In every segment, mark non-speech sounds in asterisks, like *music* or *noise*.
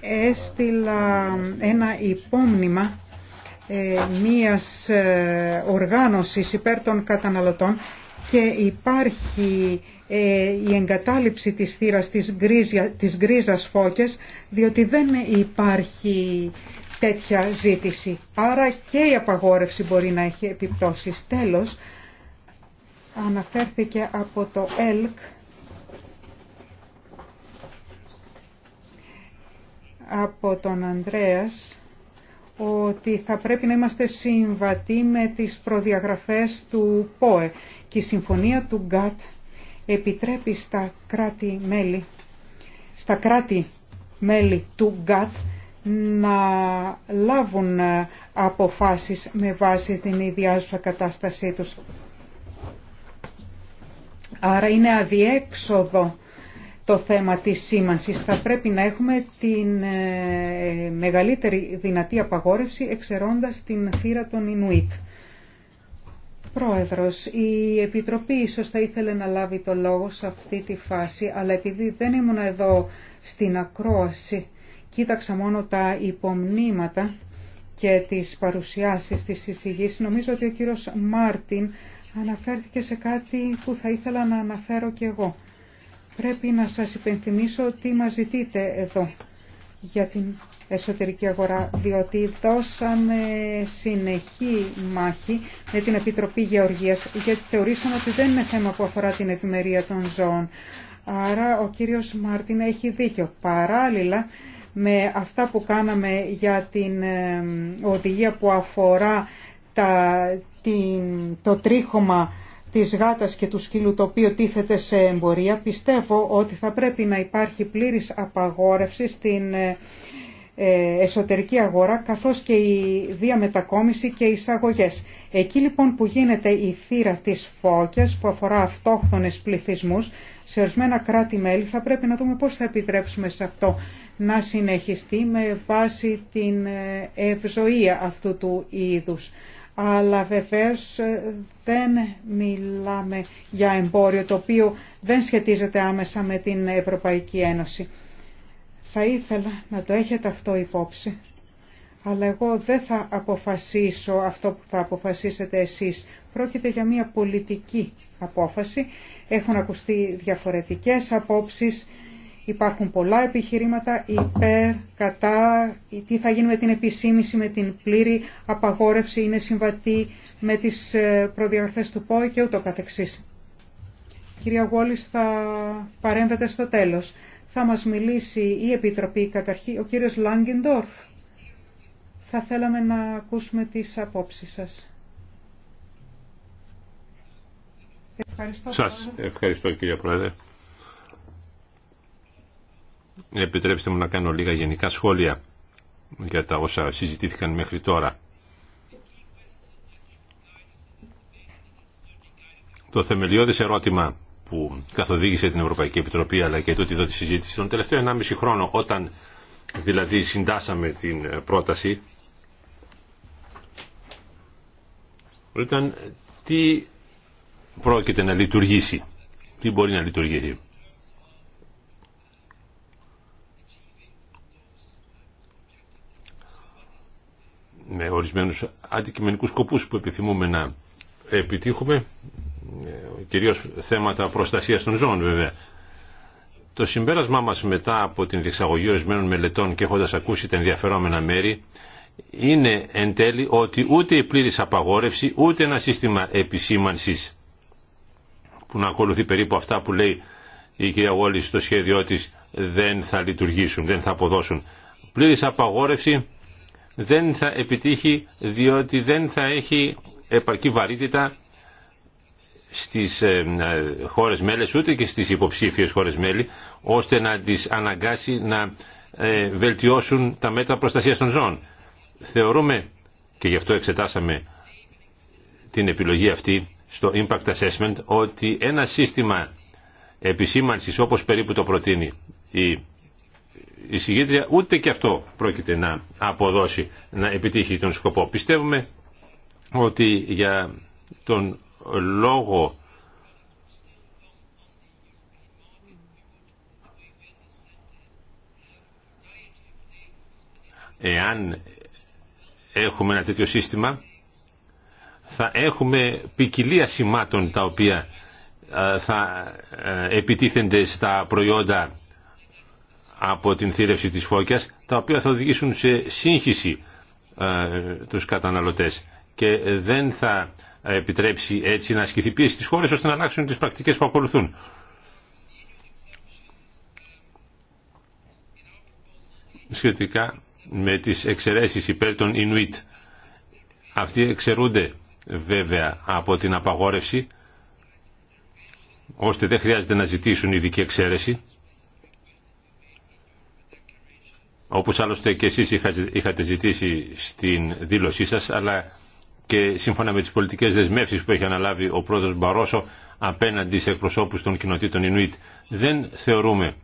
έστειλα ένα υπόμνημα ε, μίας ε, οργάνωσης υπέρ των καταναλωτών και υπάρχει ε, η εγκατάλειψη της θύρας της, γκρίζια, της γκρίζας φώκες διότι δεν υπάρχει τέτοια ζήτηση. Άρα και η απαγόρευση μπορεί να έχει επιπτώσεις. Τέλος, αναφέρθηκε από το ΕΛΚ από τον Ανδρέας ότι θα πρέπει να είμαστε συμβατοί με τις προδιαγραφές του ΠΟΕ και η συμφωνία του ΓΚΑΤ επιτρέπει στα κράτη-μέλη στα κράτη-μέλη του ΓΚΑΤ να λάβουν αποφάσεις με βάση την ιδιάζουσα κατάστασή τους. Άρα είναι αδιέξοδο το θέμα της σήμανσης. Θα πρέπει να έχουμε την ε, μεγαλύτερη δυνατή απαγόρευση εξαιρώντας την θύρα των Ινουίτ. Πρόεδρος, η Επιτροπή ίσως θα ήθελε να λάβει το λόγο σε αυτή τη φάση, αλλά επειδή δεν ήμουν εδώ στην ακρόαση, κοίταξα μόνο τα υπομνήματα και τις παρουσιάσεις της εισηγής. Νομίζω ότι ο κύριος Μάρτιν αναφέρθηκε σε κάτι που θα ήθελα να αναφέρω κι εγώ πρέπει να σας υπενθυμίσω τι μας ζητείτε εδώ για την εσωτερική αγορά, διότι δώσαμε συνεχή μάχη με την Επιτροπή Γεωργίας, γιατί θεωρήσαμε ότι δεν είναι θέμα που αφορά την ευημερία των ζώων. Άρα ο κύριος Μάρτιν έχει δίκιο. Παράλληλα με αυτά που κάναμε για την ε, οδηγία που αφορά τα, την, το τρίχωμα της γάτας και του σκύλου το οποίο τίθεται σε εμπορία, πιστεύω ότι θα πρέπει να υπάρχει πλήρης απαγόρευση στην ε, ε, εσωτερική αγορά καθώς και η διαμετακόμιση και οι εισαγωγές. Εκεί λοιπόν που γίνεται η θύρα της φώκιας που αφορά αυτόχθονες πληθυσμούς σε ορισμένα κράτη-μέλη θα πρέπει να δούμε πώς θα επιτρέψουμε σε αυτό να συνεχιστεί με βάση την ε, ευζοία αυτού του είδους αλλά βεβαίως ε, δεν μιλάμε για εμπόριο το οποίο δεν σχετίζεται άμεσα με την Ευρωπαϊκή Ένωση. Θα ήθελα να το έχετε αυτό υπόψη, αλλά εγώ δεν θα αποφασίσω αυτό που θα αποφασίσετε εσείς. Πρόκειται για μια πολιτική απόφαση. Έχουν ακουστεί διαφορετικές απόψεις Υπάρχουν πολλά επιχειρήματα υπέρ, κατά, τι θα γίνει με την επισήμιση, με την πλήρη απαγόρευση, είναι συμβατή με τις ε, προδιαγραφές του ΠΟΗ και ούτω καθεξής. κυρία θα παρέμβετε στο τέλος. Θα μας μιλήσει η Επιτροπή καταρχή, ο κύριος Λάγκεντορφ. Θα θέλαμε να ακούσουμε τις απόψεις σας. Ευχαριστώ, σας ευχαριστώ κύριε Πρόεδρε. Επιτρέψτε μου να κάνω λίγα γενικά σχόλια για τα όσα συζητήθηκαν μέχρι τώρα. Το θεμελιώδες ερώτημα που καθοδήγησε την Ευρωπαϊκή Επιτροπή αλλά και τούτη εδώ τη συζήτηση τον τελευταίο 1,5 χρόνο όταν δηλαδή συντάσαμε την πρόταση ήταν τι πρόκειται να λειτουργήσει τι μπορεί να λειτουργήσει με ορισμένους αντικειμενικούς σκοπούς που επιθυμούμε να επιτύχουμε, ε, κυρίως θέματα προστασίας των ζώων βέβαια. Το συμπέρασμά μας μετά από την διεξαγωγή ορισμένων μελετών και έχοντας ακούσει τα ενδιαφερόμενα μέρη, είναι εν τέλει ότι ούτε η πλήρης απαγόρευση, ούτε ένα σύστημα επισήμανσης που να ακολουθεί περίπου αυτά που λέει η κυρία Γόλη στο σχέδιό της δεν θα λειτουργήσουν, δεν θα αποδώσουν. Πλήρης απαγόρευση δεν θα επιτύχει διότι δεν θα έχει επαρκή βαρύτητα στις ε, χώρες μέλες ούτε και στις υποψήφιες χώρες μέλη ώστε να τις αναγκάσει να ε, βελτιώσουν τα μέτρα προστασίας των ζώων. Θεωρούμε και γι' αυτό εξετάσαμε την επιλογή αυτή στο Impact Assessment ότι ένα σύστημα επισήμανσης όπως περίπου το προτείνει η η ούτε και αυτό πρόκειται να αποδώσει, να επιτύχει τον σκοπό. Πιστεύουμε ότι για τον λόγο εάν έχουμε ένα τέτοιο σύστημα θα έχουμε ποικιλία σημάτων τα οποία ε, θα ε, επιτίθενται στα προϊόντα από την θύρευση της φώκιας, τα οποία θα οδηγήσουν σε σύγχυση ε, τους καταναλωτές και δεν θα επιτρέψει έτσι να ασκηθεί πίεση στις χώρες ώστε να αλλάξουν τις πρακτικές που ακολουθούν. Σχετικά με τις εξαιρέσεις υπέρ των Ινουίτ. Αυτοί εξαιρούνται βέβαια από την απαγόρευση ώστε δεν χρειάζεται να ζητήσουν ειδική εξαίρεση όπως άλλωστε και εσείς είχατε ζητήσει στην δήλωσή σας, αλλά και σύμφωνα με τις πολιτικές δεσμεύσεις που έχει αναλάβει ο πρόεδρος Μπαρόσο απέναντι σε εκπροσώπους των κοινοτήτων Ινουίτ. Δεν θεωρούμε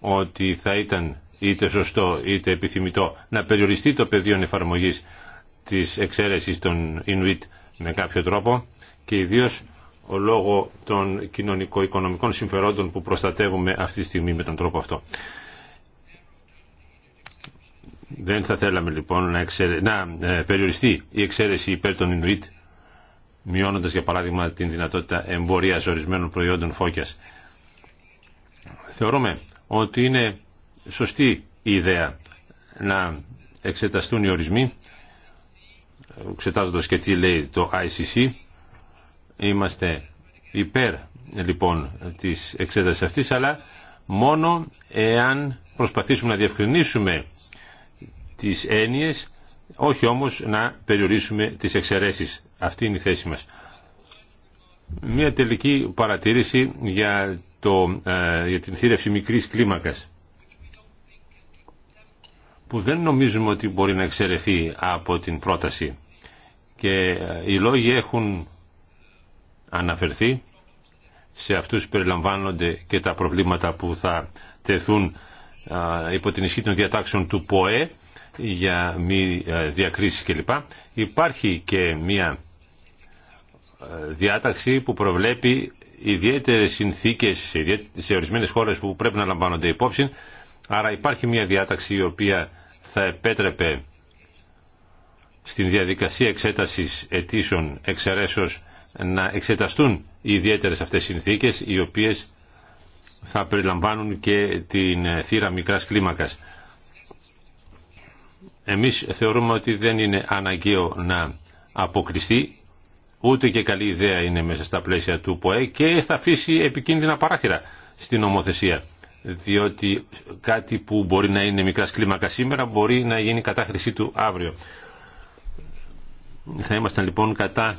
ότι θα ήταν είτε σωστό είτε επιθυμητό να περιοριστεί το πεδίο εφαρμογής της εξαίρεσης των Ινουίτ με κάποιο τρόπο και ιδίως ο λόγο των κοινωνικο-οικονομικών συμφερόντων που προστατεύουμε αυτή τη στιγμή με τον τρόπο αυτό. Δεν θα θέλαμε λοιπόν να, εξαιρε... να ε, περιοριστεί η εξαίρεση υπέρ των Ινουίτ, μειώνοντας για παράδειγμα την δυνατότητα εμπορίας ορισμένων προϊόντων φώκιας. Θεωρούμε ότι είναι σωστή η ιδέα να εξεταστούν οι ορισμοί, εξετάζοντας και τι λέει το ICC. Είμαστε υπέρ λοιπόν της εξέτασης αυτής, αλλά μόνο εάν προσπαθήσουμε να διευκρινίσουμε τις έννοιες, όχι όμως να περιορίσουμε τις εξαιρέσεις. Αυτή είναι η θέση μας. Μια τελική παρατήρηση για, το, ε, για την θύρευση μικρής κλίμακας που δεν νομίζουμε ότι μπορεί να εξαιρεθεί από την πρόταση και ε, οι λόγοι έχουν αναφερθεί σε αυτούς περιλαμβάνονται και τα προβλήματα που θα τεθούν ε, υπό την ισχύ των διατάξεων του ΠΟΕ για μη ε, διακρίσεις κλπ. Υπάρχει και μια ε, διάταξη που προβλέπει ιδιαίτερες συνθήκες σε ορισμένες χώρες που πρέπει να λαμβάνονται υπόψη. Άρα υπάρχει μια διάταξη η οποία θα επέτρεπε στην διαδικασία εξέτασης αιτήσεων εξαιρέσεως να εξεταστούν οι ιδιαίτερες αυτές συνθήκες οι οποίες θα περιλαμβάνουν και την θύρα μικράς κλίμακας. Εμείς θεωρούμε ότι δεν είναι αναγκαίο να αποκριστεί ούτε και καλή ιδέα είναι μέσα στα πλαίσια του ΠΟΕ και θα αφήσει επικίνδυνα παράθυρα στην νομοθεσία. Διότι κάτι που μπορεί να είναι μικρά κλίμακα σήμερα μπορεί να γίνει κατάχρησή του αύριο. Θα ήμασταν λοιπόν κατά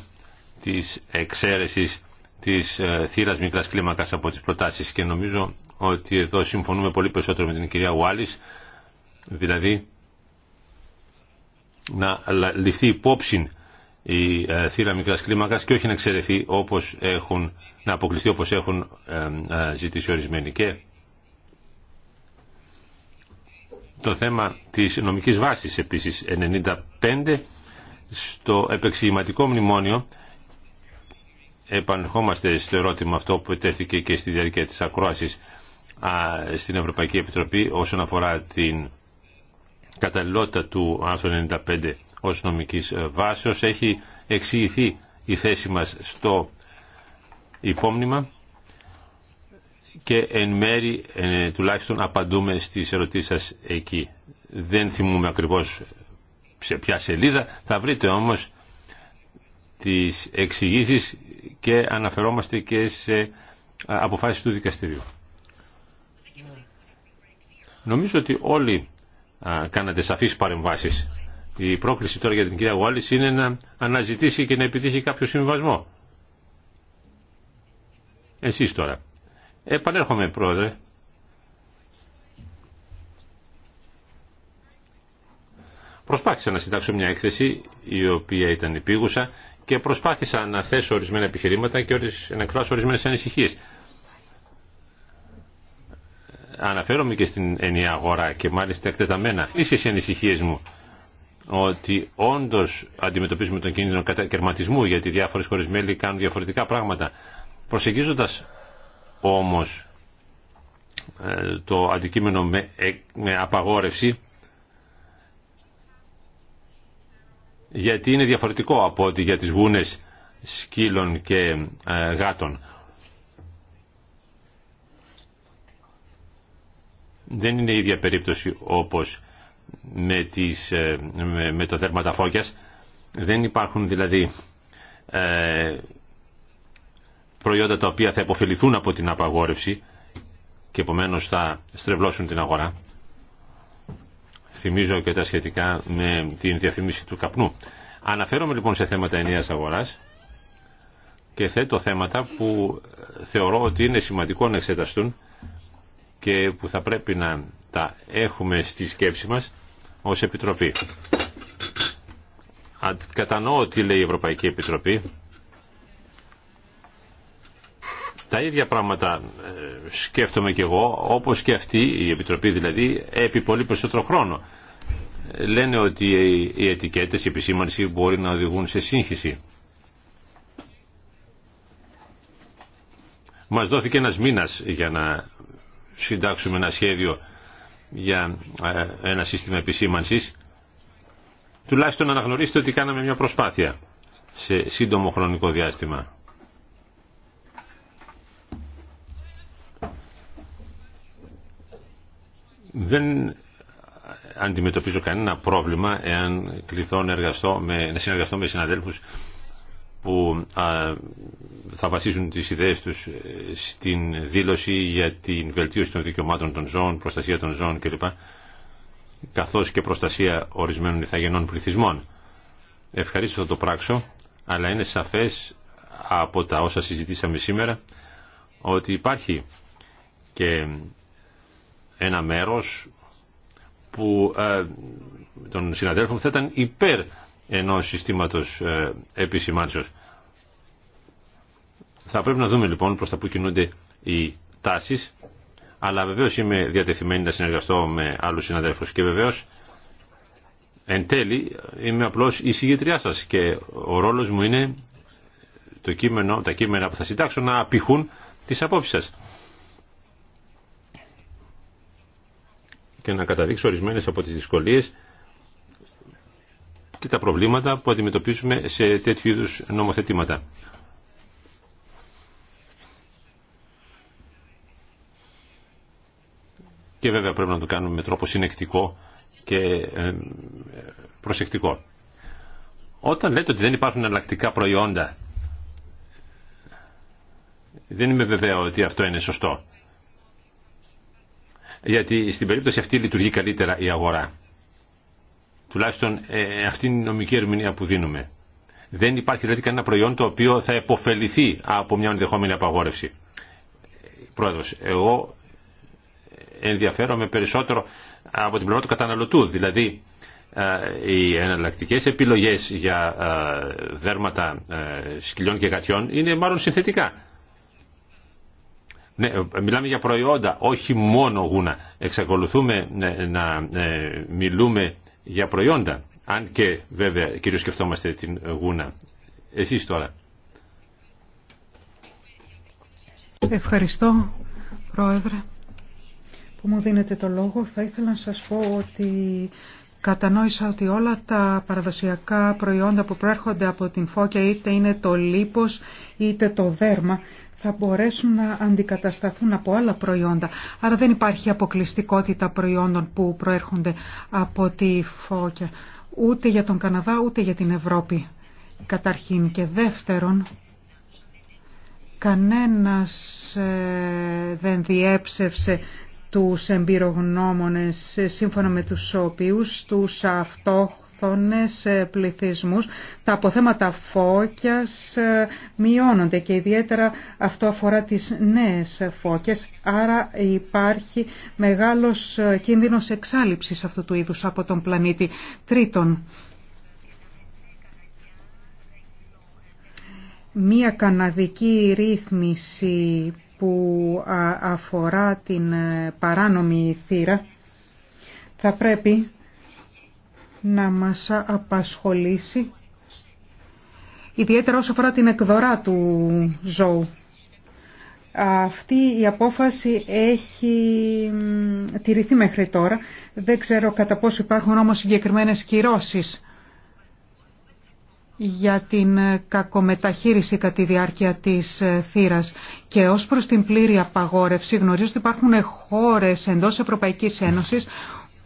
της εξαίρεσης της ε, θύρας μικράς κλίμακα από τις προτάσεις και νομίζω ότι εδώ συμφωνούμε πολύ περισσότερο με την κυρία Ουάλης δηλαδή να ληφθεί υπόψη η ε, θύρα μικράς κλίμακας και όχι να εξαιρεθεί όπως έχουν, να αποκλειστεί όπως έχουν ε, ε, ζητήσει ορισμένοι. Και το θέμα της νομικής βάσης επίσης 95 στο επεξηγηματικό μνημόνιο επανερχόμαστε στο ερώτημα αυτό που τέθηκε και στη διάρκεια της ακρόασης στην Ευρωπαϊκή Επιτροπή όσον αφορά την καταλληλότητα του άρθρου 95 ως νομικής ε, βάσεως έχει εξηγηθεί η θέση μας στο υπόμνημα και εν μέρη ε, τουλάχιστον απαντούμε στις ερωτήσεις σας εκεί. Δεν θυμούμε ακριβώς σε ποια σελίδα, θα βρείτε όμως τις εξηγήσει και αναφερόμαστε και σε ε, αποφάσεις του δικαστηρίου. Νομίζω ότι όλοι κάνατε σαφείς παρεμβάσεις. Η πρόκληση τώρα για την κυρία Γουάλης είναι να αναζητήσει και να επιτύχει κάποιο συμβασμό. Εσείς τώρα. Επανέρχομαι πρόεδρε. Προσπάθησα να συντάξω μια έκθεση η οποία ήταν επίγουσα και προσπάθησα να θέσω ορισμένα επιχειρήματα και να εκφράσω ορισμένες ανησυχίες αναφέρομαι και στην ενιαία αγορά και μάλιστα εκτεταμένα. Είσαι οι ανησυχίε μου ότι όντως αντιμετωπίζουμε τον κίνδυνο κατακαιρματισμού γιατί διάφορες χωρίς μέλη κάνουν διαφορετικά πράγματα. Προσεγγίζοντα όμως ε, το αντικείμενο με, ε, με απαγόρευση γιατί είναι διαφορετικό από ότι για τις γούνες σκύλων και ε, γάτων. δεν είναι η ίδια περίπτωση όπως με, τις, ε, με, το δέρμα Δεν υπάρχουν δηλαδή ε, προϊόντα τα οποία θα υποφεληθούν από την απαγόρευση και επομένως θα στρεβλώσουν την αγορά. Θυμίζω και τα σχετικά με την διαφήμιση του καπνού. Αναφέρομαι λοιπόν σε θέματα ενιαίας αγοράς και θέτω θέματα που θεωρώ ότι είναι σημαντικό να εξεταστούν και που θα πρέπει να τα έχουμε στη σκέψη μας ως Επιτροπή. Κατανοώ τι λέει η Ευρωπαϊκή Επιτροπή. Τα ίδια πράγματα ε, σκέφτομαι και εγώ, όπως και αυτή η Επιτροπή δηλαδή, επί πολύ περισσότερο χρόνο. Λένε ότι οι ετικέτες, η επισήμανση μπορεί να οδηγούν σε σύγχυση. Μας δόθηκε ένας μήνας για να συντάξουμε ένα σχέδιο για ε, ένα σύστημα επισήμανσης, τουλάχιστον αναγνωρίστε ότι κάναμε μια προσπάθεια σε σύντομο χρονικό διάστημα. Δεν αντιμετωπίζω κανένα πρόβλημα εάν κληθώ να, εργαστώ με, να συνεργαστώ με συναδέλφους που θα βασίζουν τις ιδέες τους ε, στην δήλωση για την βελτίωση των δικαιωμάτων των ζώων, προστασία των ζώων κλπ. καθώς και προστασία ορισμένων ηθαγενών πληθυσμών. Ευχαρίστω το πράξω, αλλά είναι σαφές από τα όσα συζητήσαμε σήμερα ότι υπάρχει και ένα μέρος που, ε, των συναδέλφων θα ήταν υπέρ ενός συστήματος ε, επισημάνσεως. Θα πρέπει να δούμε λοιπόν προς τα που κινούνται οι τάσεις, αλλά βεβαίως είμαι διατεθειμένη να συνεργαστώ με άλλους συναδέλφους και βεβαίως εν τέλει είμαι απλώς η συγγετριά σας και ο ρόλος μου είναι το κείμενο, τα κείμενα που θα συντάξω να απηχούν τις απόψεις σας. και να καταδείξω ορισμένες από τις δυσκολίες και τα προβλήματα που αντιμετωπίζουμε σε τέτοιου είδους νομοθετήματα. Και βέβαια πρέπει να το κάνουμε με τρόπο συνεκτικό και ε, προσεκτικό. Όταν λέτε ότι δεν υπάρχουν εναλλακτικά προϊόντα, δεν είμαι βεβαίω ότι αυτό είναι σωστό. Γιατί στην περίπτωση αυτή λειτουργεί καλύτερα η αγορά. Τουλάχιστον ε, αυτή είναι η νομική ερμηνεία που δίνουμε. Δεν υπάρχει δηλαδή κανένα προϊόν το οποίο θα επωφεληθεί από μια ενδεχόμενη απαγόρευση. Πρόεδρος, εγώ ενδιαφέρομαι περισσότερο από την πλευρά του καταναλωτού. Δηλαδή, ε, οι εναλλακτικές επιλογές για ε, δέρματα ε, σκυλιών και γατιών είναι μάλλον συνθετικά. Ναι, μιλάμε για προϊόντα, όχι μόνο γούνα. Εξακολουθούμε να μιλούμε για προϊόντα. Αν και βέβαια κυρίως σκεφτόμαστε την γούνα. Εσείς τώρα. Ευχαριστώ Πρόεδρε που μου δίνετε το λόγο. Θα ήθελα να σας πω ότι κατανόησα ότι όλα τα παραδοσιακά προϊόντα που προέρχονται από την φώκια είτε είναι το λίπος είτε το δέρμα θα μπορέσουν να αντικατασταθούν από άλλα προϊόντα. Άρα δεν υπάρχει αποκλειστικότητα προϊόντων που προέρχονται από τη φώκια. Ούτε για τον Καναδά, ούτε για την Ευρώπη. Καταρχήν και δεύτερον, κανένας ε, δεν διέψευσε τους εμπειρογνώμονες ε, σύμφωνα με τους οποίους τους αυτό πληθυσμούς, τα αποθέματα φώκιας ε, μειώνονται και ιδιαίτερα αυτό αφορά τις νέες φώκες, άρα υπάρχει μεγάλος ε, κίνδυνος εξάλληψης αυτού του είδους από τον πλανήτη. Τρίτον, μία καναδική ρύθμιση που αφορά την ε, παράνομη θύρα θα πρέπει να μας απασχολήσει, ιδιαίτερα όσο αφορά την εκδορά του ζώου. Αυτή η απόφαση έχει τηρηθεί μέχρι τώρα. Δεν ξέρω κατά πόσο υπάρχουν όμως συγκεκριμένες κυρώσεις για την κακομεταχείριση κατά τη διάρκεια της θύρας και ως προς την πλήρη απαγόρευση γνωρίζω ότι υπάρχουν χώρες εντός Ευρωπαϊκής Ένωσης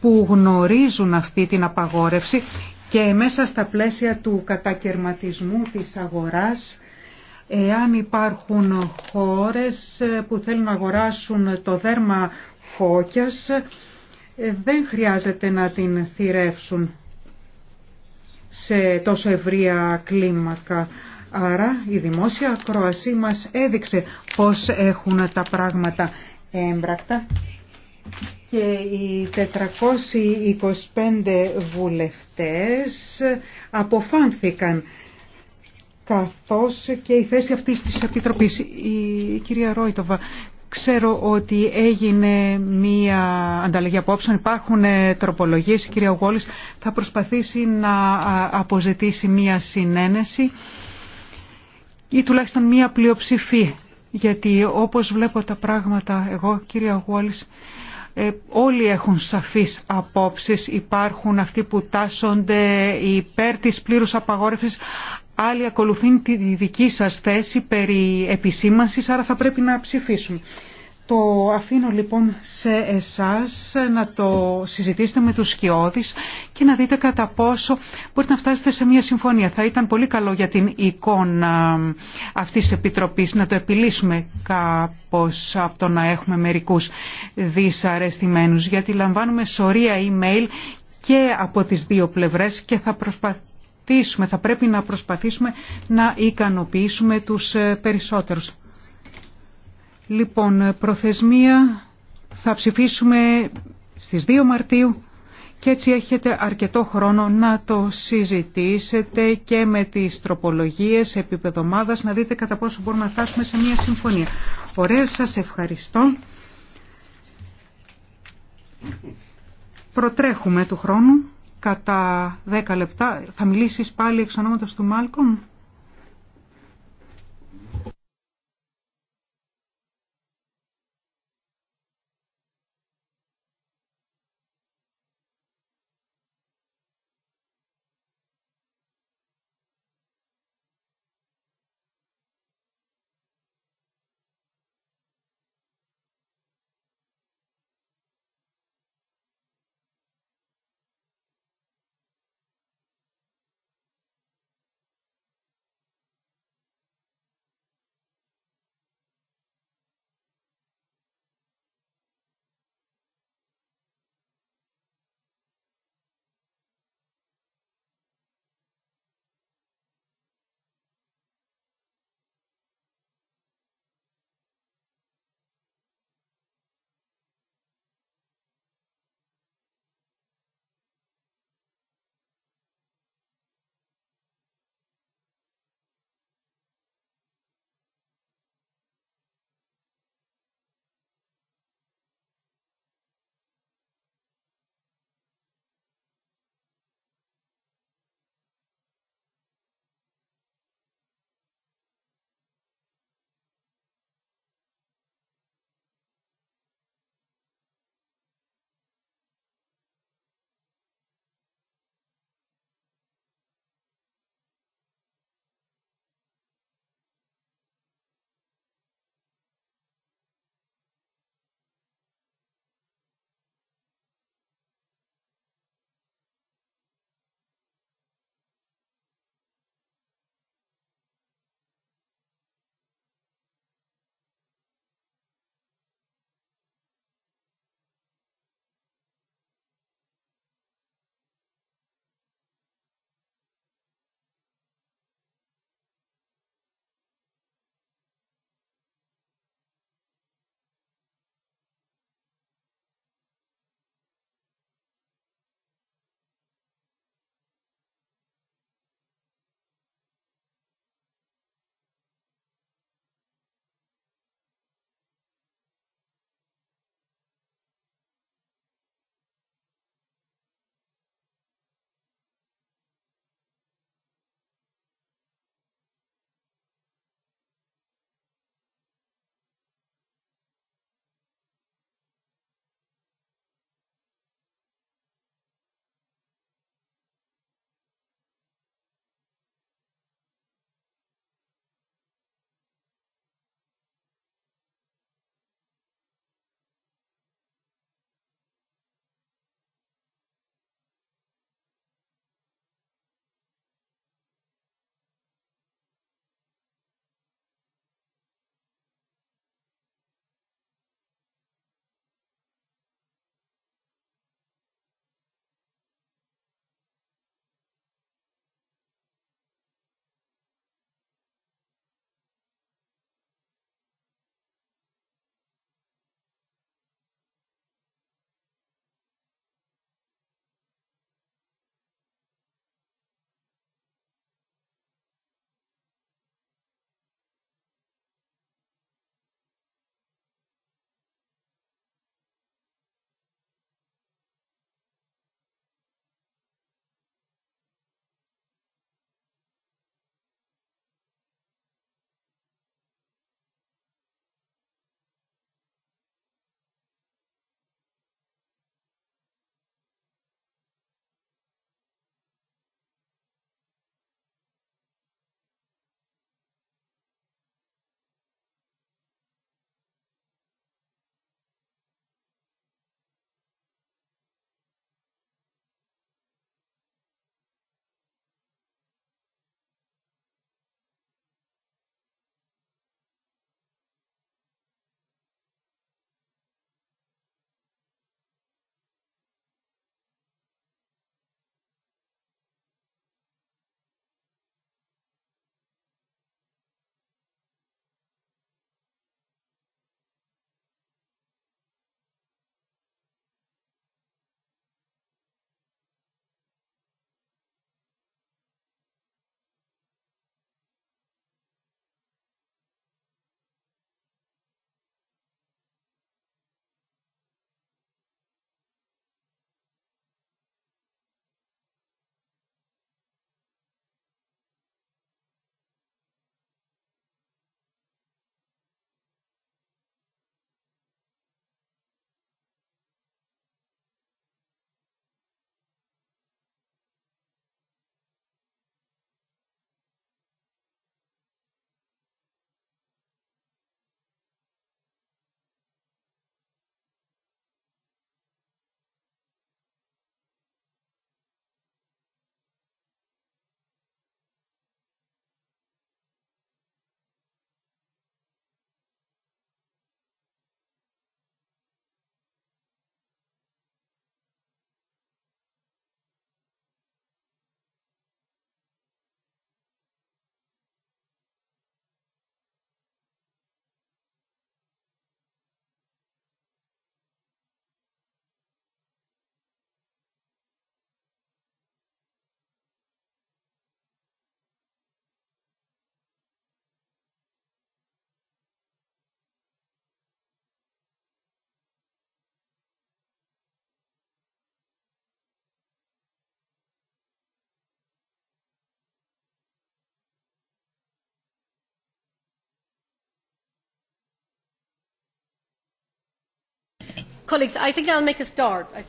που γνωρίζουν αυτή την απαγόρευση και μέσα στα πλαίσια του κατακαιρματισμού της αγοράς εάν υπάρχουν χώρες που θέλουν να αγοράσουν το δέρμα φώκιας δεν χρειάζεται να την θυρεύσουν σε τόσο ευρία κλίμακα. Άρα η δημόσια ακρόασή μας έδειξε πώς έχουν τα πράγματα έμπρακτα και οι 425 βουλευτές αποφάνθηκαν καθώς και η θέση αυτή της Επιτροπής. Η κυρία Ρόιτοβα, ξέρω ότι έγινε μία ανταλλαγή απόψεων, υπάρχουν ε, τροπολογίες, η κυρία Γόλης θα προσπαθήσει να αποζητήσει μία συνένεση ή τουλάχιστον μία πλειοψηφία. Γιατί όπως βλέπω τα πράγματα εγώ, κυρία Γόλης, ε, όλοι έχουν σαφείς απόψεις, υπάρχουν αυτοί που τάσσονται υπέρ της πλήρους απαγόρευσης, άλλοι ακολουθούν τη δική σας θέση περί επισήμανσης, άρα θα πρέπει να ψηφίσουν. Το αφήνω λοιπόν σε εσάς να το συζητήσετε με τους σκιώδεις και να δείτε κατά πόσο μπορείτε να φτάσετε σε μια συμφωνία. Θα ήταν πολύ καλό για την εικόνα αυτής της Επιτροπής να το επιλύσουμε κάπως από το να έχουμε μερικούς δυσαρεστημένους γιατί λαμβάνουμε σωρία email και από τις δύο πλευρές και θα προσπαθήσουμε, θα πρέπει να προσπαθήσουμε να ικανοποιήσουμε τους ε, περισσότερους. Λοιπόν, προθεσμία θα ψηφίσουμε στις 2 Μαρτίου και έτσι έχετε αρκετό χρόνο να το συζητήσετε και με τις τροπολογίες επίπεδο να δείτε κατά πόσο μπορούμε να φτάσουμε σε μια συμφωνία. Ωραία, σας ευχαριστώ. Προτρέχουμε του χρόνου κατά 10 λεπτά. Θα μιλήσεις πάλι εξ ονόματος του Μάλκομ.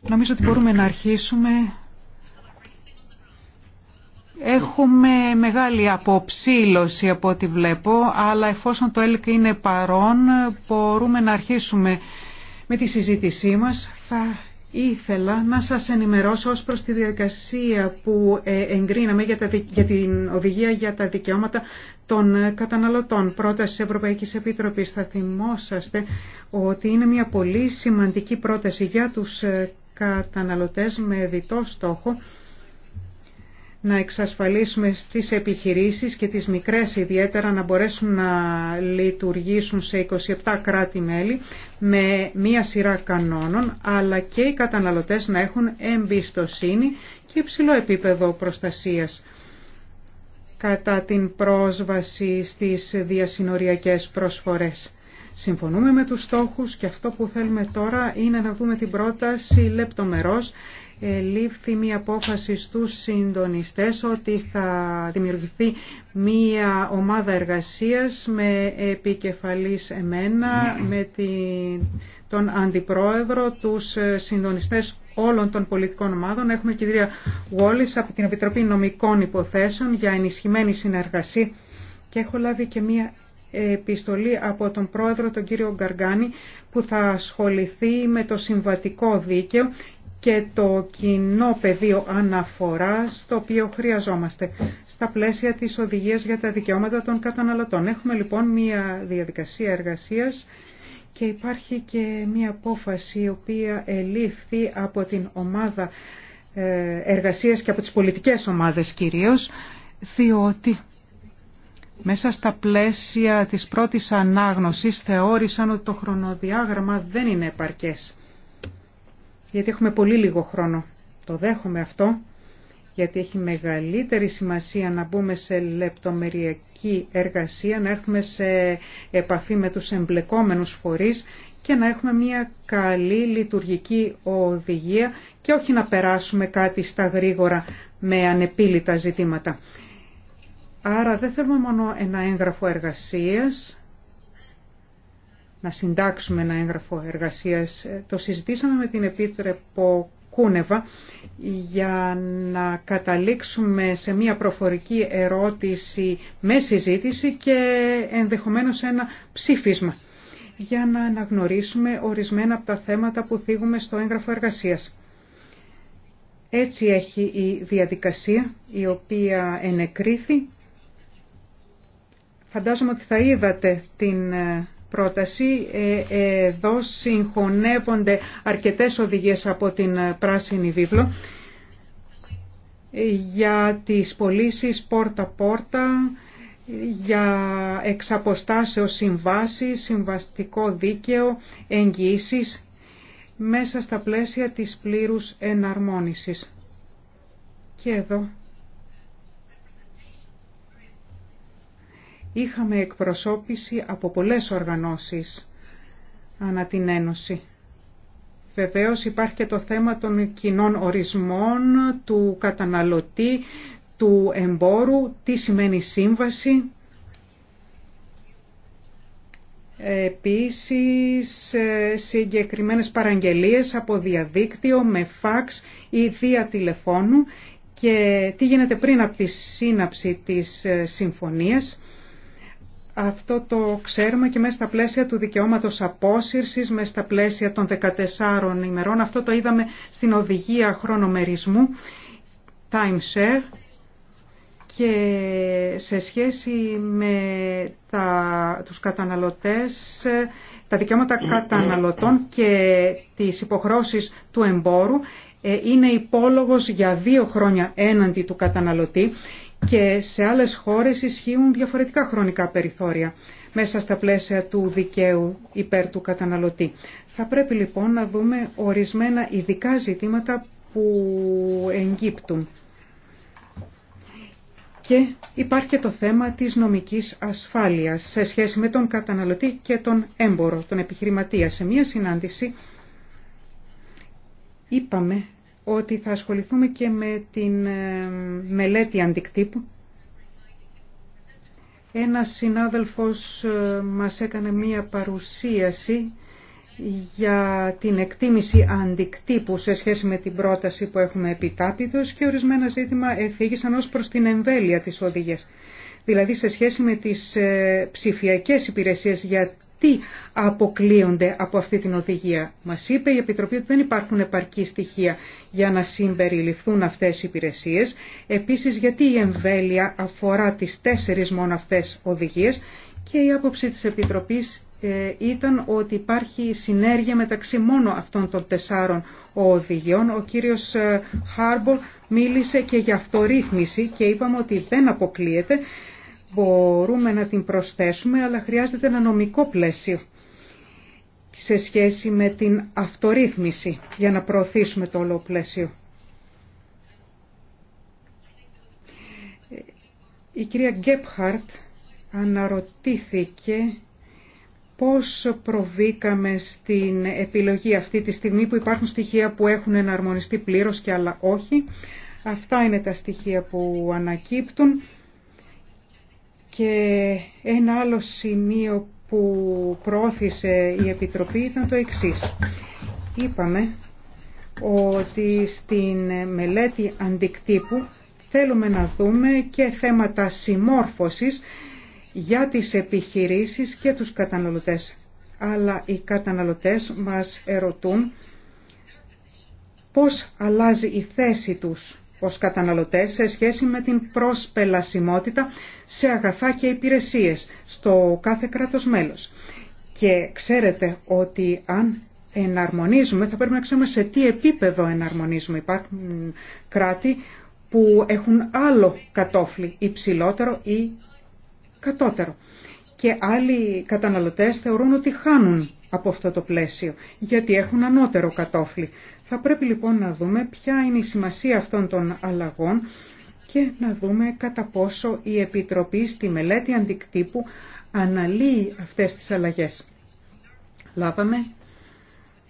Νομίζω ότι μπορούμε να αρχίσουμε. Έχουμε μεγάλη αποψήλωση από ό,τι βλέπω, αλλά εφόσον το ΕΛΚ είναι παρόν, μπορούμε να αρχίσουμε με τη συζήτησή μας. Θα Ήθελα να σας ενημερώσω ως προς τη διαδικασία που ε, εγκρίναμε για την οδηγία για τα δικαιώματα των ε, καταναλωτών. Πρόταση της Ευρωπαϊκής Επιτροπής. Θα θυμόσαστε ότι είναι μια πολύ σημαντική πρόταση για τους ε, καταναλωτές με διτό στόχο να εξασφαλίσουμε στις επιχειρήσεις και τις μικρές ιδιαίτερα να μπορέσουν να λειτουργήσουν σε 27 κράτη-μέλη με μία σειρά κανόνων, αλλά και οι καταναλωτές να έχουν εμπιστοσύνη και υψηλό επίπεδο προστασίας κατά την πρόσβαση στις διασυνοριακές προσφορές. Συμφωνούμε με τους στόχους και αυτό που θέλουμε τώρα είναι να δούμε την πρόταση λεπτομερώς λήφθη μία απόφαση στους συντονιστές ότι θα δημιουργηθεί μία ομάδα εργασίας με επικεφαλής εμένα, με τον αντιπρόεδρο, τους συντονιστές όλων των πολιτικών ομάδων. Έχουμε κυρία Γόλης από την Επιτροπή Νομικών Υποθέσεων για ενισχυμένη συνεργασία και έχω λάβει και μία επιστολή από τον πρόεδρο τον κύριο Γκαργκάνη, που θα ασχοληθεί με το συμβατικό δίκαιο και το κοινό πεδίο αναφοράς το οποίο χρειαζόμαστε στα πλαίσια της οδηγίας για τα δικαιώματα των καταναλωτών. Έχουμε λοιπόν μια διαδικασία εργασίας και υπάρχει και μια απόφαση η οποία ελήφθη από την ομάδα ε, εργασίας και από τις πολιτικές ομάδες κυρίως, διότι μέσα στα πλαίσια της πρώτης ανάγνωσης θεώρησαν ότι το χρονοδιάγραμμα δεν είναι επαρκές γιατί έχουμε πολύ λίγο χρόνο. Το δέχομαι αυτό, γιατί έχει μεγαλύτερη σημασία να μπούμε σε λεπτομεριακή εργασία, να έρθουμε σε επαφή με τους εμπλεκόμενους φορείς και να έχουμε μια καλή λειτουργική οδηγία και όχι να περάσουμε κάτι στα γρήγορα με ανεπίλητα ζητήματα. Άρα δεν θέλουμε μόνο ένα έγγραφο εργασίας, να συντάξουμε ένα έγγραφο εργασίας. Ε, το συζητήσαμε με την Επίτρεπο Κούνεβα για να καταλήξουμε σε μια προφορική ερώτηση με συζήτηση και ενδεχομένως ένα ψήφισμα για να αναγνωρίσουμε ορισμένα από τα θέματα που θίγουμε στο έγγραφο εργασίας. Έτσι έχει η διαδικασία η οποία ενεκρίθη. Φαντάζομαι ότι θα είδατε την ε, πρόταση. Ε, εδώ συγχωνεύονται αρκετές οδηγίες από την Πράσινη Βίβλο για τις πωλήσει πόρτα-πόρτα, για εξαποστάσεως συμβάσεις, συμβαστικό δίκαιο, εγγυήσεις μέσα στα πλαίσια της πλήρους εναρμόνισης. Και εδώ είχαμε εκπροσώπηση από πολλές οργανώσεις ανά την Ένωση. Βεβαίως υπάρχει και το θέμα των κοινών ορισμών, του καταναλωτή, του εμπόρου, τι σημαίνει σύμβαση. Επίσης ε, συγκεκριμένες παραγγελίες από διαδίκτυο με φάξ ή δια τηλεφώνου και τι γίνεται πριν από τη σύναψη της ε, συμφωνίας αυτό το ξέρουμε και μέσα στα πλαίσια του δικαιώματος απόσυρσης, μέσα στα πλαίσια των 14 ημερών. Αυτό το είδαμε στην οδηγία χρονομερισμού, time share, και σε σχέση με τα, τους καταναλωτές, τα δικαιώματα καταναλωτών και τις υποχρώσεις του εμπόρου, ε, είναι υπόλογος για δύο χρόνια έναντι του καταναλωτή και σε άλλες χώρες ισχύουν διαφορετικά χρονικά περιθώρια μέσα στα πλαίσια του δικαίου υπέρ του καταναλωτή. Θα πρέπει λοιπόν να δούμε ορισμένα ειδικά ζητήματα που εγκύπτουν. Και υπάρχει και το θέμα της νομικής ασφάλειας σε σχέση με τον καταναλωτή και τον έμπορο, τον επιχειρηματία. Σε μία συνάντηση είπαμε ότι θα ασχοληθούμε και με την ε, μελέτη αντικτύπου. Ένας συνάδελφος ε, μας έκανε μία παρουσίαση για την εκτίμηση αντικτύπου σε σχέση με την πρόταση που έχουμε επιτάπητος και ορισμένα ζήτημα εφήγησαν ως προς την εμβέλεια της οδηγίας. Δηλαδή σε σχέση με τις ε, ψηφιακές υπηρεσίες για τι αποκλείονται από αυτή την οδηγία. Μας είπε η Επιτροπή ότι δεν υπάρχουν επαρκή στοιχεία για να συμπεριληφθούν αυτές οι υπηρεσίες. Επίσης γιατί η εμβέλεια αφορά τις τέσσερις μόνο αυτές οδηγίες και η άποψη της Επιτροπής ε, ήταν ότι υπάρχει συνέργεια μεταξύ μόνο αυτών των τεσσάρων οδηγιών. Ο κύριος ε, Χάρμπορ μίλησε και για αυτορύθμιση και είπαμε ότι δεν αποκλείεται μπορούμε να την προσθέσουμε, αλλά χρειάζεται ένα νομικό πλαίσιο σε σχέση με την αυτορύθμιση για να προωθήσουμε το όλο πλαίσιο. Η κυρία Γκέπχαρτ αναρωτήθηκε πώς προβήκαμε στην επιλογή αυτή τη στιγμή που υπάρχουν στοιχεία που έχουν εναρμονιστεί πλήρως και άλλα όχι. Αυτά είναι τα στοιχεία που ανακύπτουν. Και ένα άλλο σημείο που προώθησε η Επιτροπή ήταν το εξής. Είπαμε ότι στην μελέτη αντικτύπου θέλουμε να δούμε και θέματα συμμόρφωσης για τις επιχειρήσεις και τους καταναλωτές. Αλλά οι καταναλωτές μας ερωτούν πώς αλλάζει η θέση τους ως καταναλωτές σε σχέση με την προσπελασιμότητα σε αγαθά και υπηρεσίες στο κάθε κράτος μέλος. Και ξέρετε ότι αν εναρμονίζουμε, θα πρέπει να ξέρουμε σε τι επίπεδο εναρμονίζουμε. Υπάρχουν κράτη που έχουν άλλο κατόφλι, υψηλότερο ή κατώτερο. Και άλλοι καταναλωτές θεωρούν ότι χάνουν από αυτό το πλαίσιο, γιατί έχουν ανώτερο κατόφλι. Θα πρέπει λοιπόν να δούμε ποια είναι η σημασία αυτών των αλλαγών και να δούμε κατά πόσο η Επιτροπή στη μελέτη αντικτύπου αναλύει αυτές τις αλλαγές. Λάβαμε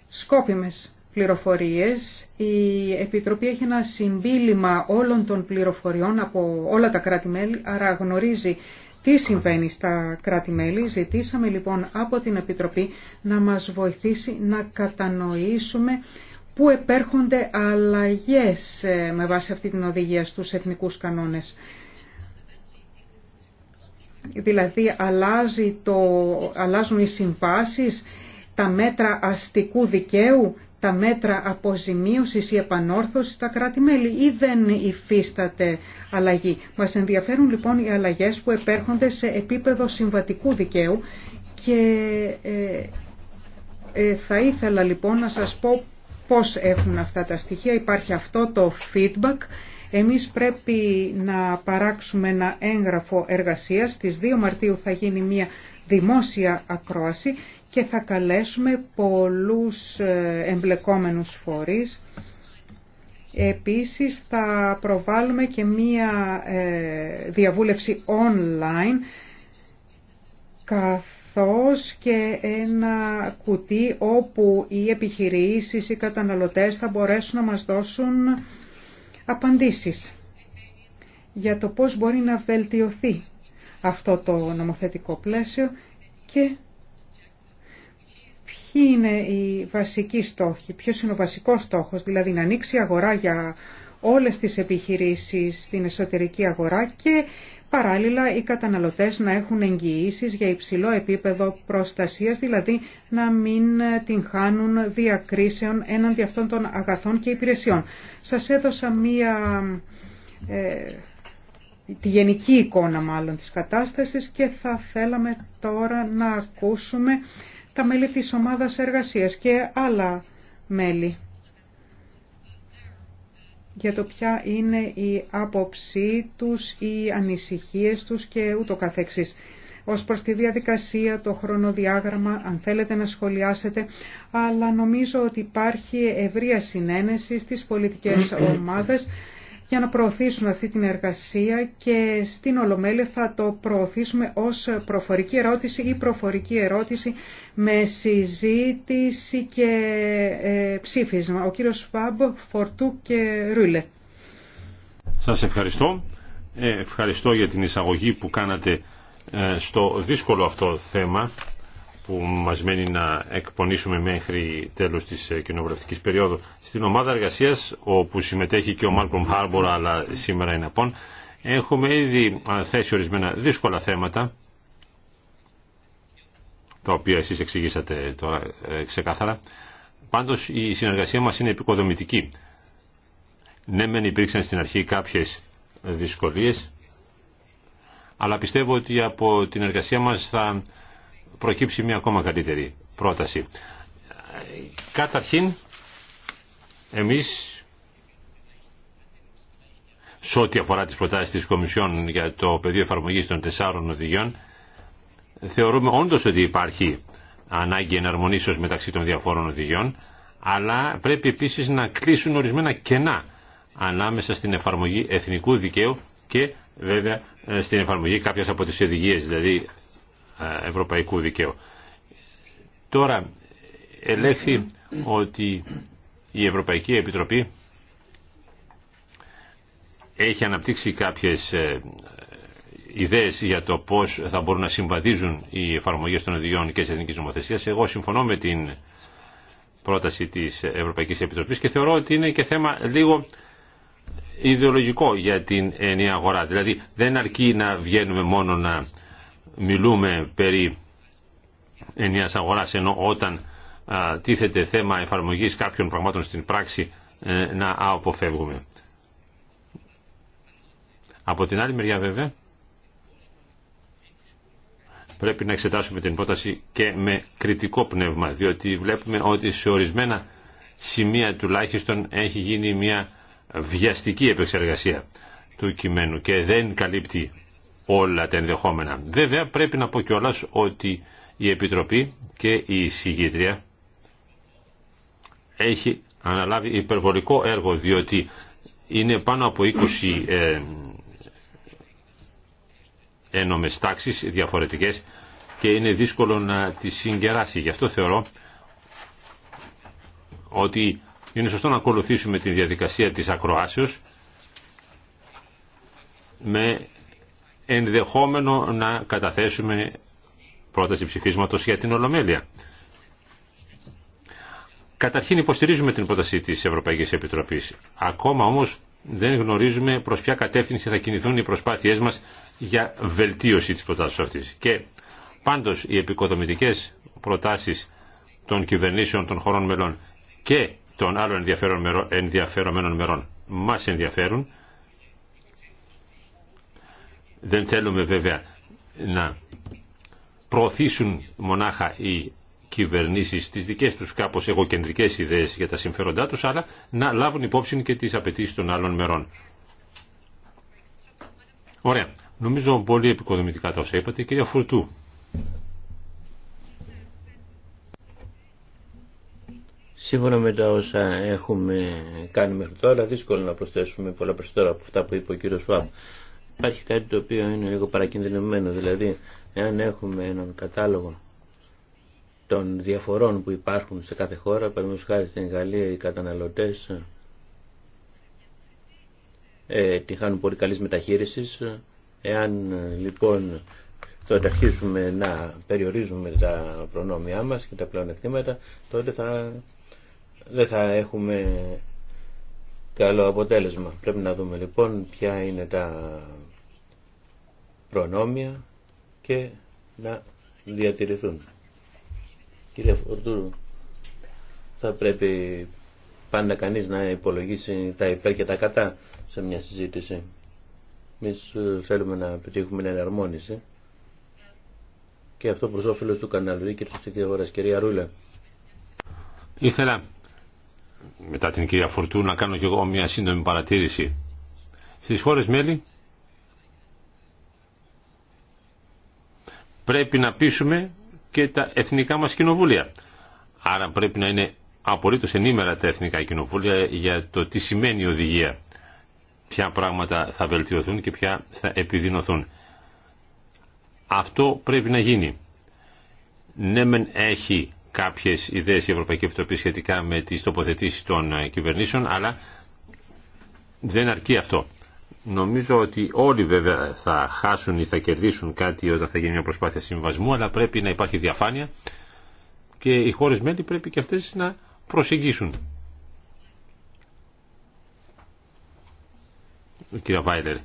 σκόπιμες πληροφορίες. Η Επιτροπή έχει ένα συμπίλημα όλων των πληροφοριών από όλα τα κράτη-μέλη, άρα γνωρίζει τι συμβαίνει στα κράτη-μέλη. Ζητήσαμε λοιπόν από την Επιτροπή να μας βοηθήσει να κατανοήσουμε πού επέρχονται αλλαγές ε, με βάση αυτή την οδηγία στους εθνικούς κανόνες. Δηλαδή αλλάζει το, αλλάζουν οι συμβάσεις, τα μέτρα αστικού δικαίου, τα μέτρα αποζημίωσης ή επανόρθωσης στα κράτη-μέλη ή δεν υφίσταται αλλαγή. Μας ενδιαφέρουν λοιπόν οι αλλαγές που επέρχονται σε επίπεδο συμβατικού δικαίου και ε, ε, θα ήθελα λοιπόν να σας πω πώς έχουν αυτά τα στοιχεία. Υπάρχει αυτό το feedback. Εμείς πρέπει να παράξουμε ένα έγγραφο εργασίας. Στις 2 Μαρτίου θα γίνει μια δημόσια ακρόαση και θα καλέσουμε πολλούς ε, εμπλεκόμενους φορείς. Επίσης θα προβάλλουμε και μία ε, διαβούλευση online καθώς και ένα κουτί όπου οι επιχειρήσεις, οι καταναλωτές θα μπορέσουν να μας δώσουν απαντήσεις για το πώς μπορεί να βελτιωθεί αυτό το νομοθετικό πλαίσιο και ποιοι είναι οι βασικοί στόχοι, ποιος είναι ο βασικός στόχος, δηλαδή να ανοίξει η αγορά για όλες τις επιχειρήσεις στην εσωτερική αγορά και Παράλληλα, οι καταναλωτές να έχουν εγγυήσει για υψηλό επίπεδο προστασίας, δηλαδή να μην την χάνουν διακρίσεων έναντι αυτών των αγαθών και υπηρεσιών. Σας έδωσα μία... Ε, τη γενική εικόνα μάλλον της κατάστασης και θα θέλαμε τώρα να ακούσουμε τα μέλη της ομάδας εργασίας και άλλα μέλη για το ποια είναι η άποψή τους, οι ανησυχίες τους και ούτω καθεξής. Ως προς τη διαδικασία, το χρονοδιάγραμμα, αν θέλετε να σχολιάσετε, αλλά νομίζω ότι υπάρχει ευρεία συνένεση στις πολιτικές *clears throat* ομάδες για να προωθήσουμε αυτή την εργασία και στην Ολομέλεια θα το προωθήσουμε ως προφορική ερώτηση ή προφορική ερώτηση με συζήτηση και ε, ψήφισμα. Ο κύριος Φάμπ, Φορτού και Ρούλε. Σας ευχαριστώ. Ε, ευχαριστώ για την εισαγωγή που κάνατε ε, στο δύσκολο αυτό θέμα που μας μένει να εκπονήσουμε μέχρι τέλος της ε, κοινοβουλευτικής περίοδου. Στην ομάδα εργασίας, όπου συμμετέχει και ο Μάλκομ Χάρμπορ, αλλά σήμερα είναι απόν, έχουμε ήδη θέσει ορισμένα δύσκολα θέματα, τα οποία εσείς εξηγήσατε τώρα ε, ξεκάθαρα. Πάντως η συνεργασία μας είναι επικοδομητική. Ναι, μεν υπήρξαν στην αρχή κάποιες δυσκολίες, αλλά πιστεύω ότι από την εργασία μας θα προκύψει μια ακόμα καλύτερη πρόταση. Καταρχήν, εμείς σε ό,τι αφορά τις προτάσεις της Κομισιόν για το πεδίο εφαρμογής των τεσσάρων οδηγιών, θεωρούμε όντως ότι υπάρχει ανάγκη εναρμονίσεως μεταξύ των διαφόρων οδηγιών, αλλά πρέπει επίσης να κλείσουν ορισμένα κενά ανάμεσα στην εφαρμογή εθνικού δικαίου και βέβαια στην εφαρμογή κάποιες από τις οδηγίες, δηλαδή ε, ευρωπαϊκού δικαίου. Τώρα ελέγχθη ότι η Ευρωπαϊκή Επιτροπή έχει αναπτύξει κάποιες ε, ιδέες για το πώς θα μπορούν να συμβαδίζουν οι εφαρμογές των οδηγιών και της εθνικής νομοθεσίας. Εγώ συμφωνώ με την πρόταση της Ευρωπαϊκής Επιτροπής και θεωρώ ότι είναι και θέμα λίγο ιδεολογικό για την ενιαία αγορά. Δηλαδή δεν αρκεί να βγαίνουμε μόνο να μιλούμε περί ενιαίας αγοράς ενώ όταν τίθεται θέμα εφαρμογής κάποιων πραγμάτων στην πράξη ε, να αποφεύγουμε. Από την άλλη μεριά βέβαια πρέπει να εξετάσουμε την πρόταση και με κριτικό πνεύμα διότι βλέπουμε ότι σε ορισμένα σημεία τουλάχιστον έχει γίνει μια βιαστική επεξεργασία του κειμένου και δεν καλύπτει όλα τα ενδεχόμενα. Βέβαια πρέπει να πω κιόλας ότι η Επιτροπή και η Συγκίδρια έχει αναλάβει υπερβολικό έργο διότι είναι πάνω από 20 ε, ένομες τάξεις διαφορετικές και είναι δύσκολο να τις συγκεράσει. Γι' αυτό θεωρώ ότι είναι σωστό να ακολουθήσουμε τη διαδικασία της ακροάσεως με ενδεχόμενο να καταθέσουμε πρόταση ψηφίσματος για την Ολομέλεια. Καταρχήν υποστηρίζουμε την πρόταση της Ευρωπαϊκής Επιτροπής. Ακόμα όμως δεν γνωρίζουμε προς ποια κατεύθυνση θα κινηθούν οι προσπάθειές μας για βελτίωση της προτάσεως αυτής. Και πάντως οι επικοδομητικές προτάσεις των κυβερνήσεων των χωρών μελών και των άλλων ενδιαφερομένων μερών μας ενδιαφέρουν δεν θέλουμε βέβαια να προωθήσουν μονάχα οι κυβερνήσεις τις δικές τους κάπως εγωκεντρικές ιδέες για τα συμφέροντά τους, αλλά να λάβουν υπόψη και τις απαιτήσει των άλλων μερών. Ωραία. Νομίζω πολύ επικοδομητικά τα όσα είπατε. Κυρία Φουρτού. Σύμφωνα με τα όσα έχουμε κάνει μέχρι τώρα, δύσκολο να προσθέσουμε πολλά περισσότερα από αυτά που είπε ο κύριος Υπάρχει κάτι το οποίο είναι λίγο παρακινδυνευμένο, δηλαδή εάν έχουμε έναν κατάλογο των διαφορών που υπάρχουν σε κάθε χώρα, παραδείγματος χάρη στην Γαλλία οι καταναλωτές ε, τη πολύ καλής μεταχείρισης. Εάν λοιπόν τότε αρχίσουμε να περιορίζουμε τα προνόμια μας και τα πλεονεκτήματα, τότε θα, δεν θα έχουμε καλό αποτέλεσμα. Πρέπει να δούμε λοιπόν ποια είναι τα προνόμια και να διατηρηθούν. Κύριε Φορτούρου, θα πρέπει πάντα κανείς να υπολογίσει τα υπέρ και τα κατά σε μια συζήτηση. Εμεί ε, θέλουμε να πετύχουμε μια εναρμόνιση και αυτό προς όφελος του καναλιού και της αγοράς. Κυρία Ρούλα. Ήθελα μετά την κυρία Φορτού να κάνω και εγώ μια σύντομη παρατήρηση. Στις χώρες μέλη πρέπει να πείσουμε και τα εθνικά μας κοινοβούλια. Άρα πρέπει να είναι απολύτως ενήμερα τα εθνικά κοινοβούλια για το τι σημαίνει η οδηγία. Ποια πράγματα θα βελτιωθούν και ποια θα επιδεινωθούν. Αυτό πρέπει να γίνει. Ναι μεν έχει Κάποιε ιδέες η Ευρωπαϊκή Επιτροπή σχετικά με τι τοποθετήσει των ε, κυβερνήσεων, αλλά δεν αρκεί αυτό. Νομίζω ότι όλοι βέβαια θα χάσουν ή θα κερδίσουν κάτι όταν θα γίνει μια προσπάθεια συμβασμού, αλλά πρέπει να υπάρχει διαφάνεια και οι χώρες μέλη πρέπει και αυτές να προσεγγίσουν. Κύριε Βάιλερ,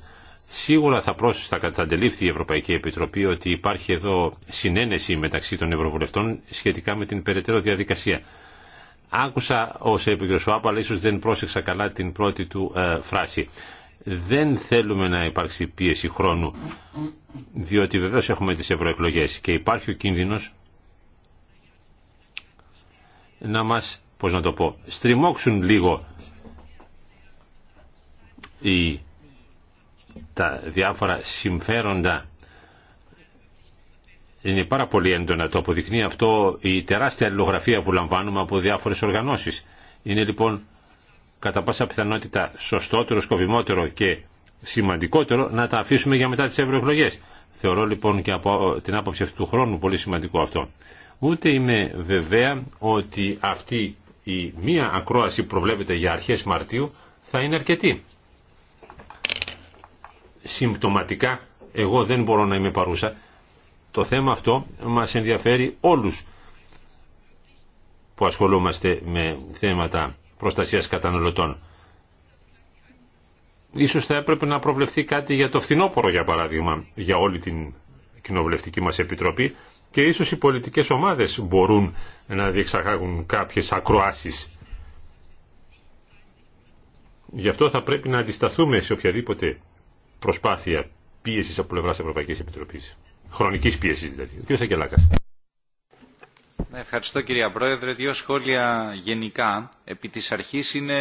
Σίγουρα θα πρόσθετα καταντελήφθη η Ευρωπαϊκή Επιτροπή ότι υπάρχει εδώ συνένεση μεταξύ των Ευρωβουλευτών σχετικά με την περαιτέρω διαδικασία. Άκουσα ω είπε ο αλλά ίσω δεν πρόσεξα καλά την πρώτη του ε, φράση. Δεν θέλουμε να υπάρξει πίεση χρόνου, διότι βεβαίω έχουμε τις ευρωεκλογέ και υπάρχει ο κίνδυνο να μα να το πω, στριμώξουν λίγο οι τα διάφορα συμφέροντα είναι πάρα πολύ έντονα. Το αποδεικνύει αυτό η τεράστια αλληλογραφία που λαμβάνουμε από διάφορες οργανώσεις. Είναι λοιπόν κατά πάσα πιθανότητα σωστότερο, σκοπιμότερο και σημαντικότερο να τα αφήσουμε για μετά τις ευρωεκλογέ. Θεωρώ λοιπόν και από την άποψη αυτού του χρόνου πολύ σημαντικό αυτό. Ούτε είμαι βεβαία ότι αυτή η μία ακρόαση που προβλέπεται για αρχές Μαρτίου θα είναι αρκετή συμπτωματικά εγώ δεν μπορώ να είμαι παρούσα. Το θέμα αυτό μας ενδιαφέρει όλους που ασχολούμαστε με θέματα προστασίας καταναλωτών. Ίσως θα έπρεπε να προβλεφθεί κάτι για το φθινόπωρο για παράδειγμα, για όλη την κοινοβουλευτική μας επιτροπή και ίσως οι πολιτικές ομάδες μπορούν να διεξαγάγουν κάποιες ακροάσεις. Γι' αυτό θα πρέπει να αντισταθούμε σε οποιαδήποτε προσπάθεια πίεση από πλευρά Ευρωπαϊκή Επιτροπή. Χρονική πίεση δηλαδή. Ο κ. Σακελάκα. Ναι, ευχαριστώ κυρία Πρόεδρε. Δύο σχόλια γενικά. Επί της αρχής είναι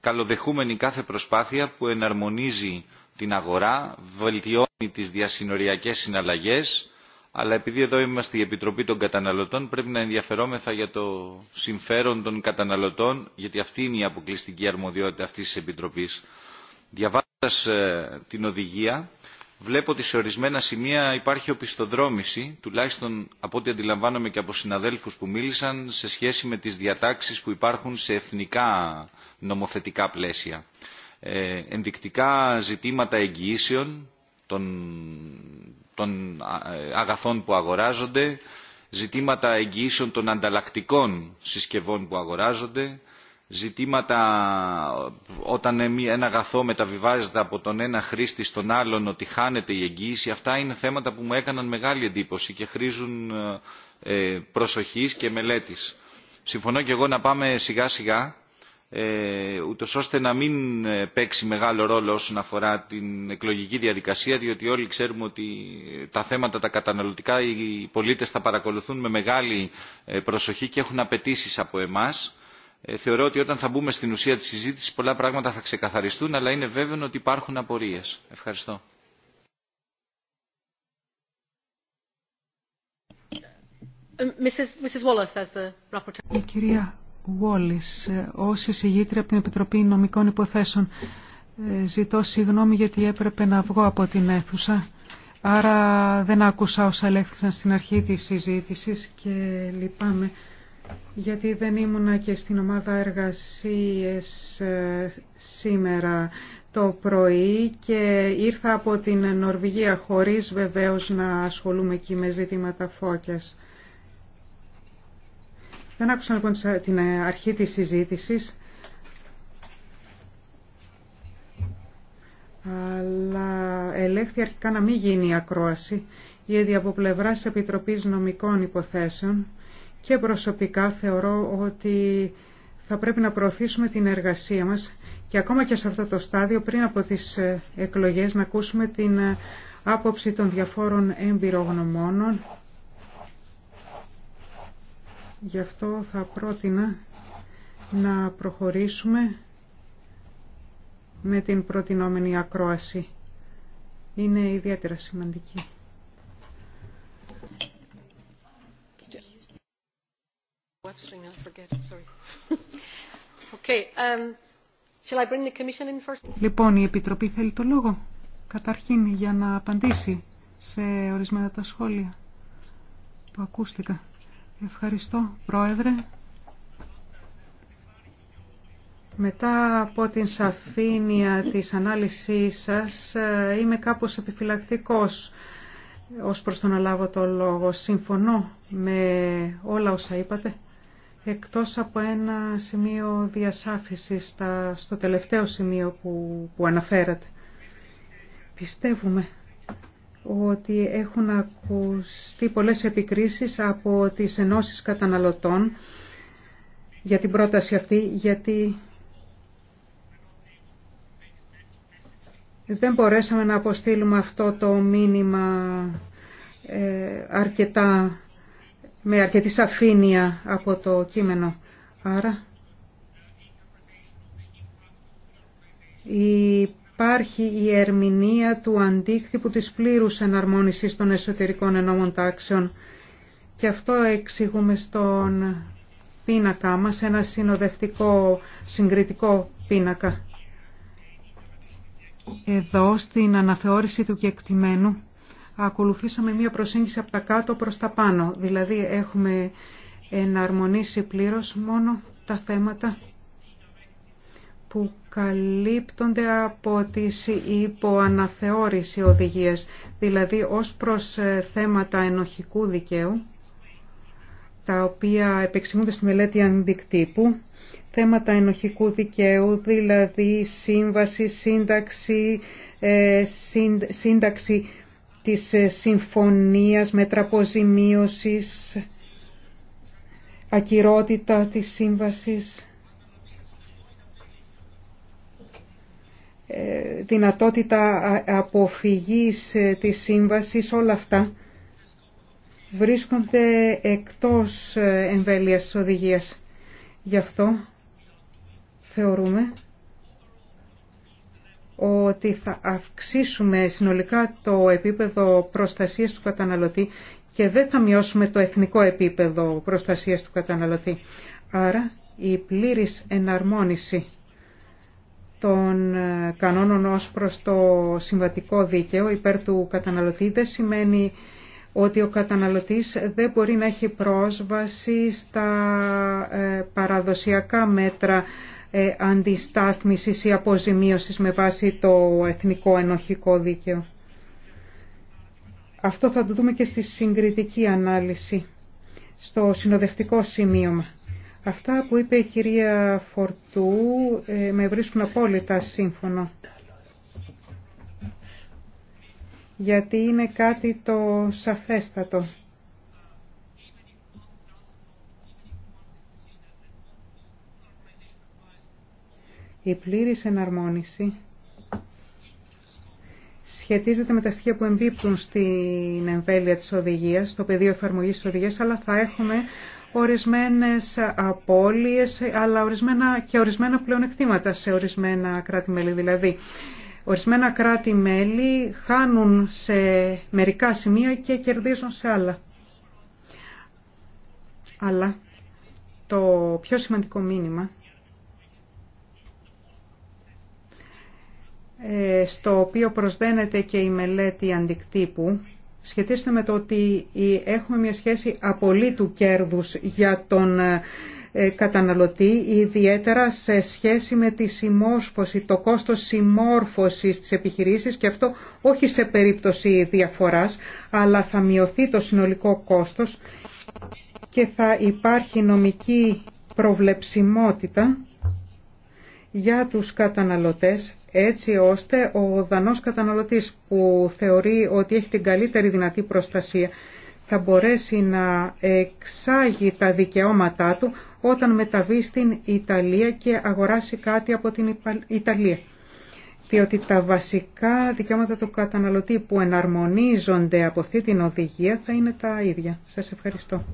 καλοδεχούμενη κάθε προσπάθεια που εναρμονίζει την αγορά, βελτιώνει τις διασυνοριακές συναλλαγές, αλλά επειδή εδώ είμαστε η Επιτροπή των Καταναλωτών πρέπει να ενδιαφερόμεθα για το συμφέρον των καταναλωτών, γιατί αυτή είναι η αποκλειστική αρμοδιότητα αυτής της Επιτροπής. Διαβάζοντας ε, την οδηγία, βλέπω ότι σε ορισμένα σημεία υπάρχει οπισθοδρόμηση, τουλάχιστον από ό,τι αντιλαμβάνομαι και από συναδέλφους που μίλησαν, σε σχέση με τις διατάξεις που υπάρχουν σε εθνικά νομοθετικά πλαίσια. Ε, ενδεικτικά ζητήματα εγγυήσεων των, των αγαθών που αγοράζονται, ζητήματα εγγυήσεων των ανταλλακτικών συσκευών που αγοράζονται, ζητήματα όταν ένα αγαθό μεταβιβάζεται από τον ένα χρήστη στον άλλον ότι χάνεται η εγγύηση αυτά είναι θέματα που μου έκαναν μεγάλη εντύπωση και χρήζουν ε, προσοχής και μελέτης. Συμφωνώ και εγώ να πάμε σιγά σιγά ε, ούτω ώστε να μην ε, παίξει μεγάλο ρόλο όσον αφορά την εκλογική διαδικασία διότι όλοι ξέρουμε ότι τα θέματα τα καταναλωτικά οι πολίτες θα παρακολουθούν με μεγάλη προσοχή και έχουν απαιτήσει από εμάς ε, θεωρώ ότι όταν θα μπούμε στην ουσία της συζήτησης πολλά πράγματα θα ξεκαθαριστούν, αλλά είναι βέβαιο ότι υπάρχουν απορίες. Ευχαριστώ. Ε, Η κυρία Wallace, ε, ως εισηγήτρια από την Επιτροπή Νομικών Υποθέσεων, ζητώ συγγνώμη γιατί έπρεπε να βγω από την αίθουσα. Άρα δεν άκουσα όσα ελέγχθησαν στην αρχή της συζήτησης και λυπάμαι γιατί δεν ήμουνα και στην ομάδα εργασίες ε, σήμερα το πρωί και ήρθα από την Νορβηγία χωρίς βεβαίως να ασχολούμαι εκεί με ζήτηματα φώκιας. Δεν άκουσα λοιπόν την αρχή της συζήτησης, αλλά ελέγχθη αρχικά να μην γίνει η ακρόαση, γιατί από πλευράς Επιτροπής Νομικών Υποθέσεων και προσωπικά θεωρώ ότι θα πρέπει να προωθήσουμε την εργασία μας και ακόμα και σε αυτό το στάδιο πριν από τις ε, εκλογές να ακούσουμε την ε, άποψη των διαφόρων εμπειρογνωμόνων. Γι' αυτό θα πρότεινα να προχωρήσουμε με την προτινόμενη ακρόαση. Είναι ιδιαίτερα σημαντική. Λοιπόν, η Επιτροπή θέλει το λόγο, καταρχήν, για να απαντήσει σε ορισμένα τα σχόλια που ακούστηκα. Ευχαριστώ, Πρόεδρε. Μετά από την σαφήνεια της ανάλυσής σας, ε, είμαι κάπως επιφυλακτικός ως προς το να λάβω το λόγο. Συμφωνώ με όλα όσα είπατε εκτός από ένα σημείο διασάφησης στο τελευταίο σημείο που, που αναφέρατε. Πιστεύουμε ότι έχουν ακουστεί πολλές επικρίσεις από τις ενώσεις καταναλωτών για την πρόταση αυτή, γιατί δεν μπορέσαμε να αποστείλουμε αυτό το μήνυμα ε, αρκετά με αρκετή σαφήνεια από το κείμενο. Άρα υπάρχει η ερμηνεία του αντίκτυπου της πλήρους εναρμόνισης των εσωτερικών ενόμων τάξεων και αυτό εξηγούμε στον πίνακά μας, ένα συνοδευτικό συγκριτικό πίνακα. Εδώ στην αναθεώρηση του κεκτημένου ακολουθήσαμε μία προσέγγιση από τα κάτω προς τα πάνω. Δηλαδή έχουμε εναρμονίσει πλήρως μόνο τα θέματα που καλύπτονται από τις υποαναθεώρηση οδηγίες, δηλαδή ως προς ε, θέματα ενοχικού δικαίου, τα οποία επεξημούνται στη μελέτη αντικτύπου, θέματα ενοχικού δικαίου, δηλαδή σύμβαση, σύνταξη, ε, σύνταξη της ε, συμφωνίας μετραποζημίωσης, ακυρότητα της σύμβασης, ε, δυνατότητα αποφυγής ε, της σύμβασης, όλα αυτά βρίσκονται εκτός εμβέλειας οδηγίας. Γι' αυτό θεωρούμε ότι θα αυξήσουμε συνολικά το επίπεδο προστασίας του καταναλωτή και δεν θα μειώσουμε το εθνικό επίπεδο προστασίας του καταναλωτή. Άρα η πλήρης εναρμόνιση των ε, κανόνων ως προς το συμβατικό δίκαιο υπέρ του καταναλωτή δεν σημαίνει ότι ο καταναλωτής δεν μπορεί να έχει πρόσβαση στα ε, παραδοσιακά μέτρα ε, αντιστάθμισης ή αποζημίωσης με βάση το εθνικό ενοχικό δίκαιο. Αυτό θα το δούμε και στη συγκριτική ανάλυση, στο συνοδευτικό σημείωμα. Αυτά που είπε η κυρία Φορτού ε, με βρίσκουν απόλυτα σύμφωνο. Γιατί είναι κάτι το σαφέστατο. Η πλήρης εναρμόνιση σχετίζεται με τα στοιχεία που εμπίπτουν στην εμβέλεια της οδηγίας, στο πεδίο εφαρμογής της οδηγίας, αλλά θα έχουμε ορισμένες απώλειες αλλά ορισμένα και ορισμένα πλεονεκτήματα σε ορισμένα κράτη-μέλη. Δηλαδή, ορισμένα κράτη-μέλη χάνουν σε μερικά σημεία και κερδίζουν σε άλλα. Αλλά το πιο σημαντικό μήνυμα Ε, στο οποίο προσδένεται και η μελέτη αντικτύπου σχετίζεται με το ότι έχουμε μια σχέση απολύτου κέρδους για τον ε, καταναλωτή, ιδιαίτερα σε σχέση με τη συμμόρφωση, το κόστος συμμόρφωσης της επιχειρήσης και αυτό όχι σε περίπτωση διαφοράς, αλλά θα μειωθεί το συνολικό κόστος και θα υπάρχει νομική προβλεψιμότητα για τους καταναλωτές έτσι ώστε ο δανός καταναλωτής που θεωρεί ότι έχει την καλύτερη δυνατή προστασία θα μπορέσει να εξάγει τα δικαιώματά του όταν μεταβεί στην Ιταλία και αγοράσει κάτι από την Ιταλία. Διότι τα βασικά δικαιώματα του καταναλωτή που εναρμονίζονται από αυτή την οδηγία θα είναι τα ίδια. Σας ευχαριστώ.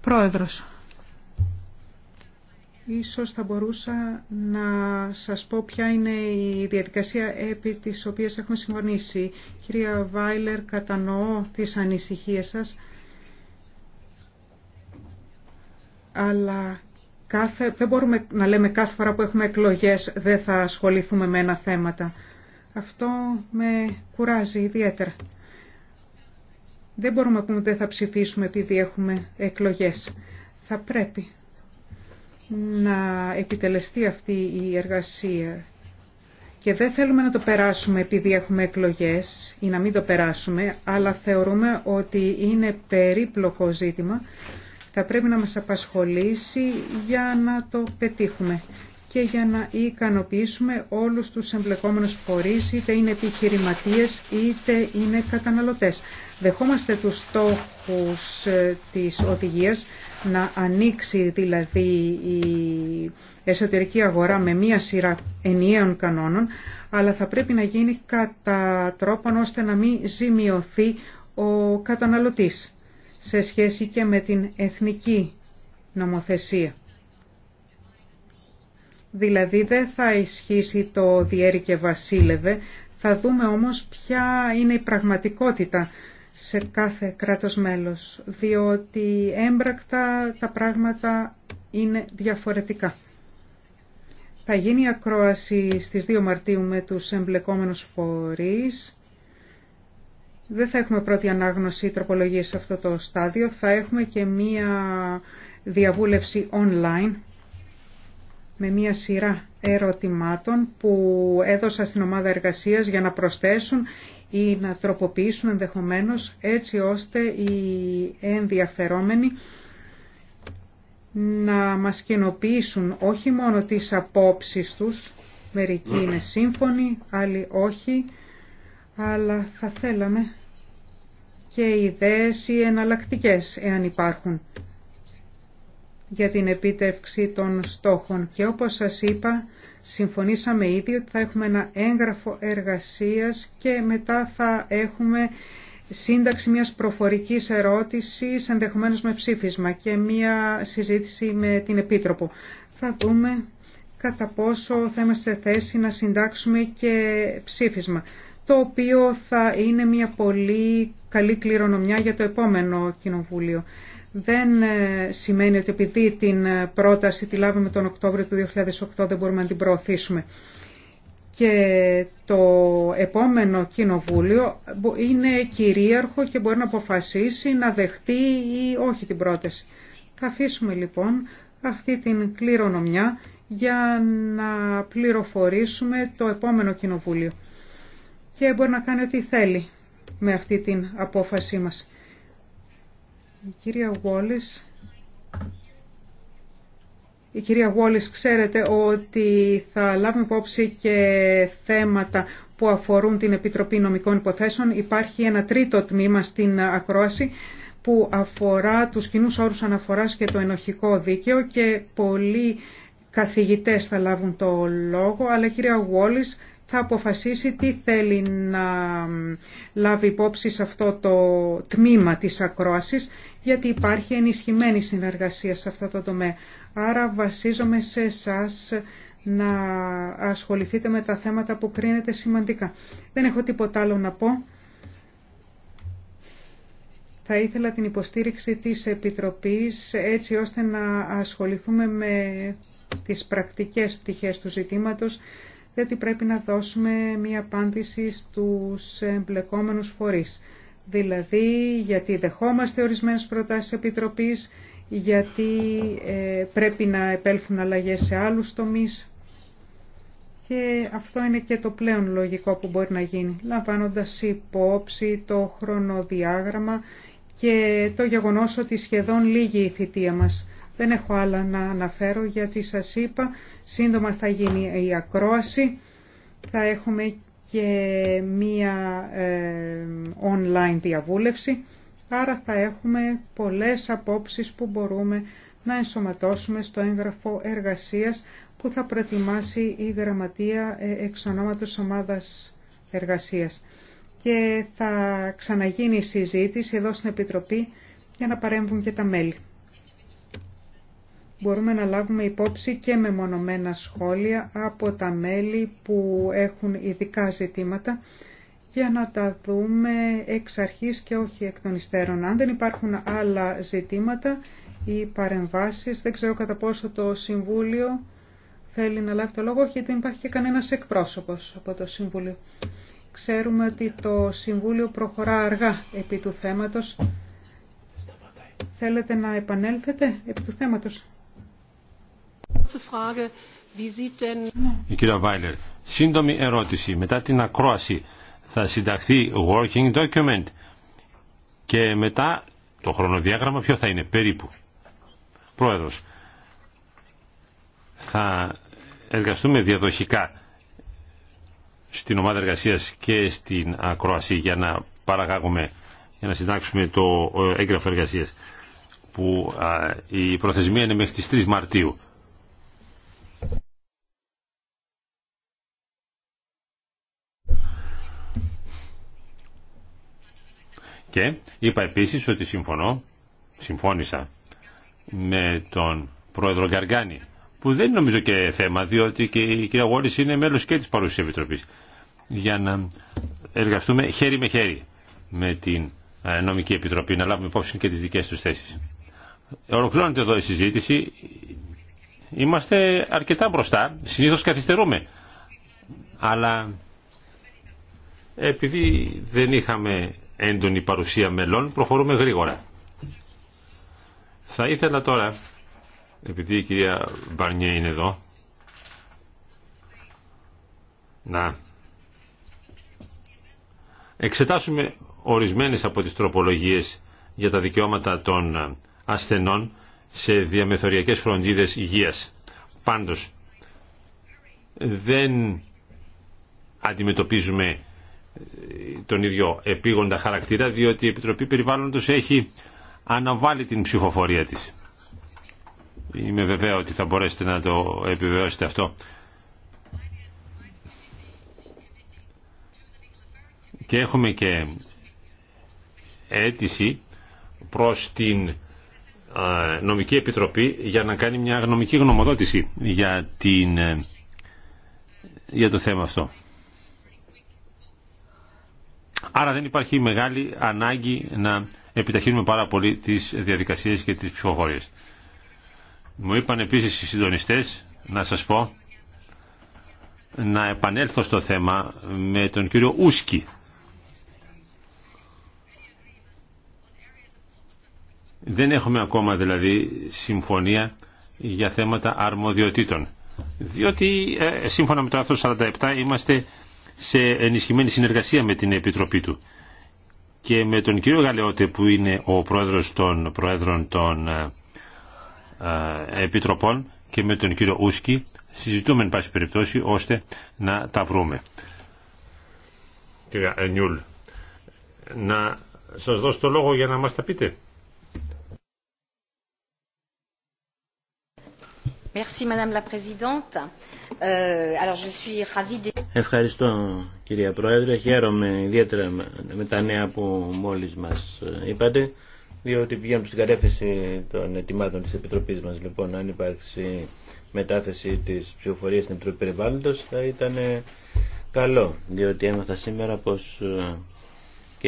Πρόεδρος. Ίσως θα μπορούσα να σας πω ποια είναι η διαδικασία επί της οποίας έχουμε συμφωνήσει. Κυρία Βάιλερ, κατανοώ τις ανησυχίες σας, αλλά κάθε, δεν μπορούμε να λέμε κάθε φορά που έχουμε εκλογές δεν θα ασχοληθούμε με ένα θέματα. Αυτό με κουράζει ιδιαίτερα. Δεν μπορούμε να πούμε ότι δεν θα ψηφίσουμε επειδή έχουμε εκλογές. Θα πρέπει να επιτελεστεί αυτή η εργασία. Και δεν θέλουμε να το περάσουμε επειδή έχουμε εκλογές ή να μην το περάσουμε, αλλά θεωρούμε ότι είναι περίπλοκο ζήτημα. Θα πρέπει να μας απασχολήσει για να το πετύχουμε και για να ικανοποιήσουμε όλους τους εμπλεκόμενους φορείς, είτε είναι επιχειρηματίες είτε είναι καταναλωτές. Δεχόμαστε τους στόχους ε, της οδηγίας να ανοίξει δηλαδή η εσωτερική αγορά με μία σειρά ενιαίων κανόνων, αλλά θα πρέπει να γίνει κατά τρόπον ώστε να μην ζημιωθεί ο καταναλωτής σε σχέση και με την εθνική νομοθεσία. Δηλαδή δεν θα ισχύσει το διέρη και βασίλευε, θα δούμε όμως ποια είναι η πραγματικότητα σε κάθε κράτος μέλος, διότι έμπρακτα τα πράγματα είναι διαφορετικά. Θα γίνει ακρόαση στις 2 Μαρτίου με τους εμπλεκόμενους φορείς. Δεν θα έχουμε πρώτη ανάγνωση τροπολογία σε αυτό το στάδιο. Θα έχουμε και μία διαβούλευση online με μία σειρά ερωτημάτων που έδωσα στην ομάδα εργασίας για να προσθέσουν ή να τροποποιήσουν ενδεχομένως έτσι ώστε οι ενδιαφερόμενοι να μας κοινοποιήσουν όχι μόνο τις απόψεις τους, μερικοί είναι σύμφωνοι, άλλοι όχι, αλλά θα θέλαμε και ιδέες ή εναλλακτικές εάν υπάρχουν για την επίτευξη των στόχων. Και όπως σας είπα, Συμφωνήσαμε ήδη ότι θα έχουμε ένα έγγραφο εργασίας και μετά θα έχουμε σύνταξη μιας προφορικής ερώτησης, ενδεχομένως με ψήφισμα και μια συζήτηση με την Επίτροπο. Θα δούμε κατά πόσο θα είμαστε θέση να συντάξουμε και ψήφισμα, το οποίο θα είναι μια πολύ καλή κληρονομιά για το επόμενο Κοινοβούλιο δεν ε, σημαίνει ότι επειδή την ε, πρόταση τη λάβουμε τον Οκτώβριο του 2008 δεν μπορούμε να την προωθήσουμε. Και το επόμενο κοινοβούλιο είναι κυρίαρχο και μπορεί να αποφασίσει να δεχτεί ή όχι την πρόταση. Θα αφήσουμε λοιπόν αυτή την κληρονομιά για να πληροφορήσουμε το επόμενο κοινοβούλιο. Και μπορεί να κάνει ό,τι θέλει με αυτή την απόφασή μας. Η κυρία Γουόλης... Η κυρία ξέρετε ότι θα λάβουμε υπόψη και θέματα που αφορούν την Επιτροπή Νομικών Υποθέσεων. Υπάρχει ένα τρίτο τμήμα στην ακρόαση που αφορά τους κοινού όρους αναφοράς και το ενοχικό δίκαιο και πολλοί καθηγητές θα λάβουν το λόγο, αλλά η κυρία Γουόλης θα αποφασίσει τι θέλει να λάβει υπόψη σε αυτό το τμήμα της ακρόασης γιατί υπάρχει ενισχυμένη συνεργασία σε αυτό το τομέα. Άρα βασίζομαι σε εσάς να ασχοληθείτε με τα θέματα που κρίνετε σημαντικά. Δεν έχω τίποτα άλλο να πω. Θα ήθελα την υποστήριξη της Επιτροπής έτσι ώστε να ασχοληθούμε με τις πρακτικές πτυχές του ζητήματος, γιατί πρέπει να δώσουμε μία απάντηση στους εμπλεκόμενους φορείς δηλαδή γιατί δεχόμαστε ορισμένες προτάσεις Επιτροπής, γιατί ε, πρέπει να επέλθουν αλλαγές σε άλλους τομείς και αυτό είναι και το πλέον λογικό που μπορεί να γίνει, λαμβάνοντας υπόψη το χρονοδιάγραμμα και το γεγονός ότι σχεδόν λίγη η θητεία μας. Δεν έχω άλλα να αναφέρω γιατί σας είπα, σύντομα θα γίνει η ακρόαση, θα έχουμε και μία ε, online διαβούλευση. Άρα θα έχουμε πολλές απόψεις που μπορούμε να ενσωματώσουμε στο έγγραφο εργασίας που θα προετοιμάσει η Γραμματεία ε, εξ ονόματος Ομάδας Εργασίας. Και θα ξαναγίνει η συζήτηση εδώ στην Επιτροπή για να παρέμβουν και τα μέλη μπορούμε να λάβουμε υπόψη και μεμονωμένα σχόλια από τα μέλη που έχουν ειδικά ζητήματα για να τα δούμε εξ αρχής και όχι εκ των υστέρων. Αν δεν υπάρχουν άλλα ζητήματα ή παρεμβάσεις, δεν ξέρω κατά πόσο το Συμβούλιο θέλει να λάβει το λόγο, όχι δεν υπάρχει και κανένας εκπρόσωπος από το Συμβούλιο. Ξέρουμε ότι το Συμβούλιο προχωρά αργά επί του θέματος. Θέλετε να επανέλθετε επί του θέματος. Η κυρία Βάιλερ, σύντομη ερώτηση. Μετά την ακρόαση θα συνταχθεί working document και μετά το χρονοδιάγραμμα ποιο θα είναι περίπου. Πρόεδρος, θα εργαστούμε διαδοχικά στην ομάδα εργασίας και στην ακρόαση για να παραγάγουμε, για να συντάξουμε το ε, έγγραφο εργασίας που η προθεσμία είναι μέχρι τις 3 Μαρτίου. Και είπα επίσης ότι συμφωνώ, συμφώνησα με τον πρόεδρο Γκαργκάνη που δεν είναι νομίζω και θέμα, διότι και η κυρία Γόρης είναι μέλος και της παρούσης Επιτροπής, για να εργαστούμε χέρι με χέρι με την ε, νομική επιτροπή, να λάβουμε υπόψη και τις δικές τους θέσεις. Ολοκληρώνεται εδώ η συζήτηση. Είμαστε αρκετά μπροστά, συνήθως καθυστερούμε. Αλλά επειδή δεν είχαμε έντονη παρουσία μελών, προχωρούμε γρήγορα. Θα ήθελα τώρα, επειδή η κυρία Μπαρνιέ είναι εδώ, να εξετάσουμε ορισμένες από τις τροπολογίες για τα δικαιώματα των ασθενών σε διαμεθοριακές φροντίδες υγείας. Πάντως, δεν αντιμετωπίζουμε τον ίδιο επίγοντα χαρακτήρα διότι η Επιτροπή Περιβάλλοντος έχει αναβάλει την ψηφοφορία της. Είμαι βεβαίω ότι θα μπορέσετε να το επιβεβαιώσετε αυτό. Και έχουμε και αίτηση προς την νομική επιτροπή για να κάνει μια νομική γνωμοδότηση για, την, ε, για το θέμα αυτό. Άρα δεν υπάρχει μεγάλη ανάγκη να επιταχύνουμε πάρα πολύ τις διαδικασίες και τις ψηφοφορίες. Μου είπαν επίσης οι συντονιστές να σας πω να επανέλθω στο θέμα με τον κύριο Ούσκι. Δεν έχουμε ακόμα δηλαδή συμφωνία για θέματα αρμοδιοτήτων. Διότι ε, σύμφωνα με το άρθρο 47 είμαστε σε ενισχυμένη συνεργασία με την Επιτροπή του και με τον κύριο Γαλεώτε που είναι ο πρόεδρος των προέδρων των ε, ε, Επιτροπών και με τον κύριο Ούσκι συζητούμε εν πάση περιπτώσει ώστε να τα βρούμε. Κύριε Ενιούλ, να σας δώσω το λόγο για να μας τα πείτε. Ευχαριστώ κυρία Πρόεδρε. Χαίρομαι ιδιαίτερα με τα νέα που μόλις μας ε, είπατε, διότι πηγαίνουμε στην κατεύθυνση των ετοιμάτων της Επιτροπής μας. Λοιπόν, αν υπάρξει μετάθεση της ψηφοφορίας στην Επιτροπή Περιβάλλοντος θα ήταν καλό, διότι έμαθα σήμερα πως ε,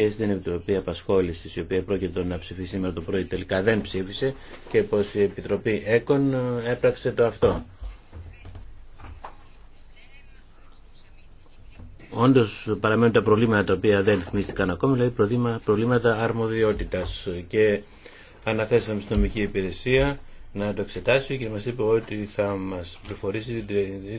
και στην Επιτροπή απασχόληση, η οποία πρόκειται να ψηφίσει σήμερα το πρωί τελικά δεν ψήφισε και πω η Επιτροπή ΕΚΟΝ ε, έπραξε το αυτό. Όντω παραμένουν τα προβλήματα τα οποία δεν ρυθμίστηκαν ακόμα, δηλαδή προβλήματα αρμοδιότητα. Και αναθέσαμε στην νομική υπηρεσία να το εξετάσει και μα είπε ότι θα μα προφορήσει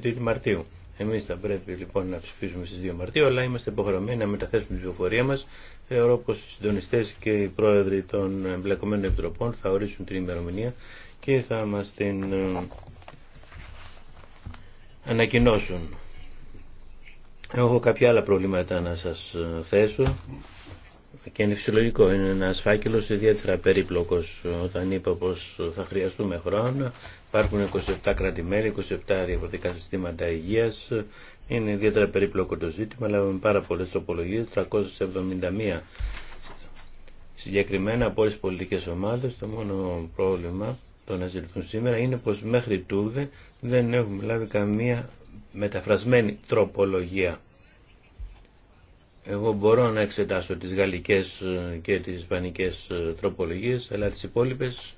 την 3η Μαρτίου. Εμείς θα πρέπει λοιπόν να ψηφίσουμε στις 2 Μαρτίου, αλλά είμαστε υποχρεωμένοι να μεταθέσουμε την ψηφοφορία μας. Θεωρώ πως οι συντονιστές και οι πρόεδροι των εμπλεκομένων επιτροπών θα ορίσουν την ημερομηνία και θα μας την ε, ανακοινώσουν. Έχω κάποια άλλα προβλήματα να σας ε, θέσω και είναι φυσιολογικό. Είναι ένα φάκελο ιδιαίτερα περίπλοκο. Ε, όταν είπα πω θα χρειαστούμε χρόνο, Υπάρχουν 27 κρατη 27 διαφορετικά συστήματα υγείας. Είναι ιδιαίτερα περίπλοκο το ζήτημα, με πάρα πολλές τροπολογίες, 371 συγκεκριμένα από όλες τις πολιτικές ομάδες. Το μόνο πρόβλημα το να ζητηθούν σήμερα είναι πως μέχρι τούδε δεν έχουμε λάβει καμία μεταφρασμένη τροπολογία. Εγώ μπορώ να εξετάσω τις γαλλικές και τις ισπανικές τροπολογίες, αλλά τις υπόλοιπες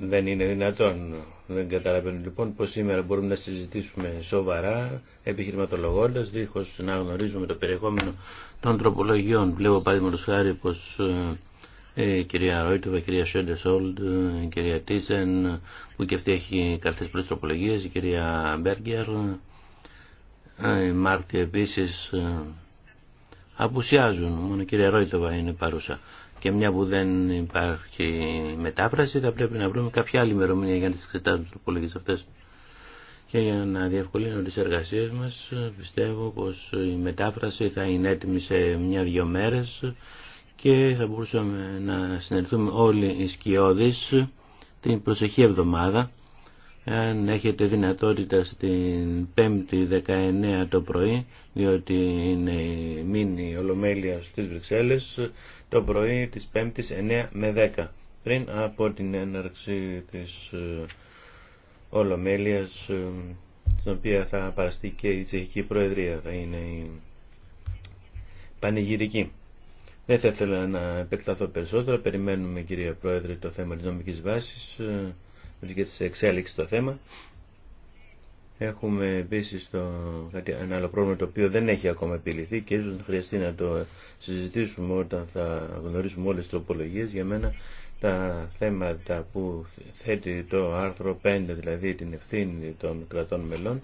δεν είναι δυνατόν. Δεν καταλαβαίνω λοιπόν πως σήμερα μπορούμε να συζητήσουμε σοβαρά, επιχειρηματολογώντας, δίχως να γνωρίζουμε το περιεχόμενο των τροπολογιών. Βλέπω παραδείγματος χάρη πως ε, η κυρία Ρόιτοβα, η κυρία Σέντε ε, η κυρία Τίσεν, που και αυτή έχει καρθές πολλές τροπολογίες, η κυρία Μπέργκερ, ε, η Μάρτη επίσης, απουσιάζουν, μόνο η κυρία Ρόιτοβα είναι παρούσα και μια που δεν υπάρχει μετάφραση θα πρέπει να βρούμε κάποια άλλη ημερομηνία για να τις εξετάσουμε τις τροπολογίες αυτές. Και για να διευκολύνω τις εργασίες μας πιστεύω πως η μετάφραση θα είναι έτοιμη σε μια-δυο μέρες και θα μπορούσαμε να συνεργαστούμε όλοι οι σκιώδεις την προσεχή εβδομάδα αν έχετε δυνατότητα στην 5η 19 το πρωί, διότι είναι η μήνυ ολομέλεια στις Βρυξέλλες, το πρωί της 5ης 9 με 10, πριν από την έναρξη της ε, ολομέλειας, ε, στην οποία θα παραστεί και η Τσεχική Προεδρία, θα είναι η πανηγυρική. Δεν θα ήθελα να επεκταθώ περισσότερο, περιμένουμε κυρία Πρόεδρε το θέμα της νομικής βάσης. Ε, βρίσκεται σε εξέλιξη το θέμα. Έχουμε επίση το, ένα άλλο πρόβλημα το οποίο δεν έχει ακόμα επιληθεί και ίσω χρειαστεί να το συζητήσουμε όταν θα γνωρίσουμε όλε τις τροπολογίε. Για μένα τα θέματα που θέτει το άρθρο 5, δηλαδή την ευθύνη των κρατών μελών,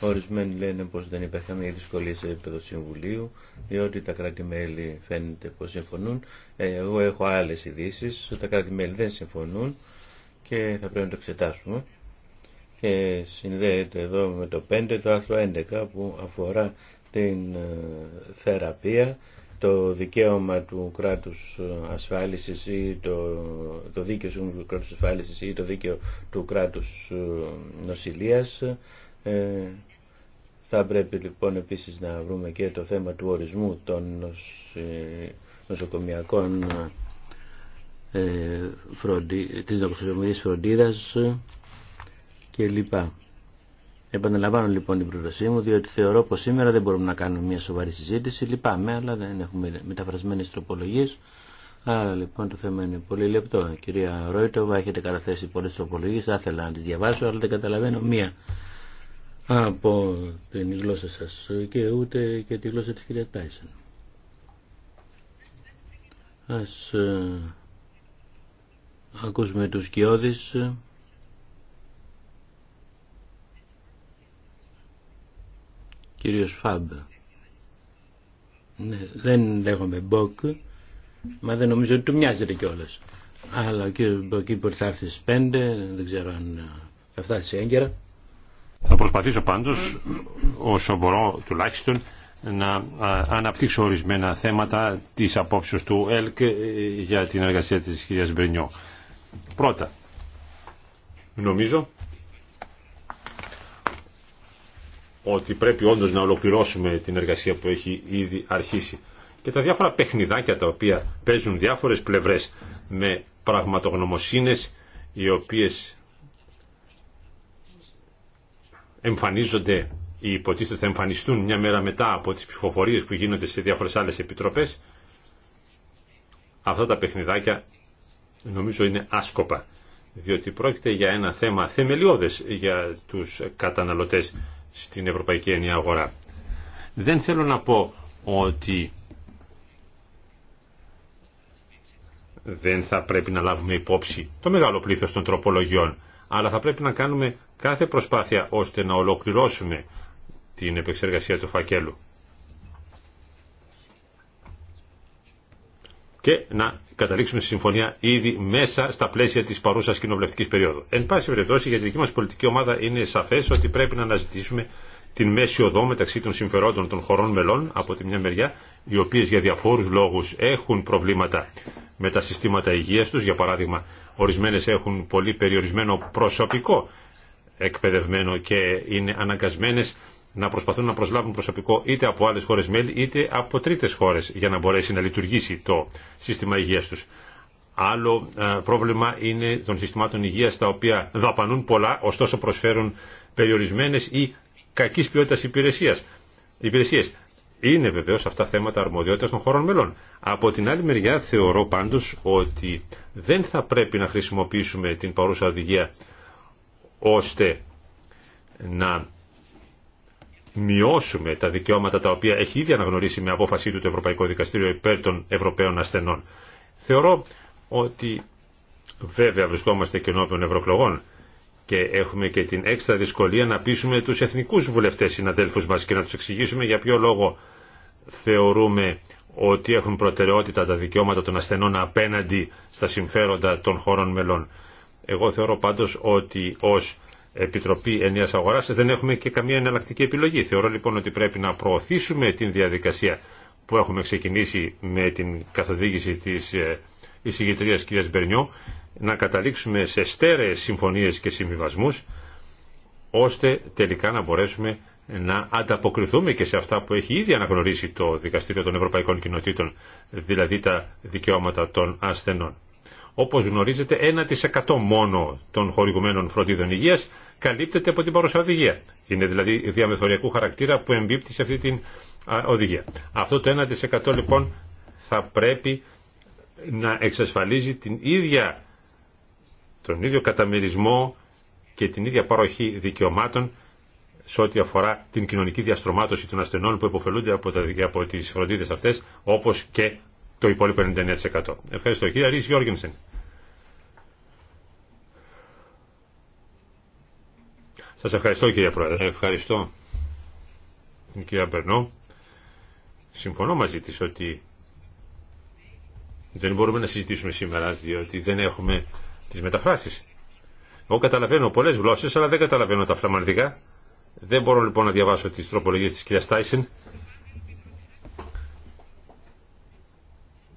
Ορισμένοι λένε πώ δεν υπάρχει οι δυσκολία σε επίπεδο συμβουλίου, διότι τα κράτη-μέλη φαίνεται πώ συμφωνούν. Ε, εγώ έχω άλλε ειδήσει, τα κράτη-μέλη δεν συμφωνούν και θα πρέπει να το εξετάσουμε και συνδέεται εδώ με το 5 το άρθρο 11 που αφορά την ε, θεραπεία το δικαίωμα του κράτους ε, ασφάλισης ή το, το δίκαιο του κράτους ασφάλισης ή το δίκαιο του κράτους ε, νοσηλείας θα πρέπει λοιπόν επίσης να βρούμε και το θέμα του ορισμού των νοσοκομιακών ε, της δοξοσιομικής φροντίδας λοιπά. Επαναλαμβάνω λοιπόν την πρότασή μου, διότι θεωρώ πως σήμερα δεν μπορούμε να κάνουμε μια σοβαρή συζήτηση. Λυπάμαι, αλλά δεν έχουμε μεταφρασμένες τροπολογίες. Άρα λοιπόν το θέμα είναι πολύ λεπτό. Κυρία Ρόιτοβα, έχετε καταθέσει πολλέ τροπολογίε. Θα ήθελα να τι διαβάσω, αλλά δεν καταλαβαίνω μία από την γλώσσα σα και ούτε και τη γλώσσα της κυρία Τάισεν. Ας ε, ακούσουμε τους Κιώδης. Κύριος Φαμπ. Ναι, δεν λέγομαι Μποκ, μα δεν νομίζω ότι του μοιάζεται κιόλα. Αλλά ο κύριος Μποκ είπε ότι έρθει στις 5, δεν ξέρω αν θα φτάσει έγκαιρα. Θα προσπαθήσω πάντως, όσο μπορώ τουλάχιστον, να αναπτύξω ορισμένα θέματα της απόψεως του ΕΛΚ ε, για την εργασία της κυρίας Μπρινιό. Πρώτα, νομίζω ότι πρέπει όντως να ολοκληρώσουμε την εργασία που έχει ήδη αρχίσει. Και τα διάφορα παιχνιδάκια τα οποία παίζουν διάφορες πλευρές με πραγματογνωμοσύνες οι οποίες εμφανίζονται ή υποτίθεται θα εμφανιστούν μια μέρα μετά από τις ψηφοφορίες που γίνονται σε διάφορες άλλες επιτροπές αυτά τα παιχνιδάκια νομίζω είναι άσκοπα, διότι πρόκειται για ένα θέμα θεμελιώδες για τους καταναλωτές στην Ευρωπαϊκή Ενιαία Αγορά. Δεν θέλω να πω ότι δεν θα πρέπει να λάβουμε υπόψη το μεγάλο πλήθος των τροπολογιών, αλλά θα πρέπει να κάνουμε κάθε προσπάθεια ώστε να ολοκληρώσουμε την επεξεργασία του φακέλου. και να καταλήξουμε στη συμφωνία ήδη μέσα στα πλαίσια τη παρούσα κοινοβουλευτική περίοδου. Εν πάση περιπτώσει, για τη δική μα πολιτική ομάδα είναι σαφέ ότι πρέπει να αναζητήσουμε την μέση οδό μεταξύ των συμφερόντων των χωρών μελών από τη μια μεριά, οι οποίε για διαφόρου λόγου έχουν προβλήματα με τα συστήματα υγεία του. Για παράδειγμα, ορισμένε έχουν πολύ περιορισμένο προσωπικό εκπαιδευμένο και είναι αναγκασμένες να προσπαθούν να προσλάβουν προσωπικό είτε από άλλες χώρες μέλη είτε από τρίτες χώρες για να μπορέσει να λειτουργήσει το σύστημα υγείας τους. Άλλο ε, πρόβλημα είναι των συστημάτων υγείας τα οποία δαπανούν πολλά ωστόσο προσφέρουν περιορισμένες ή κακής ποιότητας υπηρεσίας. υπηρεσίες. Είναι βεβαίως αυτά θέματα αρμοδιότητας των χωρών μελών. Από την άλλη μεριά θεωρώ πάντως ότι δεν θα πρέπει να χρησιμοποιήσουμε την παρούσα οδηγία ώστε να μειώσουμε τα δικαιώματα τα οποία έχει ήδη αναγνωρίσει με απόφασή του το Ευρωπαϊκό Δικαστήριο υπέρ των Ευρωπαίων ασθενών. Θεωρώ ότι βέβαια βρισκόμαστε και ενώπιον ευρωεκλογών και έχουμε και την έξτρα δυσκολία να πείσουμε τους εθνικούς βουλευτές συναδέλφου μας και να τους εξηγήσουμε για ποιο λόγο θεωρούμε ότι έχουν προτεραιότητα τα δικαιώματα των ασθενών απέναντι στα συμφέροντα των χωρών μελών. Εγώ θεωρώ πάντως ότι ως Επιτροπή Ενίας Αγοράς δεν έχουμε και καμία εναλλακτική επιλογή. Θεωρώ λοιπόν ότι πρέπει να προωθήσουμε την διαδικασία που έχουμε ξεκινήσει με την καθοδήγηση της ε, εισηγητρίας κ. Μπερνιό να καταλήξουμε σε στέρεες συμφωνίες και συμβιβασμού ώστε τελικά να μπορέσουμε να ανταποκριθούμε και σε αυτά που έχει ήδη αναγνωρίσει το Δικαστήριο των Ευρωπαϊκών Κοινοτήτων, δηλαδή τα δικαιώματα των ασθενών. Όπως γνωρίζετε, 1% μόνο των χορηγουμένων φροντίδων υγείας καλύπτεται από την παρουσία οδηγία. Είναι δηλαδή διαμεθοριακού χαρακτήρα που εμπίπτει σε αυτή την οδηγία. Αυτό το 1% λοιπόν θα πρέπει να εξασφαλίζει την ίδια, τον ίδιο καταμερισμό και την ίδια παροχή δικαιωμάτων σε ό,τι αφορά την κοινωνική διαστρωμάτωση των ασθενών που υποφελούνται από, τα, από τις φροντίδες αυτές, όπως και το υπόλοιπο 99%. Ευχαριστώ. Κύριε Ρίς Σας ευχαριστώ κύριε Πρόεδρε. Ευχαριστώ. Κύριε Περνό, συμφωνώ μαζί της ότι δεν μπορούμε να συζητήσουμε σήμερα διότι δεν έχουμε τις μεταφράσεις. Εγώ καταλαβαίνω πολλές γλώσσες αλλά δεν καταλαβαίνω τα φλαμανδικά. Δεν μπορώ λοιπόν να διαβάσω τις τροπολογίες της κυρίας Τάισεν.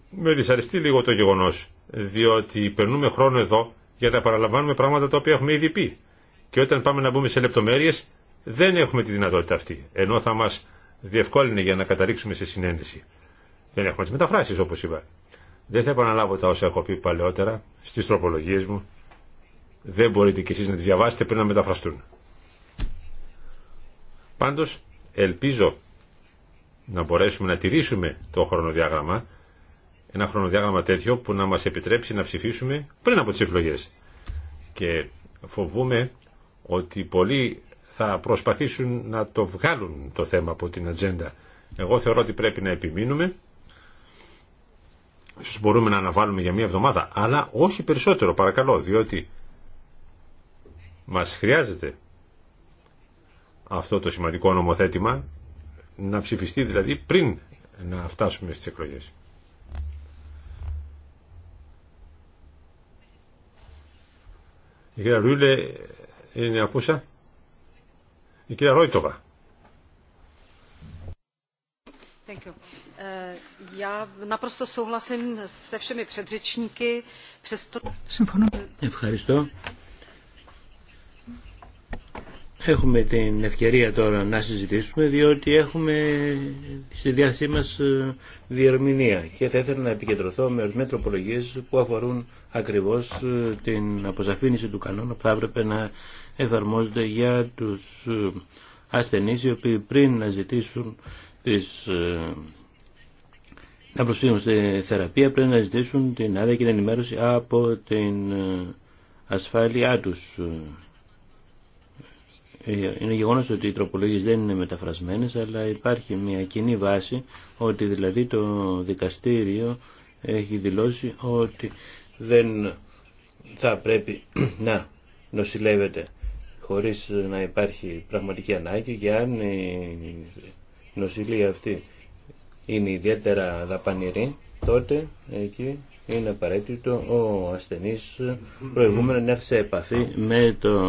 Με δυσαρεστεί λίγο το γεγονός διότι περνούμε χρόνο εδώ για να παραλαμβάνουμε πράγματα τα οποία έχουμε ήδη πει. Και όταν πάμε να μπούμε σε λεπτομέρειε, δεν έχουμε τη δυνατότητα αυτή. Ενώ θα μα διευκόλυνε για να καταλήξουμε σε συνένεση. Δεν έχουμε τι μεταφράσει, όπω είπα. Δεν θα επαναλάβω τα όσα έχω πει παλαιότερα στι τροπολογίε μου. Δεν μπορείτε κι εσεί να τι διαβάσετε πριν να μεταφραστούν. Πάντως ελπίζω να μπορέσουμε να τηρήσουμε το χρονοδιάγραμμα ένα χρονοδιάγραμμα τέτοιο που να μας επιτρέψει να ψηφίσουμε πριν από τις εκλογές. Και φοβούμε ότι πολλοί θα προσπαθήσουν να το βγάλουν το θέμα από την ατζέντα. Εγώ θεωρώ ότι πρέπει να επιμείνουμε. Ίσως μπορούμε να αναβάλουμε για μία εβδομάδα, αλλά όχι περισσότερο παρακαλώ, διότι μας χρειάζεται αυτό το σημαντικό νομοθέτημα να ψηφιστεί δηλαδή πριν να φτάσουμε στις εκλογές. Η κυρία είναι ακούσα; Η κυρία Ρόιτοβα. Ε, Ευχαριστώ. Έχουμε την ευκαιρία τώρα να συζητήσουμε διότι έχουμε στη διάθεσή μας ε, διερμηνία και θα ήθελα να επικεντρωθώ με ορισμένες που αφορούν ακριβώς ε, την αποσαφήνιση του κανόνα που θα έπρεπε να εφαρμόζεται για τους ε, ασθενείς οι οποίοι πριν να ζητήσουν τις να προσφύγουν στη θεραπεία πρέπει να ζητήσουν την άδεια και την ενημέρωση από την ασφάλειά τους ε, είναι γεγονό ότι οι τροπολογίε δεν είναι μεταφρασμένες αλλά υπάρχει μια κοινή βάση ότι δηλαδή το δικαστήριο έχει δηλώσει ότι δεν θα πρέπει *clears throat* να νοσηλεύεται χωρίς να υπάρχει πραγματική ανάγκη και αν η νοσηλεία αυτή είναι ιδιαίτερα δαπανηρή τότε εκεί είναι απαραίτητο ο ασθενής προηγούμενο να έρθει σε επαφή με το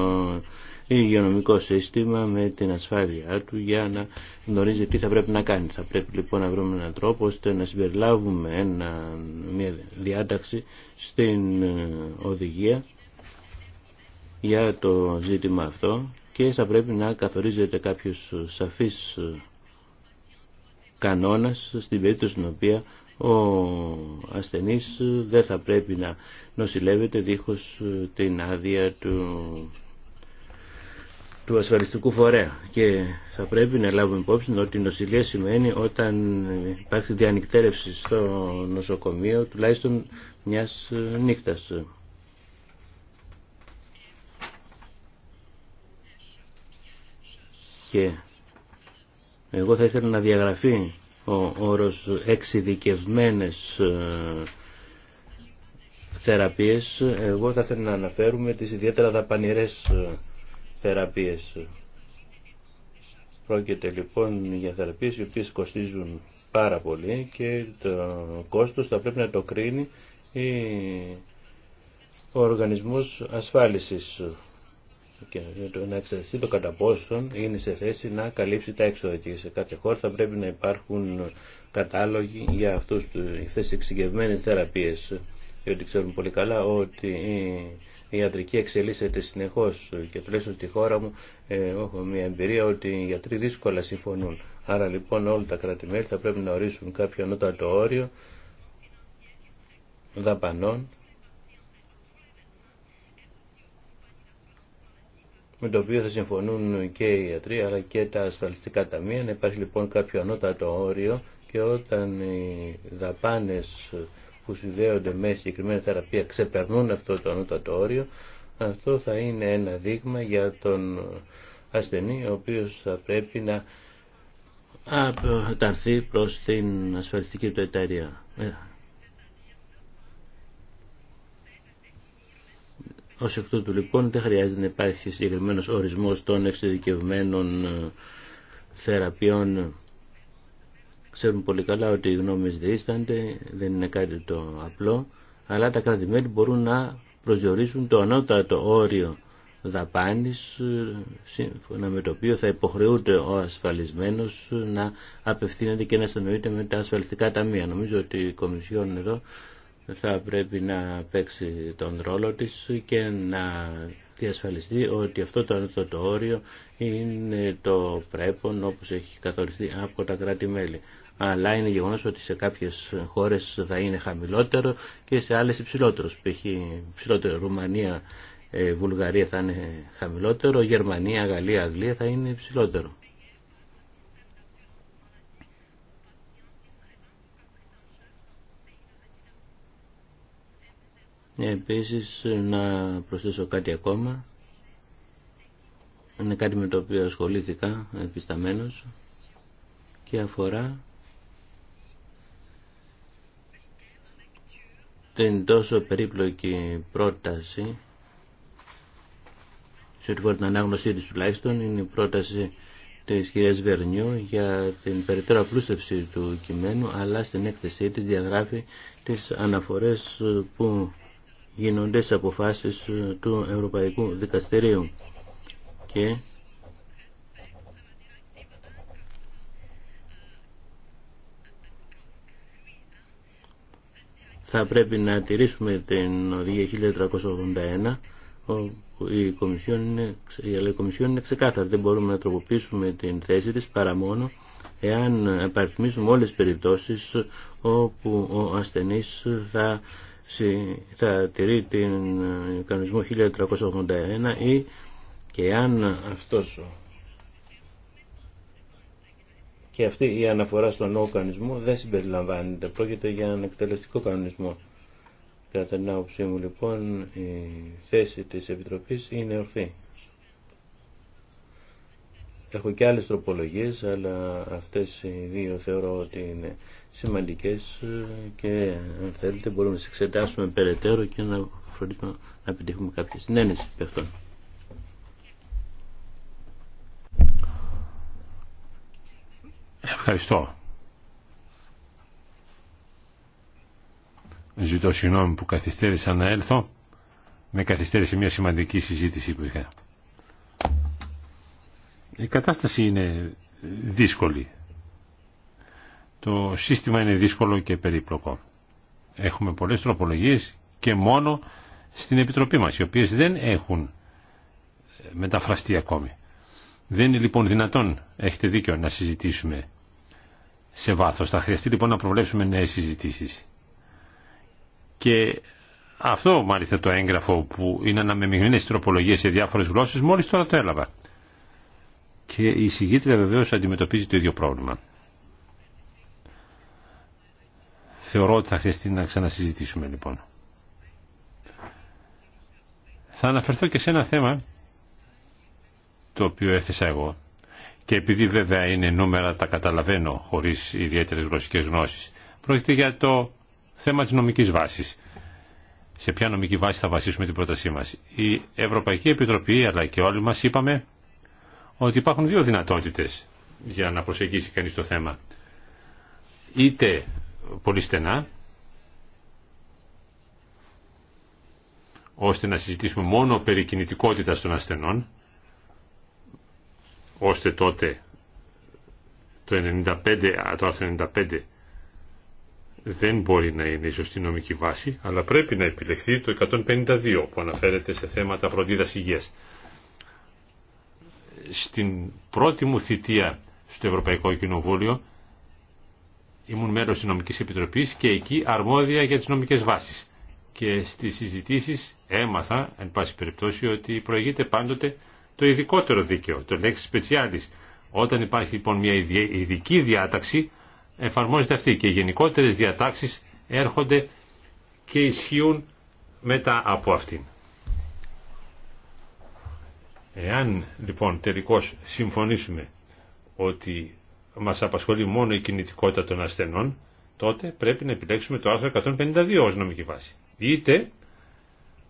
υγειονομικό σύστημα με την ασφάλειά του για να γνωρίζει τι θα πρέπει να κάνει. Θα πρέπει λοιπόν να βρούμε έναν τρόπο ώστε να συμπεριλάβουμε μια διάταξη στην ε, οδηγία για το ζήτημα αυτό και θα πρέπει να καθορίζεται κάποιος σαφής ε, κανόνας στην περίπτωση στην οποία ο ασθενής ε, δεν θα πρέπει να νοσηλεύεται δίχως την άδεια του του ασφαλιστικού φορέα και θα πρέπει να λάβουμε υπόψη ότι η νοσηλεία σημαίνει όταν υπάρχει διανυκτέρευση στο νοσοκομείο τουλάχιστον μιας νύχτας. Και εγώ θα ήθελα να διαγραφεί ο όρος εξειδικευμένες ε, θεραπείες. Εγώ θα ήθελα να αναφέρουμε τις ιδιαίτερα δαπανηρές ε, θεραπείες. Πρόκειται λοιπόν για θεραπείες οι οποίες κοστίζουν πάρα πολύ και το κόστος θα πρέπει να το κρίνει ο οργανισμός ασφάλισης και να εξεταστεί το κατά πόσον είναι σε θέση να καλύψει τα έξοδα και σε κάθε χώρα θα πρέπει να υπάρχουν κατάλογοι για αυτούς, αυτές τις εξηγευμένες θεραπείες διότι πολύ καλά ότι η ιατρική εξελίσσεται συνεχώ και τουλάχιστον στη χώρα μου ε, έχω μια εμπειρία ότι οι γιατροί δύσκολα συμφωνούν. Άρα λοιπόν όλα τα κράτη-μέλη θα πρέπει να ορίσουν κάποιο ανώτατο όριο δαπανών με το οποίο θα συμφωνούν και οι ιατροί αλλά και τα ασφαλιστικά ταμεία. Να υπάρχει λοιπόν κάποιο ανώτατο όριο και όταν οι δαπάνες που συνδέονται με συγκεκριμένη θεραπεία ξεπερνούν αυτό το ανώτατο όριο, αυτό θα είναι ένα δείγμα για τον ασθενή ο οποίος θα πρέπει να ταρθεί προς την ασφαλιστική του εταιρεία. Ω εκ τούτου λοιπόν δεν χρειάζεται να υπάρχει συγκεκριμένο ορισμός των εξειδικευμένων ε, θεραπείων Ξέρουμε πολύ καλά ότι οι γνώμες διήστανται, δεν είναι κάτι το απλό, αλλά τα κράτη-μέλη μπορούν να προσδιορίσουν το ανώτατο όριο δαπάνης, σύμφωνα με το οποίο θα υποχρεούται ο ασφαλισμένος να απευθύνεται και να στανοείται με τα ασφαλιστικά ταμεία. Νομίζω ότι η Κομισιόν εδώ θα πρέπει να παίξει τον ρόλο της και να διασφαλιστεί ότι αυτό το ανώτατο όριο είναι το πρέπον όπως έχει καθοριστεί από τα κράτη-μέλη αλλά είναι γεγονός ότι σε κάποιες χώρες θα είναι χαμηλότερο και σε άλλες υψηλότερο. Π.χ. υψηλότερο Ρουμανία, ε, Βουλγαρία θα είναι χαμηλότερο, Γερμανία, Γαλλία, Αγγλία θα είναι υψηλότερο. Επίσης να προσθέσω κάτι ακόμα. Είναι κάτι με το οποίο ασχολήθηκα επισταμένος και αφορά την τόσο περίπλοκη πρόταση σε ό,τι την ανάγνωσή της τουλάχιστον είναι η πρόταση της κυρίας Βερνιού για την περαιτέρω απλούστευση του κειμένου αλλά στην έκθεσή της διαγράφει τις αναφορές που γίνονται σε αποφάσεις του Ευρωπαϊκού Δικαστηρίου και θα πρέπει να τηρήσουμε την οδηγία 1381 η Κομισιόν είναι, η ξεκάθαρη. Δεν μπορούμε να τροποποιήσουμε την θέση της παρά μόνο εάν επαρθμίσουμε όλες τις περιπτώσεις όπου ο ασθενής θα, θα τηρεί την ε, κανονισμό 1381 ή και αν αυτός και αυτή η αναφορά στον νόμο κανονισμό δεν συμπεριλαμβάνεται. Πρόκειται για έναν εκτελεστικό κανονισμό. Κατά την άποψή μου λοιπόν η θέση της Επιτροπής είναι ορθή. Έχω και άλλες τροπολογίες, αλλά αυτές οι δύο θεωρώ ότι είναι σημαντικές και αν θέλετε μπορούμε να τις εξετάσουμε περαιτέρω και να φροντίσουμε να επιτύχουμε κάποια συνένεση αυτών. Ευχαριστώ. Ζητώ συγγνώμη που καθυστέρησα να έλθω. Με καθυστέρησε μια σημαντική συζήτηση που είχα. Η κατάσταση είναι δύσκολη. Το σύστημα είναι δύσκολο και περίπλοκο. Έχουμε πολλές τροπολογίες και μόνο στην Επιτροπή μας, οι οποίες δεν έχουν μεταφραστεί ακόμη. Δεν είναι λοιπόν δυνατόν, έχετε δίκιο, να συζητήσουμε σε βάθος. Θα χρειαστεί λοιπόν να προβλέψουμε νέες συζητήσεις. Και αυτό μάλιστα το έγγραφο που είναι αναμεμειγνύες τροπολογίες σε διάφορες γλώσσες μόλις τώρα το έλαβα. Και η συγκίτρια βεβαίω αντιμετωπίζει το ίδιο πρόβλημα. Θεωρώ ότι θα χρειαστεί να ξανασυζητήσουμε λοιπόν. Θα αναφερθώ και σε ένα θέμα το οποίο έθεσα εγώ και επειδή βέβαια είναι νούμερα τα καταλαβαίνω χωρίς ιδιαίτερες γλωσσικές γνώσεις. Πρόκειται για το θέμα της νομικής βάσης. Σε ποια νομική βάση θα βασίσουμε την πρότασή μας. Η Ευρωπαϊκή Επιτροπή αλλά και όλοι μας είπαμε ότι υπάρχουν δύο δυνατότητες για να προσεγγίσει κανείς το θέμα. Είτε πολύ στενά, ώστε να συζητήσουμε μόνο περί κινητικότητας των ασθενών, ώστε τότε το, 95, το 95 δεν μπορεί να είναι η σωστή νομική βάση, αλλά πρέπει να επιλεχθεί το 152 που αναφέρεται σε θέματα φροντίδας υγείας. Στην πρώτη μου θητεία στο Ευρωπαϊκό Κοινοβούλιο ήμουν μέρος της Νομικής Επιτροπής και εκεί αρμόδια για τις νομικές βάσεις. Και στις συζητήσεις έμαθα, εν πάση περιπτώσει, ότι προηγείται πάντοτε το ειδικότερο δίκαιο, το λέξη specialis. Όταν υπάρχει λοιπόν μια ειδική διάταξη, εφαρμόζεται αυτή και οι γενικότερες διατάξεις έρχονται και ισχύουν μετά από αυτήν. Εάν λοιπόν τελικώς συμφωνήσουμε ότι μας απασχολεί μόνο η κινητικότητα των ασθενών, τότε πρέπει να επιλέξουμε το άρθρο 152 ως νομική βάση. Είτε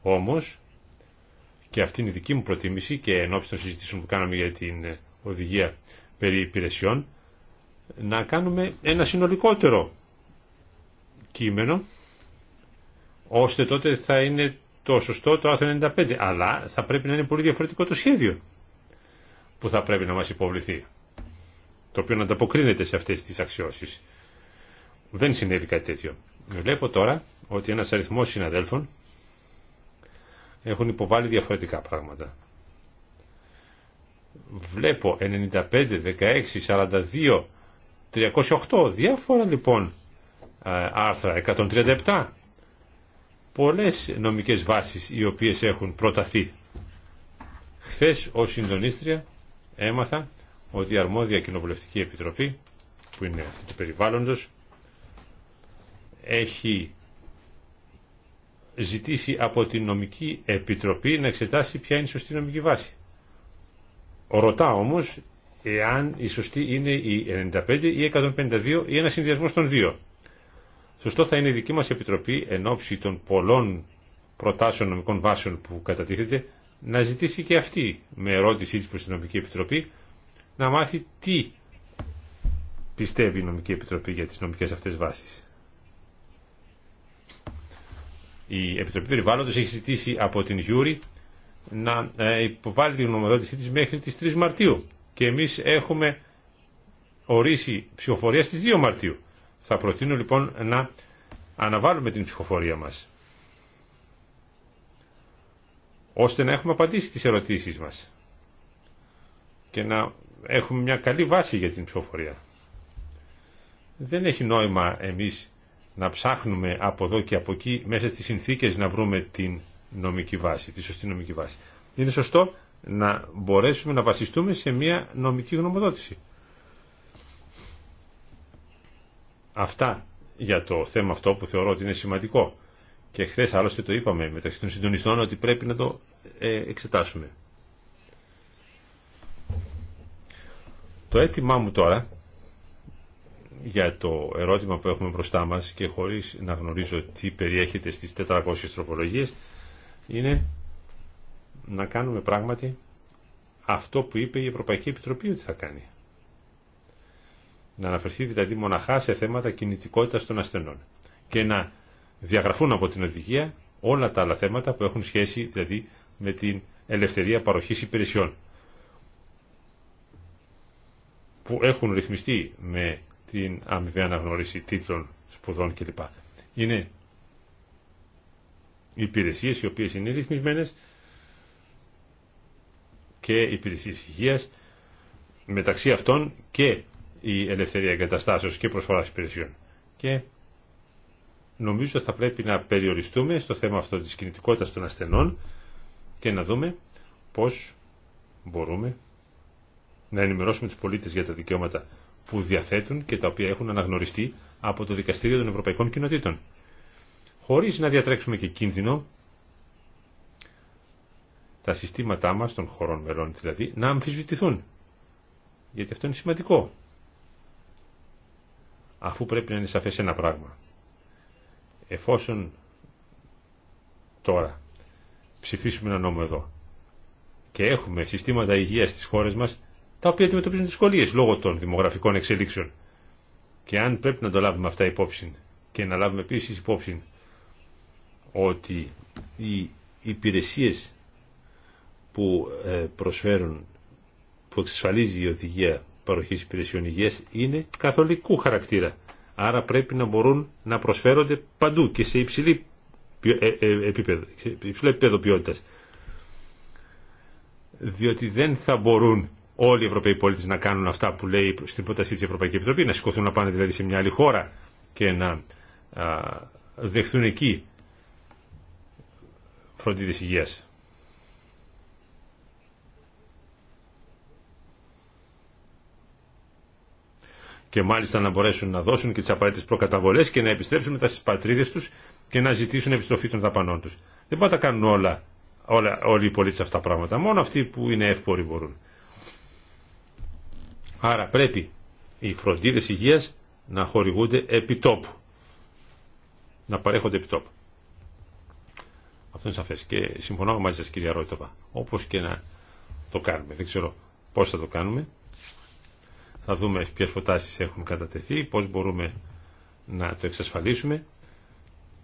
όμως και αυτή είναι η δική μου προτίμηση και εν των συζητήσεων που κάναμε για την ε, οδηγία περί υπηρεσιών να κάνουμε ένα συνολικότερο κείμενο ώστε τότε θα είναι το σωστό το άρθρο 95 αλλά θα πρέπει να είναι πολύ διαφορετικό το σχέδιο που θα πρέπει να μας υποβληθεί το οποίο να ανταποκρίνεται σε αυτές τις αξιώσεις δεν συνέβη κάτι τέτοιο βλέπω τώρα ότι ένας αριθμός συναδέλφων έχουν υποβάλει διαφορετικά πράγματα. Βλέπω 95, 16, 42, 308, διάφορα λοιπόν άρθρα, 137. Πολλές νομικές βάσεις οι οποίες έχουν προταθεί. Χθες ως συντονίστρια έμαθα ότι η αρμόδια κοινοβουλευτική επιτροπή που είναι αυτή του περιβάλλοντος έχει ζητήσει από την νομική επιτροπή να εξετάσει ποια είναι η σωστή νομική βάση. Ρωτά όμως εάν η σωστή είναι η 95 ή 152 ή ένα συνδυασμό των δύο. Σωστό θα είναι η δική μας επιτροπή εν ώψη των πολλών προτάσεων νομικών βάσεων που κατατίθεται να ζητήσει και αυτή με ερώτησή της προς την νομική επιτροπή να μάθει τι πιστεύει η νομική επιτροπή για τις νομικές αυτές βάσεις. Η Επιτροπή Περιβάλλοντος έχει ζητήσει από την Γιούρη να ε, υποβάλει την γνωμοδότησή της μέχρι τις 3 Μαρτίου και εμείς έχουμε ορίσει ψηφοφορία στις 2 Μαρτίου. Θα προτείνω λοιπόν να αναβάλουμε την ψηφοφορία μας ώστε να έχουμε απαντήσει τις ερωτήσεις μας και να έχουμε μια καλή βάση για την ψηφοφορία. Δεν έχει νόημα εμείς να ψάχνουμε από εδώ και από εκεί μέσα στις συνθήκες να βρούμε την νομική βάση, τη σωστή νομική βάση. Είναι σωστό να μπορέσουμε να βασιστούμε σε μια νομική γνωμοδότηση. Αυτά για το θέμα αυτό που θεωρώ ότι είναι σημαντικό. Και χθε άλλωστε το είπαμε μεταξύ των συντονιστών ότι πρέπει να το ε, εξετάσουμε. Το αίτημά μου τώρα για το ερώτημα που έχουμε μπροστά μας και χωρίς να γνωρίζω τι περιέχεται στις 400 τροπολογίες είναι να κάνουμε πράγματι αυτό που είπε η Ευρωπαϊκή Επιτροπή ότι θα κάνει. Να αναφερθεί δηλαδή μοναχά σε θέματα κινητικότητας των ασθενών και να διαγραφούν από την οδηγία όλα τα άλλα θέματα που έχουν σχέση δηλαδή με την ελευθερία παροχής υπηρεσιών που έχουν ρυθμιστεί με την αμοιβή αναγνώριση τίτλων σπουδών κλπ. Είναι υπηρεσίε οι οποίε είναι ρυθμισμένε και υπηρεσίε υγεία μεταξύ αυτών και η ελευθερία εγκαταστάσεως και προσφοράς υπηρεσιών. Και νομίζω θα πρέπει να περιοριστούμε στο θέμα αυτό της κινητικότητας των ασθενών και να δούμε πώς μπορούμε να ενημερώσουμε τους πολίτες για τα δικαιώματα που διαθέτουν και τα οποία έχουν αναγνωριστεί από το Δικαστήριο των Ευρωπαϊκών Κοινοτήτων. Χωρίς να διατρέξουμε και κίνδυνο τα συστήματά μας των χωρών μελών δηλαδή να αμφισβητηθούν. Γιατί αυτό είναι σημαντικό. Αφού πρέπει να είναι σαφές ένα πράγμα. Εφόσον τώρα ψηφίσουμε ένα νόμο εδώ και έχουμε συστήματα υγείας στις χώρες μας τα οποία αντιμετωπίζουν δυσκολίε λόγω των δημογραφικών εξελίξεων. Και αν πρέπει να το λάβουμε αυτά υπόψη και να λάβουμε επίση υπόψη ότι οι υπηρεσίε που ε, προσφέρουν, που εξασφαλίζει η οδηγία παροχή υπηρεσιών υγεία είναι καθολικού χαρακτήρα. Άρα πρέπει να μπορούν να προσφέρονται παντού και σε υψηλή ε, ε, επίπεδο, επίπεδο ποιότητας. Διότι δεν θα μπορούν όλοι οι Ευρωπαίοι πολίτε να κάνουν αυτά που λέει στην πρόταση τη Ευρωπαϊκή Επιτροπή, να σηκωθούν να πάνε δηλαδή σε μια άλλη χώρα και να δεχθούν εκεί φροντίδε υγεία. και μάλιστα να μπορέσουν να δώσουν και τις απαραίτητες προκαταβολές και να επιστρέψουν μετά στις πατρίδε τους και να ζητήσουν επιστροφή των δαπανών του. Δεν μπορούν να κάνουν όλα, όλα όλοι οι πολίτε αυτά τα πράγματα. Μόνο αυτοί που είναι εύποροι μπορούν. Άρα πρέπει οι φροντίδες υγείας να χορηγούνται επιτόπου. Να παρέχονται επιτόπου. Αυτό είναι σαφές. Και συμφωνώ μαζί σας κυρία Ρόιτοβα. Όπως και να το κάνουμε. Δεν ξέρω πώς θα το κάνουμε. Θα δούμε ποιες προτάσεις έχουν κατατεθεί, πώς μπορούμε να το εξασφαλίσουμε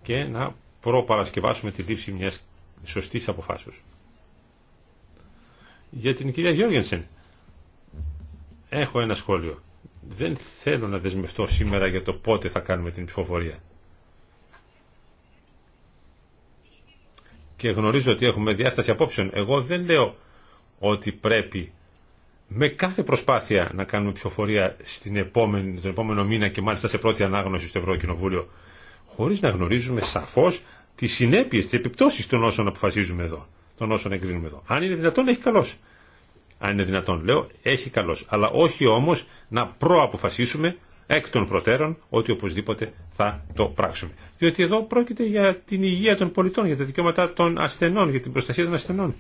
και να προπαρασκευάσουμε τη λήψη μιας σωστής αποφάσεως. Για την κυρία Γιώργενσεν Έχω ένα σχόλιο. Δεν θέλω να δεσμευτώ σήμερα για το πότε θα κάνουμε την ψηφοφορία. Και γνωρίζω ότι έχουμε διάσταση απόψεων. Εγώ δεν λέω ότι πρέπει με κάθε προσπάθεια να κάνουμε ψηφοφορία στην επόμενη, επόμενο μήνα και μάλιστα σε πρώτη ανάγνωση στο Ευρωκοινοβούλιο, χωρίς να γνωρίζουμε σαφώς τις συνέπειες, τις επιπτώσεις των όσων αποφασίζουμε εδώ, των όσων εδώ. Αν είναι δυνατόν, έχει καλώς αν είναι δυνατόν λέω, έχει καλώς, Αλλά όχι όμως να προαποφασίσουμε εκ των προτέρων ότι οπωσδήποτε θα το πράξουμε. Διότι εδώ πρόκειται για την υγεία των πολιτών, για τα δικαιώματα των ασθενών, για την προστασία των ασθενών.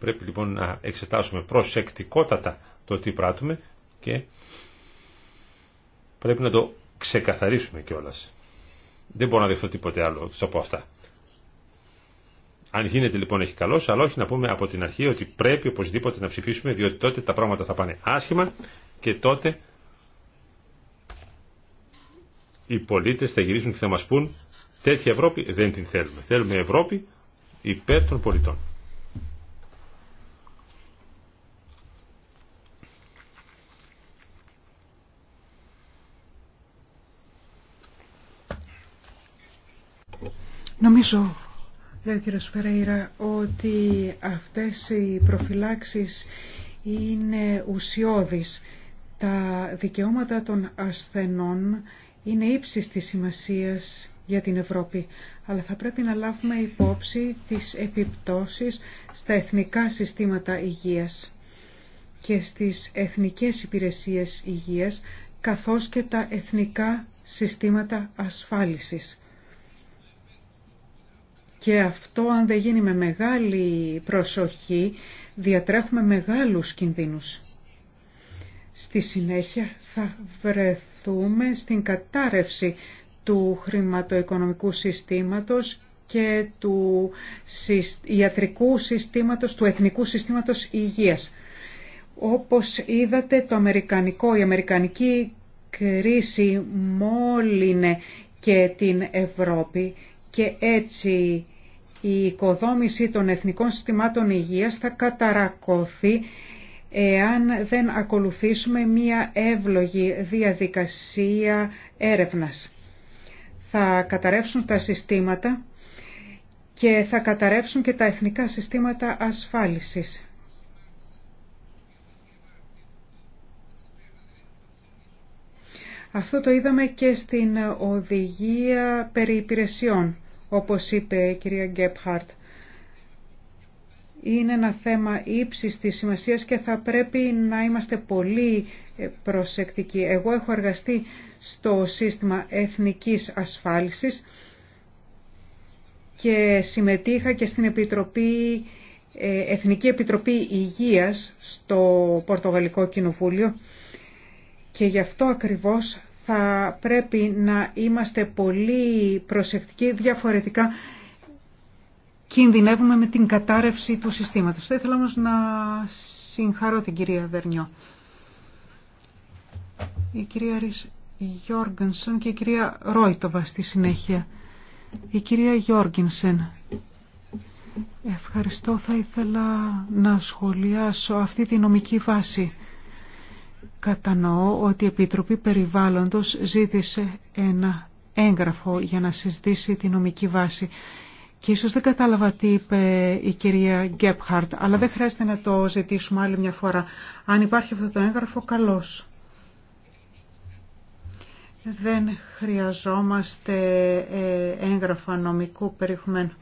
Πρέπει λοιπόν να εξετάσουμε προσεκτικότατα το τι πράττουμε και πρέπει να το ξεκαθαρίσουμε κιόλας. Δεν μπορώ να δεχτώ τίποτε άλλο από αυτά. Αν γίνεται λοιπόν έχει καλό, αλλά όχι να πούμε από την αρχή ότι πρέπει οπωσδήποτε να ψηφίσουμε, διότι τότε τα πράγματα θα πάνε άσχημα και τότε οι πολίτες θα γυρίσουν και θα μας πούν τέτοια Ευρώπη δεν την θέλουμε. Θέλουμε Ευρώπη υπέρ των πολιτών. Νομίζω Λέω, ο ότι αυτές οι προφυλάξεις είναι ουσιώδεις. Τα δικαιώματα των ασθενών είναι ύψης της σημασίας για την Ευρώπη, αλλά θα πρέπει να λάβουμε υπόψη τις επιπτώσεις στα εθνικά συστήματα υγείας και στις εθνικές υπηρεσίες υγείας, καθώς και τα εθνικά συστήματα ασφάλισης. Και αυτό αν δεν γίνει με μεγάλη προσοχή διατρέχουμε μεγάλους κινδύνους. Στη συνέχεια θα βρεθούμε στην κατάρρευση του χρηματοοικονομικού συστήματος και του ιατρικού συστήματος, του εθνικού συστήματος υγείας. Όπως είδατε, το αμερικανικό, η αμερικανική κρίση μόλυνε και την Ευρώπη και έτσι η οικοδόμηση των εθνικών συστημάτων υγείας θα καταρακωθεί εάν δεν ακολουθήσουμε μία εύλογη διαδικασία έρευνας. Θα καταρρεύσουν τα συστήματα και θα καταρρεύσουν και τα εθνικά συστήματα ασφάλισης. Αυτό το είδαμε και στην οδηγία περί όπως είπε η κυρία Γκέπχαρτ. Είναι ένα θέμα ύψης της σημασίας και θα πρέπει να είμαστε πολύ ε, προσεκτικοί. Εγώ έχω εργαστεί στο σύστημα εθνικής ασφάλισης και συμμετείχα και στην Επιτροπή, ε, Εθνική Επιτροπή Υγείας στο Πορτογαλικό Κοινοβούλιο και γι' αυτό ακριβώς θα πρέπει να είμαστε πολύ προσεκτικοί, διαφορετικά κινδυνεύουμε με την κατάρρευση του συστήματος. Θα ήθελα όμως να συγχαρώ την κυρία Βερνιό. Η κυρία Ρίς και η κυρία Ρόιτοβα στη συνέχεια. Η κυρία Γιόργενσεν. Ευχαριστώ. Θα ήθελα να σχολιάσω αυτή τη νομική βάση Κατανοώ ότι η Επιτροπή Περιβάλλοντος ζήτησε ένα έγγραφο για να συζητήσει τη νομική βάση. Και ίσως δεν κατάλαβα τι είπε η κυρία Γκέπχαρτ, αλλά δεν χρειάζεται να το ζητήσουμε άλλη μια φορά. Αν υπάρχει αυτό το έγγραφο, καλώς. Δεν χρειαζόμαστε ε, έγγραφα νομικού περιεχομένου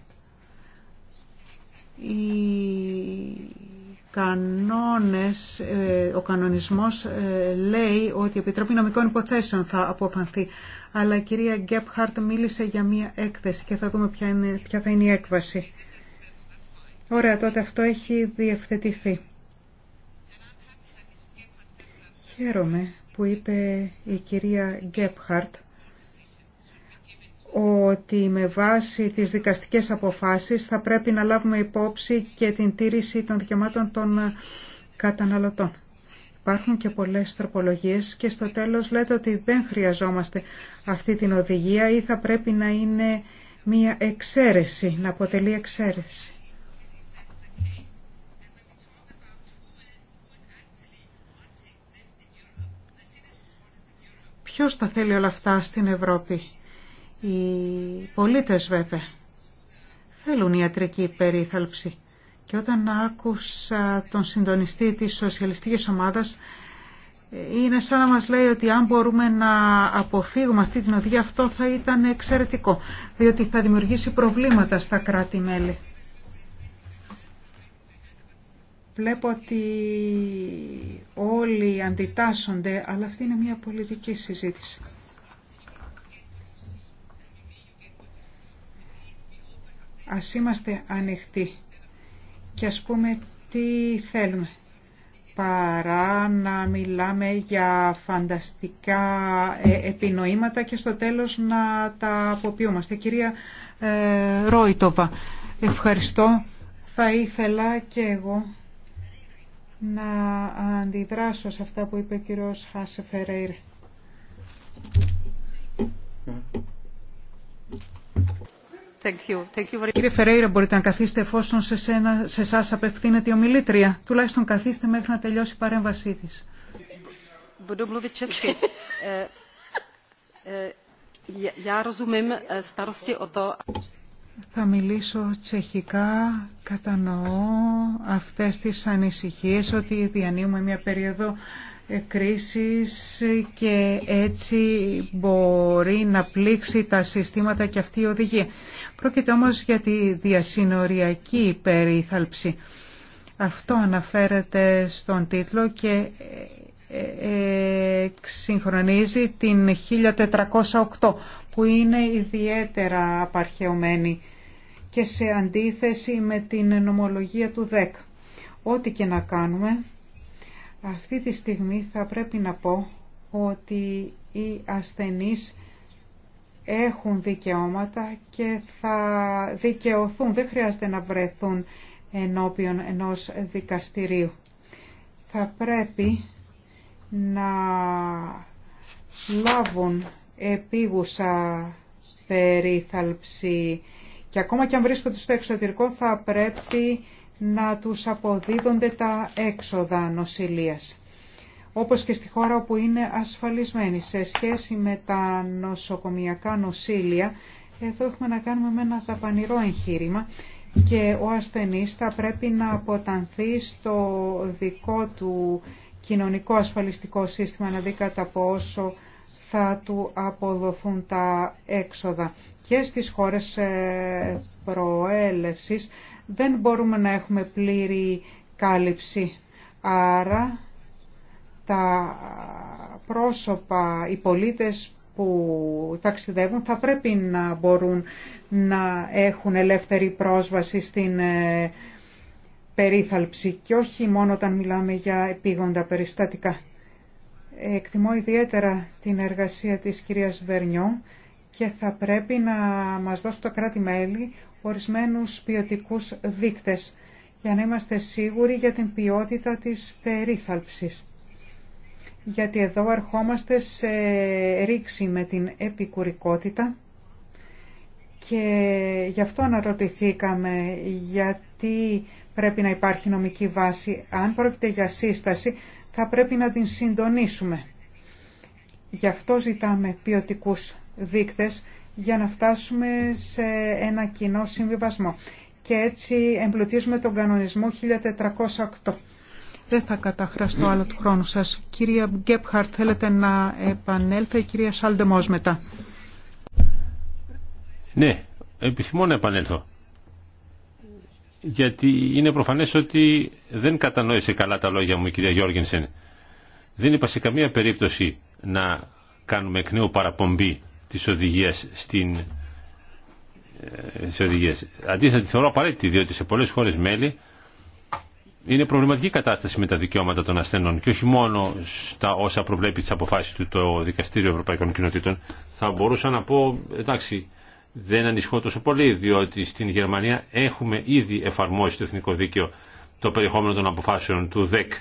κανόνες, ε, ο κανονισμός ε, λέει ότι η Επιτροπή Νομικών Υποθέσεων θα αποφανθεί. Αλλά η κυρία Γκέπχαρτ μίλησε για μία έκθεση και θα δούμε ποια, είναι, ποια θα είναι η έκβαση. Ωραία, τότε αυτό έχει διευθετηθεί. Χαίρομαι που είπε η κυρία Γκέπχαρτ ότι με βάση τις δικαστικές αποφάσεις θα πρέπει να λάβουμε υπόψη και την τήρηση των δικαιωμάτων των καταναλωτών. Υπάρχουν και πολλές τροπολογίες και στο τέλος λέτε ότι δεν χρειαζόμαστε αυτή την οδηγία ή θα πρέπει να είναι μια εξαίρεση, να αποτελεί εξαίρεση. Ποιος τα θέλει όλα αυτά στην Ευρώπη. Οι πολίτες βέβαια θέλουν ιατρική περίθαλψη. Και όταν άκουσα τον συντονιστή της σοσιαλιστικής ομάδας, είναι σαν να μας λέει ότι αν μπορούμε να αποφύγουμε αυτή την οδηγία, αυτό θα ήταν εξαιρετικό, διότι θα δημιουργήσει προβλήματα στα κράτη-μέλη. Βλέπω ότι όλοι αντιτάσσονται, αλλά αυτή είναι μια πολιτική συζήτηση. Ας είμαστε ανοιχτοί και ας πούμε τι θέλουμε παρά να μιλάμε για φανταστικά ε, επινοήματα και στο τέλος να τα αποποιούμαστε. Κυρία ε, Ρόιτοβα, ευχαριστώ. Θα ήθελα και εγώ να αντιδράσω σε αυτά που είπε ο κύριος Χάσε Κύριε Φερέιρα, μπορείτε να καθίσετε εφόσον σε, σένα, σε εσάς απευθύνεται η ομιλήτρια. Τουλάχιστον καθίστε μέχρι να τελειώσει η παρέμβασή της. *laughs* Eh, eh, eh, Θα μιλήσω τσεχικά, κατανοώ αυτές τις ανησυχίες ότι διανύουμε μια περίοδο κρίσης και έτσι μπορεί να πλήξει τα συστήματα και αυτή η οδηγία. Πρόκειται όμως για τη διασυνοριακή υπερίθαλψη. Αυτό αναφέρεται στον τίτλο και συγχρονίζει ε, ε, την 1408 που είναι ιδιαίτερα απαρχαιωμένη και σε αντίθεση με την νομολογία του 10. Ό,τι και να κάνουμε αυτή τη στιγμή θα πρέπει να πω ότι οι ασθενείς έχουν δικαιώματα και θα δικαιωθούν, δεν χρειάζεται να βρεθούν ενώπιον ενός δικαστηρίου. Θα πρέπει να λάβουν επίγουσα περίθαλψη και ακόμα και αν βρίσκονται στο εξωτερικό θα πρέπει να τους αποδίδονται τα έξοδα νοσηλείας όπως και στη χώρα όπου είναι ασφαλισμένη Σε σχέση με τα νοσοκομιακά νοσήλια, εδώ έχουμε να κάνουμε με ένα δαπανηρό εγχείρημα και ο ασθενής θα πρέπει να αποτανθεί στο δικό του κοινωνικό ασφαλιστικό σύστημα να δει κατά πόσο θα του αποδοθούν τα έξοδα. Και στις χώρες ε, προέλευσης δεν μπορούμε να έχουμε πλήρη κάλυψη. Άρα τα πρόσωπα, οι πολίτες που ταξιδεύουν θα πρέπει να μπορούν να έχουν ελεύθερη πρόσβαση στην ε, περίθαλψη και όχι μόνο όταν μιλάμε για επίγοντα περιστατικά. Εκτιμώ ιδιαίτερα την εργασία της κυρίας Βερνιό και θα πρέπει να μας δώσει το κράτη-μέλη ορισμένους ποιοτικούς δείκτες για να είμαστε σίγουροι για την ποιότητα της περίθαλψης. Γιατί εδώ ερχόμαστε σε ρήξη με την επικουρικότητα και γι' αυτό αναρωτηθήκαμε γιατί πρέπει να υπάρχει νομική βάση. Αν πρόκειται για σύσταση θα πρέπει να την συντονίσουμε. Γι' αυτό ζητάμε ποιοτικούς δείκτες για να φτάσουμε σε ένα κοινό συμβιβασμό. Και έτσι εμπλουτίζουμε τον κανονισμό 1408. Δεν θα καταχραστώ άλλο του χρόνου σας. Κυρία Γκέπχαρτ, θέλετε να επανέλθετε, η κυρία Σάλντεμός μετά. Ναι, επιθυμώ να επανέλθω. Γιατί είναι προφανές ότι δεν κατανόησε καλά τα λόγια μου η κυρία Γιώργενσεν. Δεν είπα σε καμία περίπτωση να κάνουμε εκ νέου παραπομπή της οδηγίας στην ε, οδηγίες. Αντίθετα, τη θεωρώ απαραίτητη, διότι σε πολλές χώρες μέλη είναι προβληματική κατάσταση με τα δικαιώματα των ασθενών και όχι μόνο στα όσα προβλέπει τις αποφάσεις του το Δικαστήριο Ευρωπαϊκών Κοινοτήτων. Θα μπορούσα να πω, εντάξει, δεν ανησυχώ τόσο πολύ, διότι στην Γερμανία έχουμε ήδη εφαρμόσει το εθνικό δίκαιο το περιεχόμενο των αποφάσεων του ΔΕΚ.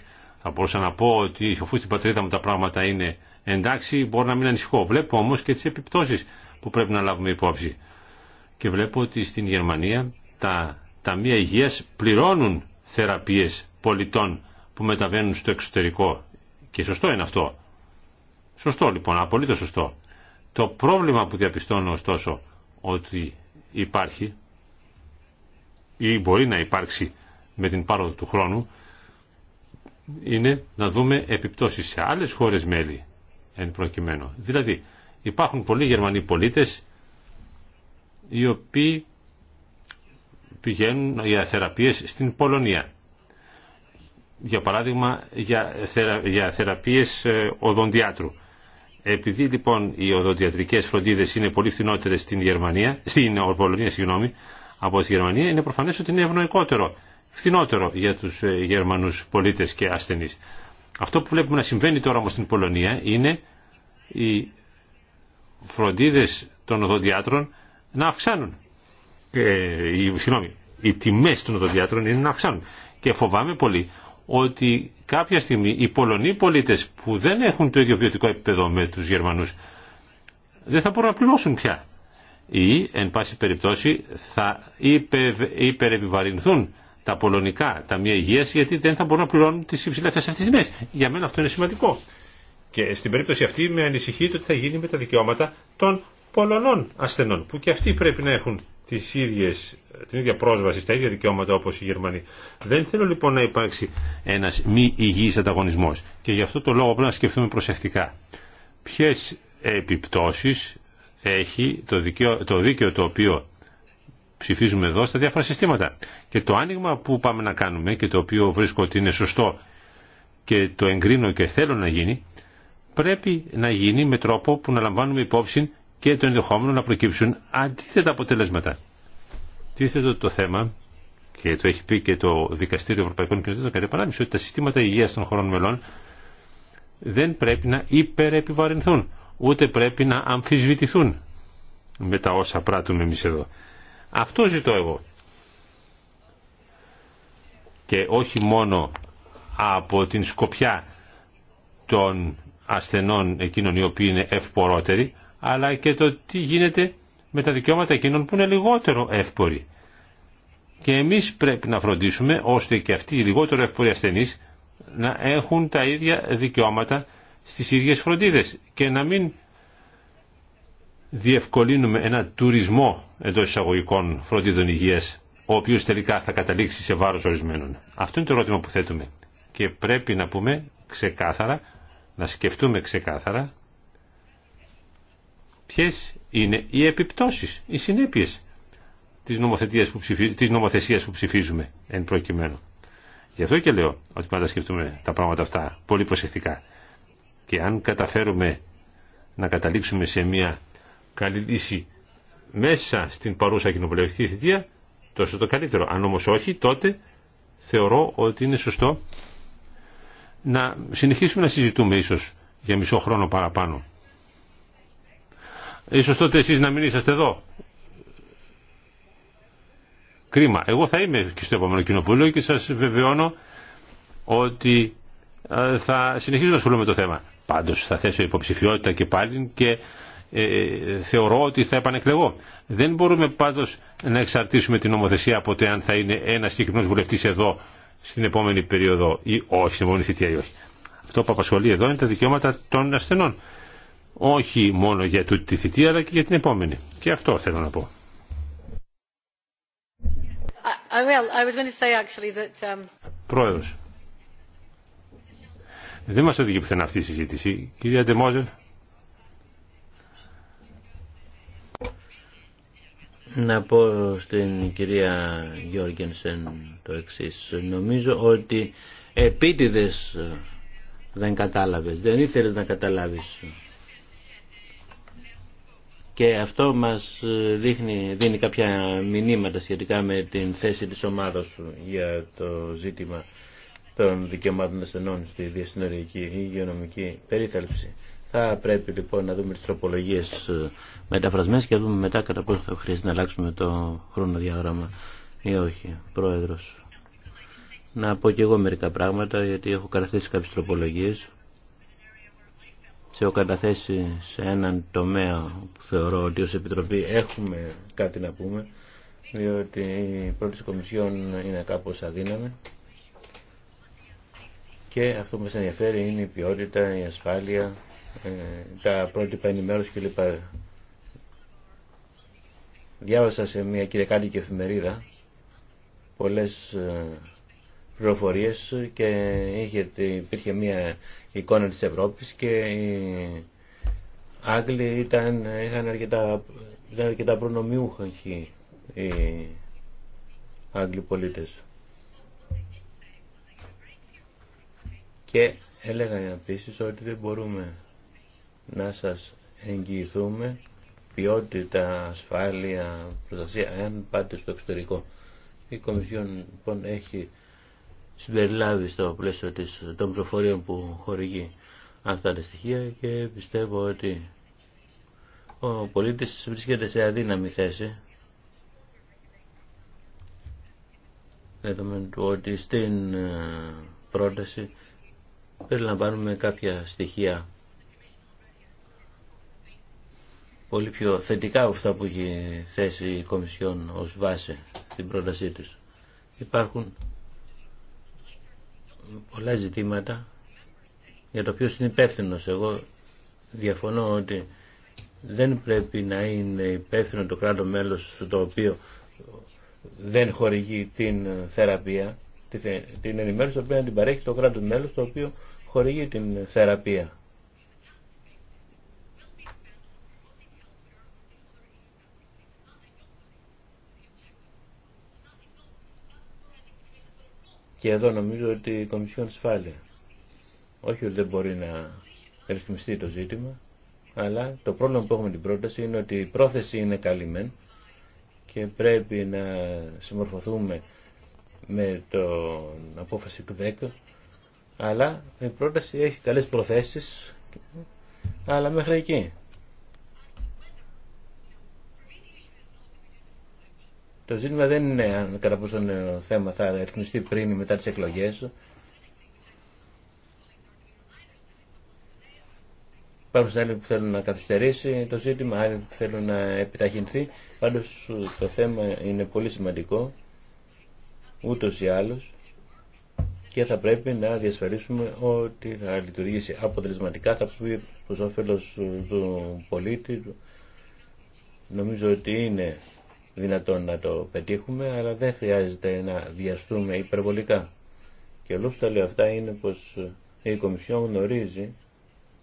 Θα μπορούσα να πω ότι αφού στην πατρίδα μου τα πράγματα είναι εντάξει μπορώ να μην ανησυχώ. Βλέπω όμως και τι επιπτώσεις που πρέπει να λάβουμε υπόψη. Και βλέπω ότι στην Γερμανία τα ταμεία υγεία πληρώνουν θεραπείες πολιτών που μεταβαίνουν στο εξωτερικό. Και σωστό είναι αυτό. Σωστό λοιπόν, απολύτω σωστό. Το πρόβλημα που διαπιστώνω ωστόσο ότι υπάρχει ή μπορεί να υπάρξει με την πάροδο του χρόνου είναι να δούμε επιπτώσεις σε άλλες χώρες μέλη εν προκειμένου. Δηλαδή υπάρχουν πολλοί Γερμανοί πολίτες οι οποίοι πηγαίνουν για θεραπείες στην Πολωνία. Για παράδειγμα για, θερα, για θεραπείες ε, οδοντιάτρου. Επειδή λοιπόν οι οδοντιατρικές φροντίδες είναι πολύ φθηνότερες στην, Γερμανία, στην Πολωνία συγγνώμη, από τη Γερμανία είναι προφανές ότι είναι ευνοϊκότερο, φθηνότερο για τους ε, Γερμανούς πολίτες και ασθενείς. Αυτό που βλέπουμε να συμβαίνει τώρα όμως στην Πολωνία είναι οι φροντίδες των οδοντιάτρων να αυξάνουν. Ε, συγγνώμη, οι τιμές των οδοντιάτρων είναι να αυξάνουν. Και φοβάμαι πολύ ότι κάποια στιγμή οι Πολωνοί πολίτες που δεν έχουν το ίδιο βιωτικό επίπεδο με τους Γερμανούς δεν θα μπορούν να πληρώσουν πια. Ή, εν πάση περιπτώσει, θα υπερεπιβαρυνθούν τα πολωνικά ταμεία υγείας γιατί δεν θα μπορούν να πληρώνουν τις υψηλές αυτές τις τιμές. Για μένα αυτό είναι σημαντικό. Και στην περίπτωση αυτή με ανησυχεί το τι θα γίνει με τα δικαιώματα των Πολωνών ασθενών, που και αυτοί πρέπει να έχουν τις ίδιες, την ίδια πρόσβαση στα ίδια δικαιώματα όπως οι Γερμανοί. Δεν θέλω λοιπόν να υπάρξει ένας μη υγιής ανταγωνισμός και γι' αυτό το λόγο πρέπει να σκεφτούμε προσεκτικά. Ποιες επιπτώσεις έχει το, δικαιο, το δίκαιο το οποίο ψηφίζουμε εδώ στα διάφορα συστήματα. Και το άνοιγμα που πάμε να κάνουμε και το οποίο βρίσκω ότι είναι σωστό και το εγκρίνω και θέλω να γίνει πρέπει να γίνει με τρόπο που να λαμβάνουμε υπόψη και το ενδεχόμενο να προκύψουν αντίθετα αποτελέσματα. Τίθετο το θέμα, και το έχει πει και το Δικαστήριο Ευρωπαϊκών Κοινοτήτων κατά επανάληψη, ότι τα συστήματα υγείας των χωρών μελών δεν πρέπει να υπερεπιβαρυνθούν, ούτε πρέπει να αμφισβητηθούν με τα όσα πράττουμε εμεί εδώ. Αυτό ζητώ εγώ. Και όχι μόνο από την σκοπιά των ασθενών εκείνων οι οποίοι είναι ευπορότεροι, αλλά και το τι γίνεται με τα δικαιώματα εκείνων που είναι λιγότερο εύποροι. Και εμείς πρέπει να φροντίσουμε ώστε και αυτοί οι λιγότερο εύποροι ασθενείς να έχουν τα ίδια δικαιώματα στις ίδιες φροντίδες και να μην διευκολύνουμε ένα τουρισμό εντός εισαγωγικών φροντίδων υγείας ο οποίος τελικά θα καταλήξει σε βάρος ορισμένων. Αυτό είναι το ερώτημα που θέτουμε. Και πρέπει να πούμε ξεκάθαρα να σκεφτούμε ξεκάθαρα ποιες είναι οι επιπτώσεις, οι συνέπειες της, που νομοθεσίας που ψηφίζουμε εν προκειμένου. Γι' αυτό και λέω ότι πάντα σκεφτούμε τα πράγματα αυτά πολύ προσεκτικά. Και αν καταφέρουμε να καταλήξουμε σε μια καλή λύση μέσα στην παρούσα κοινοβουλευτική θητεία, τόσο το καλύτερο. Αν όμως όχι, τότε θεωρώ ότι είναι σωστό να συνεχίσουμε να συζητούμε ίσως για μισό χρόνο παραπάνω. Ίσως τότε εσείς να μην είσαστε εδώ. Κρίμα. Εγώ θα είμαι και στο επόμενο κοινοβούλιο και σας βεβαιώνω ότι ε, θα συνεχίσω να ασχολούμαι με το θέμα. Πάντως θα θέσω υποψηφιότητα και πάλι και ε, θεωρώ ότι θα επανεκλεγώ. Δεν μπορούμε πάντως να εξαρτήσουμε την νομοθεσία από το αν θα είναι ένας συγκεκριμένος βουλευτής εδώ στην επόμενη περίοδο ή όχι, στην επόμενη θητεία ή όχι. Αυτό που απασχολεί εδώ είναι τα δικαιώματα των ασθενών. Όχι μόνο για τούτη τη θητεία αλλά και για την επόμενη. Και αυτό θέλω να πω. Um, Πρόεδρος. Δεν μας οδηγεί πουθενά αυτή η συζήτηση. Κυρία Ντεμόζερ. Να πω στην κυρία Γιώργενσεν το εξής. Νομίζω ότι επίτηδες δεν κατάλαβες, δεν ήθελες να καταλάβεις. Και αυτό μας δίνει κάποια μηνύματα σχετικά με την θέση της ομάδας σου για το ζήτημα των δικαιωμάτων ασθενών στη διασυνοριακή υγειονομική περίθαλψη. Θα πρέπει λοιπόν να δούμε τι τροπολογίε ε, μεταφρασμένες και να δούμε μετά κατά πόσο θα χρειαστεί να αλλάξουμε το χρονοδιάγραμμα ή όχι. Πρόεδρος, να πω και εγώ μερικά πράγματα γιατί έχω καταθέσει καποιε τροπολογιε Σε έχω καταθέσει σε έναν τομέα που θεωρώ ότι ως Επιτροπή έχουμε κάτι να πούμε διότι η πρωτη Κομισιόν είναι κάπως αδύναμη και αυτό που μας ενδιαφέρει είναι η ποιότητα, η ασφάλεια ε, τα πρότυπα ενημέρωση κλπ. Διάβασα σε μια κυριακάτικη εφημερίδα πολλές ε, πληροφορίες και είχε, υπήρχε μια εικόνα της Ευρώπης και οι Άγγλοι ήταν, είχαν αρκετά, ήταν αρκετά προνομιούχοι οι Άγγλοι πολίτες. Και έλεγα επίσης ότι δεν μπορούμε να σας εγγυηθούμε ποιότητα, ασφάλεια, προστασία, αν πάτε στο εξωτερικό. Η Κομισιόν λοιπόν έχει συμπεριλάβει στο πλαίσιο της, των προφορίων που χορηγεί αυτά τα στοιχεία και πιστεύω ότι ο πολίτης βρίσκεται σε αδύναμη θέση δεδομένου του ότι στην ε, πρόταση περιλαμβάνουμε κάποια στοιχεία πολύ πιο θετικά από αυτά που έχει θέσει η Κομισιόν ως βάση την πρότασή της. Υπάρχουν πολλά ζητήματα για το οποίο είναι υπεύθυνο. Εγώ διαφωνώ ότι δεν πρέπει να είναι υπεύθυνο το κράτο μέλος το οποίο δεν χορηγεί την θεραπεία, την ενημέρωση που να την παρέχει το κράτο μέλος το οποίο χορηγεί την θεραπεία. Και εδώ νομίζω ότι η Κομισιόν σφάλει. Όχι ότι δεν μπορεί να ρυθμιστεί το ζήτημα, αλλά το πρόβλημα που έχουμε την πρόταση είναι ότι η πρόθεση είναι καλή και πρέπει να συμμορφωθούμε με την απόφαση του 10, αλλά η πρόταση έχει καλές προθέσεις, αλλά μέχρι εκεί. Το ζήτημα δεν είναι κατά πόσο το θέμα θα ρυθμιστεί πριν ή μετά τις εκλογές. Υπάρχουν άλλοι που θέλουν να καθυστερήσει το ζήτημα, άλλοι που θέλουν να επιταχυνθεί. Πάντως το θέμα είναι πολύ σημαντικό, ούτως ή άλλως, και θα πρέπει να διασφαλίσουμε ότι θα λειτουργήσει αποτελεσματικά, θα πει προς όφελος του πολίτη. Νομίζω ότι είναι δυνατόν να το πετύχουμε, αλλά δεν χρειάζεται να βιαστούμε υπερβολικά. Και όλο τα λέω αυτά είναι πως η Κομισιόν γνωρίζει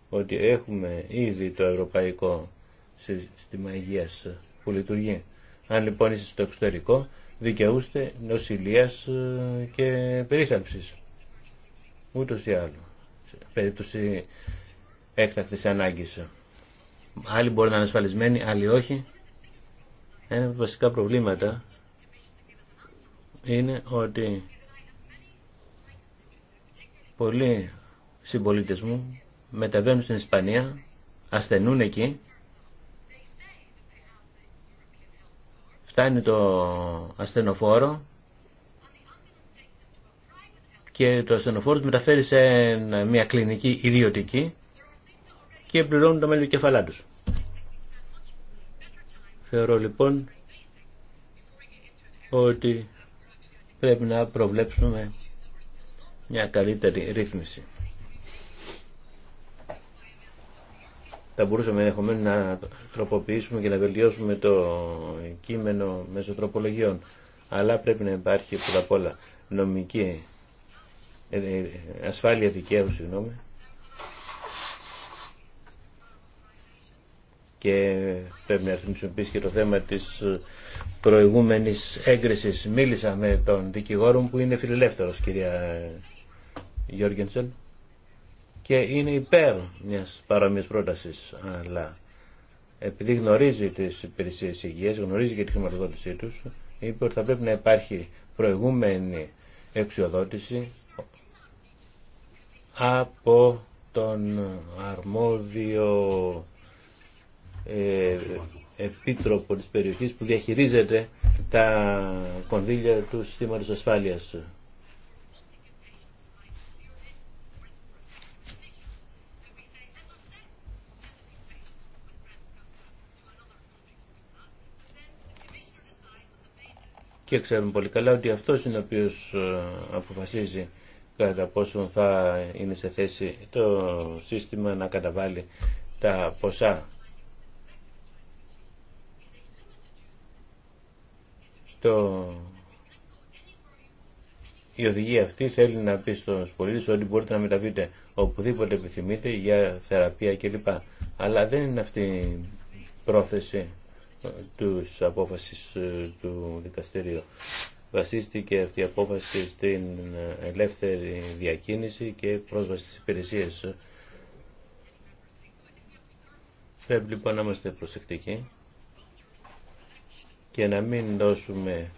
ότι έχουμε ήδη το ευρωπαϊκό σύστημα υγείας που λειτουργεί. Αν λοιπόν είστε στο εξωτερικό, δικαιούστε νοσηλείας ε, και περίθαλψης. Ούτως ή άλλο. Σε περίπτωση έκτακτης ανάγκης. Άλλοι μπορεί να είναι ασφαλισμένοι, άλλοι όχι. Ένα από τα βασικά προβλήματα είναι ότι πολλοί συμπολίτε μου μεταβαίνουν στην Ισπανία, ασθενούν εκεί, φτάνει το ασθενοφόρο και το ασθενοφόρο του μεταφέρει σε μια κλινική ιδιωτική και πληρώνουν το μέλλον κεφαλά τους. Θεωρώ λοιπόν ότι πρέπει να προβλέψουμε μια καλύτερη ρύθμιση. Θα μπορούσαμε ενδεχομένω να τροποποιήσουμε και να βελτιώσουμε το κείμενο μέσω τροπολογιών. Αλλά πρέπει να υπάρχει πρώτα απ' όλα νομική ε, ε, ε, ασφάλεια δικαίου, συγγνώμη, και πρέπει να θυμίσουμε και το θέμα της προηγούμενης έγκρισης. Μίλησα με τον δικηγόρο μου που είναι φιλελεύθερος κυρία Γιώργενσεν και είναι υπέρ μιας παρόμοιας πρότασης αλλά επειδή γνωρίζει τις υπηρεσίες υγείας, γνωρίζει και τη χρηματοδότησή τους είπε ότι θα πρέπει να υπάρχει προηγούμενη εξοδότηση από τον αρμόδιο ε, επίτροπο της περιοχής που διαχειρίζεται τα κονδύλια του συστήματος ασφάλειας. Και ξέρουμε πολύ καλά ότι αυτός είναι ο οποίος ε, αποφασίζει κατά πόσο θα είναι σε θέση το σύστημα να καταβάλει τα ποσά Το... Η οδηγία αυτή θέλει να πει στον πολίτες ότι μπορείτε να μεταβείτε οπουδήποτε επιθυμείτε για θεραπεία κλπ. Αλλά δεν είναι αυτή η πρόθεση της απόφασης ε, του δικαστηρίου. Βασίστηκε αυτή η απόφαση στην ελεύθερη διακίνηση και πρόσβαση στις υπηρεσίες. Πρέπει λοιπόν να είμαστε προσεκτικοί και να μην δώσουμε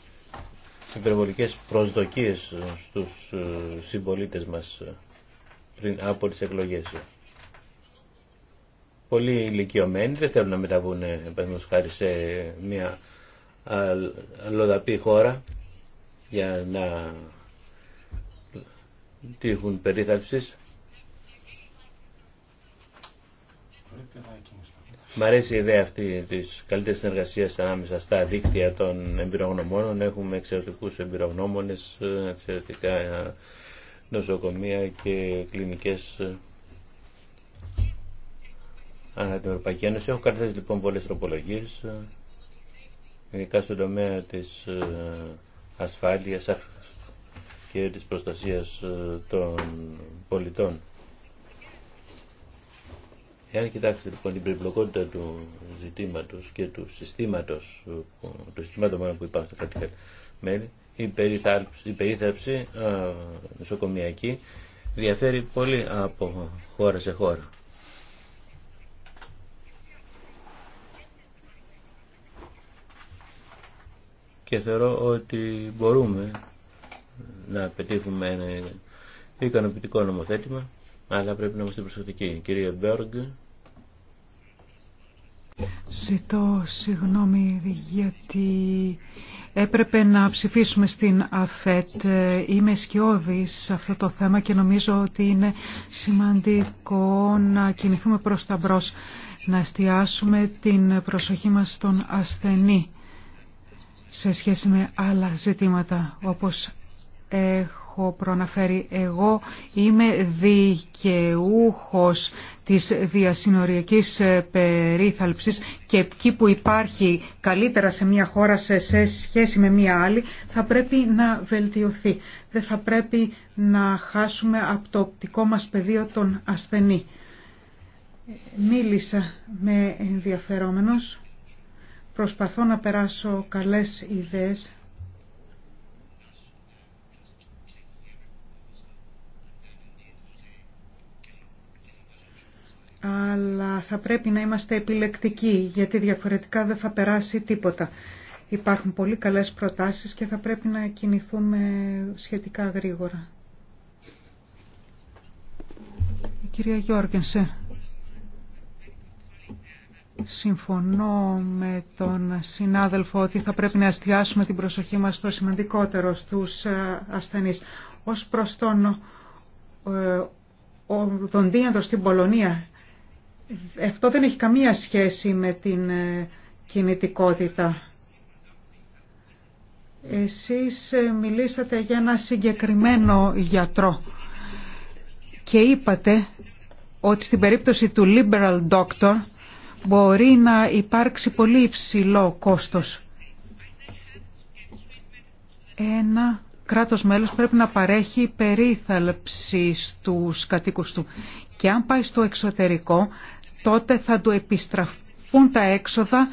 υπερβολικές προσδοκίες στους ε, συμπολίτες μας ε, πριν από τις εκλογές. Πολλοί ηλικιωμένοι δεν θέλουν να μεταβούν ε, χάρη σε μια λοδαπή χώρα για να τύχουν περίθαλψης. Μ' αρέσει η ιδέα αυτή τη καλύτερη συνεργασία ανάμεσα στα δίκτυα των εμπειρογνωμόνων. Έχουμε εξαιρετικού εμπειρογνώμονε, εξαιρετικά νοσοκομεία και κλινικέ ανά την Ευρωπαϊκή Ένωση. Έχω καταθέσει λοιπόν πολλέ τροπολογίε, ειδικά στον τομέα τη ε, ασφάλεια και της προστασίας ε, των πολιτών. Εάν κοιτάξετε λοιπόν την περιπλοκότητα του ζητήματος και του συστήματος, του συστήματος μόνο που υπάρχουν στα κράτη μέλη, η περίθαψη νοσοκομιακή διαφέρει πολύ από χώρα σε χώρα. Και θεωρώ ότι μπορούμε να πετύχουμε ένα ικανοποιητικό νομοθέτημα αλλά πρέπει να είμαστε προσεκτικοί. Κύριε Μπέργκ. Ζητώ συγγνώμη γιατί έπρεπε να ψηφίσουμε στην ΑΦΕΤ. Είμαι σκιώδη σε αυτό το θέμα και νομίζω ότι είναι σημαντικό να κινηθούμε προς τα μπρος, να εστιάσουμε την προσοχή μας στον ασθενή σε σχέση με άλλα ζητήματα όπως έχω έχω προναφέρει. Εγώ είμαι δικαιούχος της διασυνοριακής ε, περίθαλψης και εκεί που υπάρχει καλύτερα σε μια χώρα σε σχέση με μια άλλη θα πρέπει να βελτιωθεί. Δεν θα πρέπει να χάσουμε από το οπτικό μας πεδίο τον ασθενή. Μίλησα με ενδιαφερόμενος. Προσπαθώ να περάσω καλές ιδέες αλλά θα πρέπει να είμαστε επιλεκτικοί γιατί διαφορετικά δεν θα περάσει τίποτα. Υπάρχουν πολύ καλές προτάσεις και θα πρέπει να κινηθούμε σχετικά γρήγορα. κυρία Γιώργενσε. Συμφωνώ με τον συνάδελφο ότι θα πρέπει να εστιάσουμε την προσοχή μας στο σημαντικότερο στους ασθενείς. Ως προς τον οδοντίατο στην Πολωνία αυτό δεν έχει καμία σχέση με την ε, κινητικότητα. Εσείς ε, μιλήσατε για ένα συγκεκριμένο γιατρό και είπατε ότι στην περίπτωση του liberal doctor μπορεί να υπάρξει πολύ υψηλό κόστος. Ένα κράτος μέλος πρέπει να παρέχει περίθαλψη στους κατοίκους του και αν πάει στο εξωτερικό τότε θα του επιστραφούν τα έξοδα,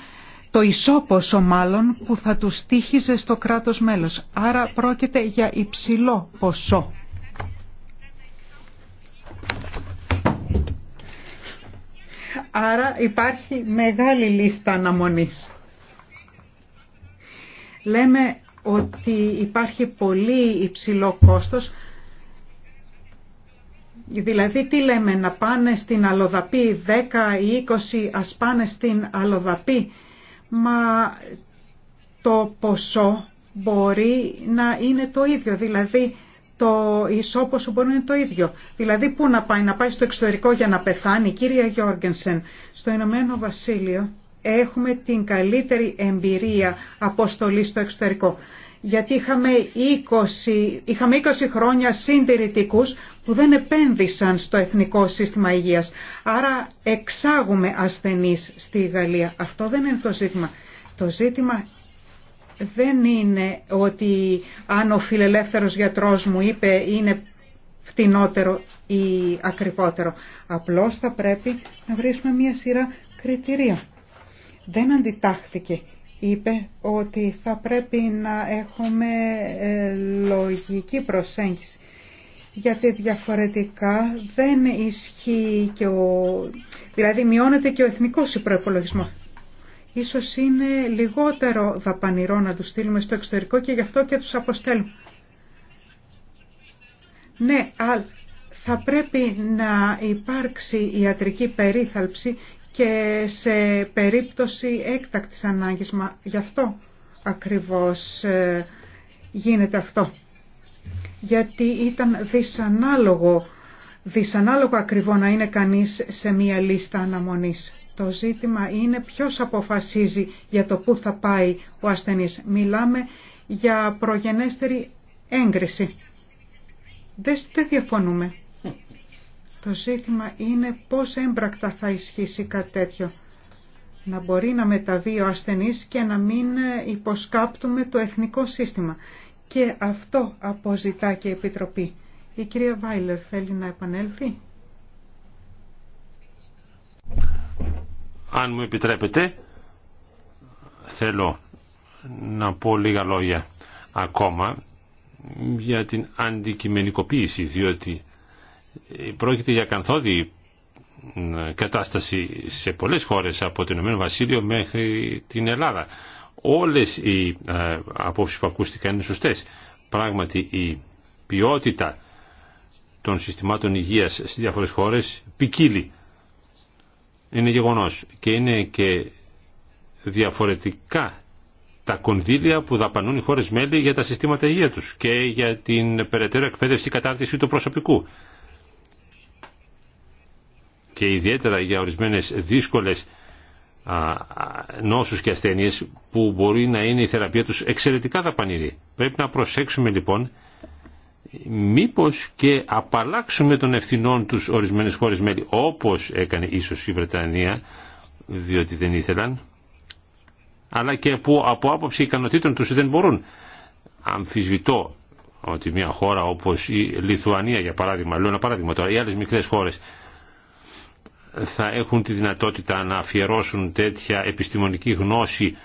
το ισόποσο μάλλον, που θα του στήχιζε στο κράτος μέλος. Άρα πρόκειται για υψηλό ποσό. Άρα υπάρχει μεγάλη λίστα αναμονής. Λέμε ότι υπάρχει πολύ υψηλό κόστος Δηλαδή τι λέμε, να πάνε στην Αλοδαπή 10 ή 20 ας πάνε στην Αλοδαπή. Μα το ποσό μπορεί να είναι το ίδιο, δηλαδή το ισόποσο μπορεί να είναι το ίδιο. Δηλαδή πού να πάει, να πάει στο εξωτερικό για να πεθάνει. Κύρια Γιώργενσεν, στο Ηνωμένο Βασίλειο έχουμε την καλύτερη εμπειρία αποστολή στο εξωτερικό γιατί είχαμε 20, είχαμε 20 χρόνια συντηρητικούς που δεν επένδυσαν στο Εθνικό Σύστημα Υγείας. Άρα εξάγουμε ασθενείς στη Γαλλία. Αυτό δεν είναι το ζήτημα. Το ζήτημα δεν είναι ότι αν ο φιλελεύθερος γιατρός μου είπε είναι φτηνότερο ή ακριβότερο. Απλώς θα πρέπει να βρίσκουμε μια σειρά κριτηρία. Δεν αντιτάχθηκε είπε ότι θα πρέπει να έχουμε ε, λογική προσέγγιση γιατί διαφορετικά δεν ισχύει και ο... δηλαδή μειώνεται και ο εθνικός υπροεπολογισμό. Ίσως είναι λιγότερο δαπανηρό να τους στείλουμε στο εξωτερικό και γι' αυτό και τους αποστέλουμε. Ναι, αλλά θα πρέπει να υπάρξει ιατρική περίθαλψη και σε περίπτωση έκτακτης ανάγκης. Μα γι' αυτό ακριβώς ε, γίνεται αυτό. Γιατί ήταν δυσανάλογο, δυσανάλογο ακριβό να είναι κανείς σε μία λίστα αναμονής. Το ζήτημα είναι ποιος αποφασίζει για το πού θα πάει ο ασθενής. Μιλάμε για προγενέστερη έγκριση. Δεν διαφωνούμε. Το ζήτημα είναι πώς έμπρακτα θα ισχύσει κάτι τέτοιο. Να μπορεί να μεταβεί ο ασθενής και να μην υποσκάπτουμε το εθνικό σύστημα. Και αυτό αποζητά και η Επιτροπή. Η κυρία Βάιλερ θέλει να επανέλθει. Αν μου επιτρέπετε, θέλω να πω λίγα λόγια ακόμα για την αντικειμενικοποίηση, διότι Πρόκειται για κανθόδη κατάσταση σε πολλές χώρες από το Ηνωμένο Βασίλειο μέχρι την Ελλάδα. Όλες οι ε, απόψεις που ακούστηκαν είναι σωστές. Πράγματι η ποιότητα των συστημάτων υγείας στις διάφορες χώρες ποικίλει. Είναι γεγονός και είναι και διαφορετικά τα κονδύλια που δαπανούν οι χώρες μέλη για τα συστήματα υγεία τους και για την περαιτέρω εκπαίδευση κατάρτιση του προσωπικού και ιδιαίτερα για ορισμένες δύσκολες νόσους και ασθένειες που μπορεί να είναι η θεραπεία τους εξαιρετικά δαπανηρή. Πρέπει να προσέξουμε λοιπόν μήπως και απαλλάξουμε των ευθυνών τους ορισμένες χώρες μέλη όπως έκανε ίσως η Βρετανία διότι δεν ήθελαν αλλά και που από άποψη ικανοτήτων τους δεν μπορούν. Αμφισβητώ ότι μια χώρα όπως η Λιθουανία για παράδειγμα, λέω ένα παράδειγμα τώρα, οι άλλες μικρές χώρες θα έχουν τη δυνατότητα να αφιερώσουν τέτοια επιστημονική γνώση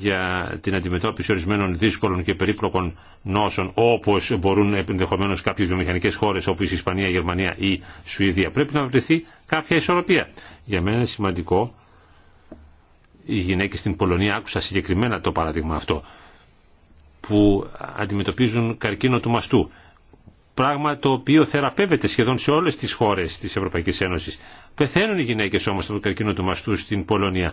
για την αντιμετώπιση ορισμένων δύσκολων και περίπλοκων νόσων όπως μπορούν ενδεχομένως κάποιες βιομηχανικές χώρες όπως η Ισπανία, η Γερμανία ή η Σουηδία. Πρέπει να βρεθεί κάποια ισορροπία. Για μένα είναι σημαντικό οι γυναίκες στην Πολωνία άκουσα συγκεκριμένα το παράδειγμα αυτό που αντιμετωπίζουν καρκίνο του μαστού πράγμα το οποίο θεραπεύεται σχεδόν σε όλες τις χώρες της Ευρωπαϊκής Ένωσης. Πεθαίνουν οι γυναίκες όμως από το καρκίνο του μαστού στην Πολωνία.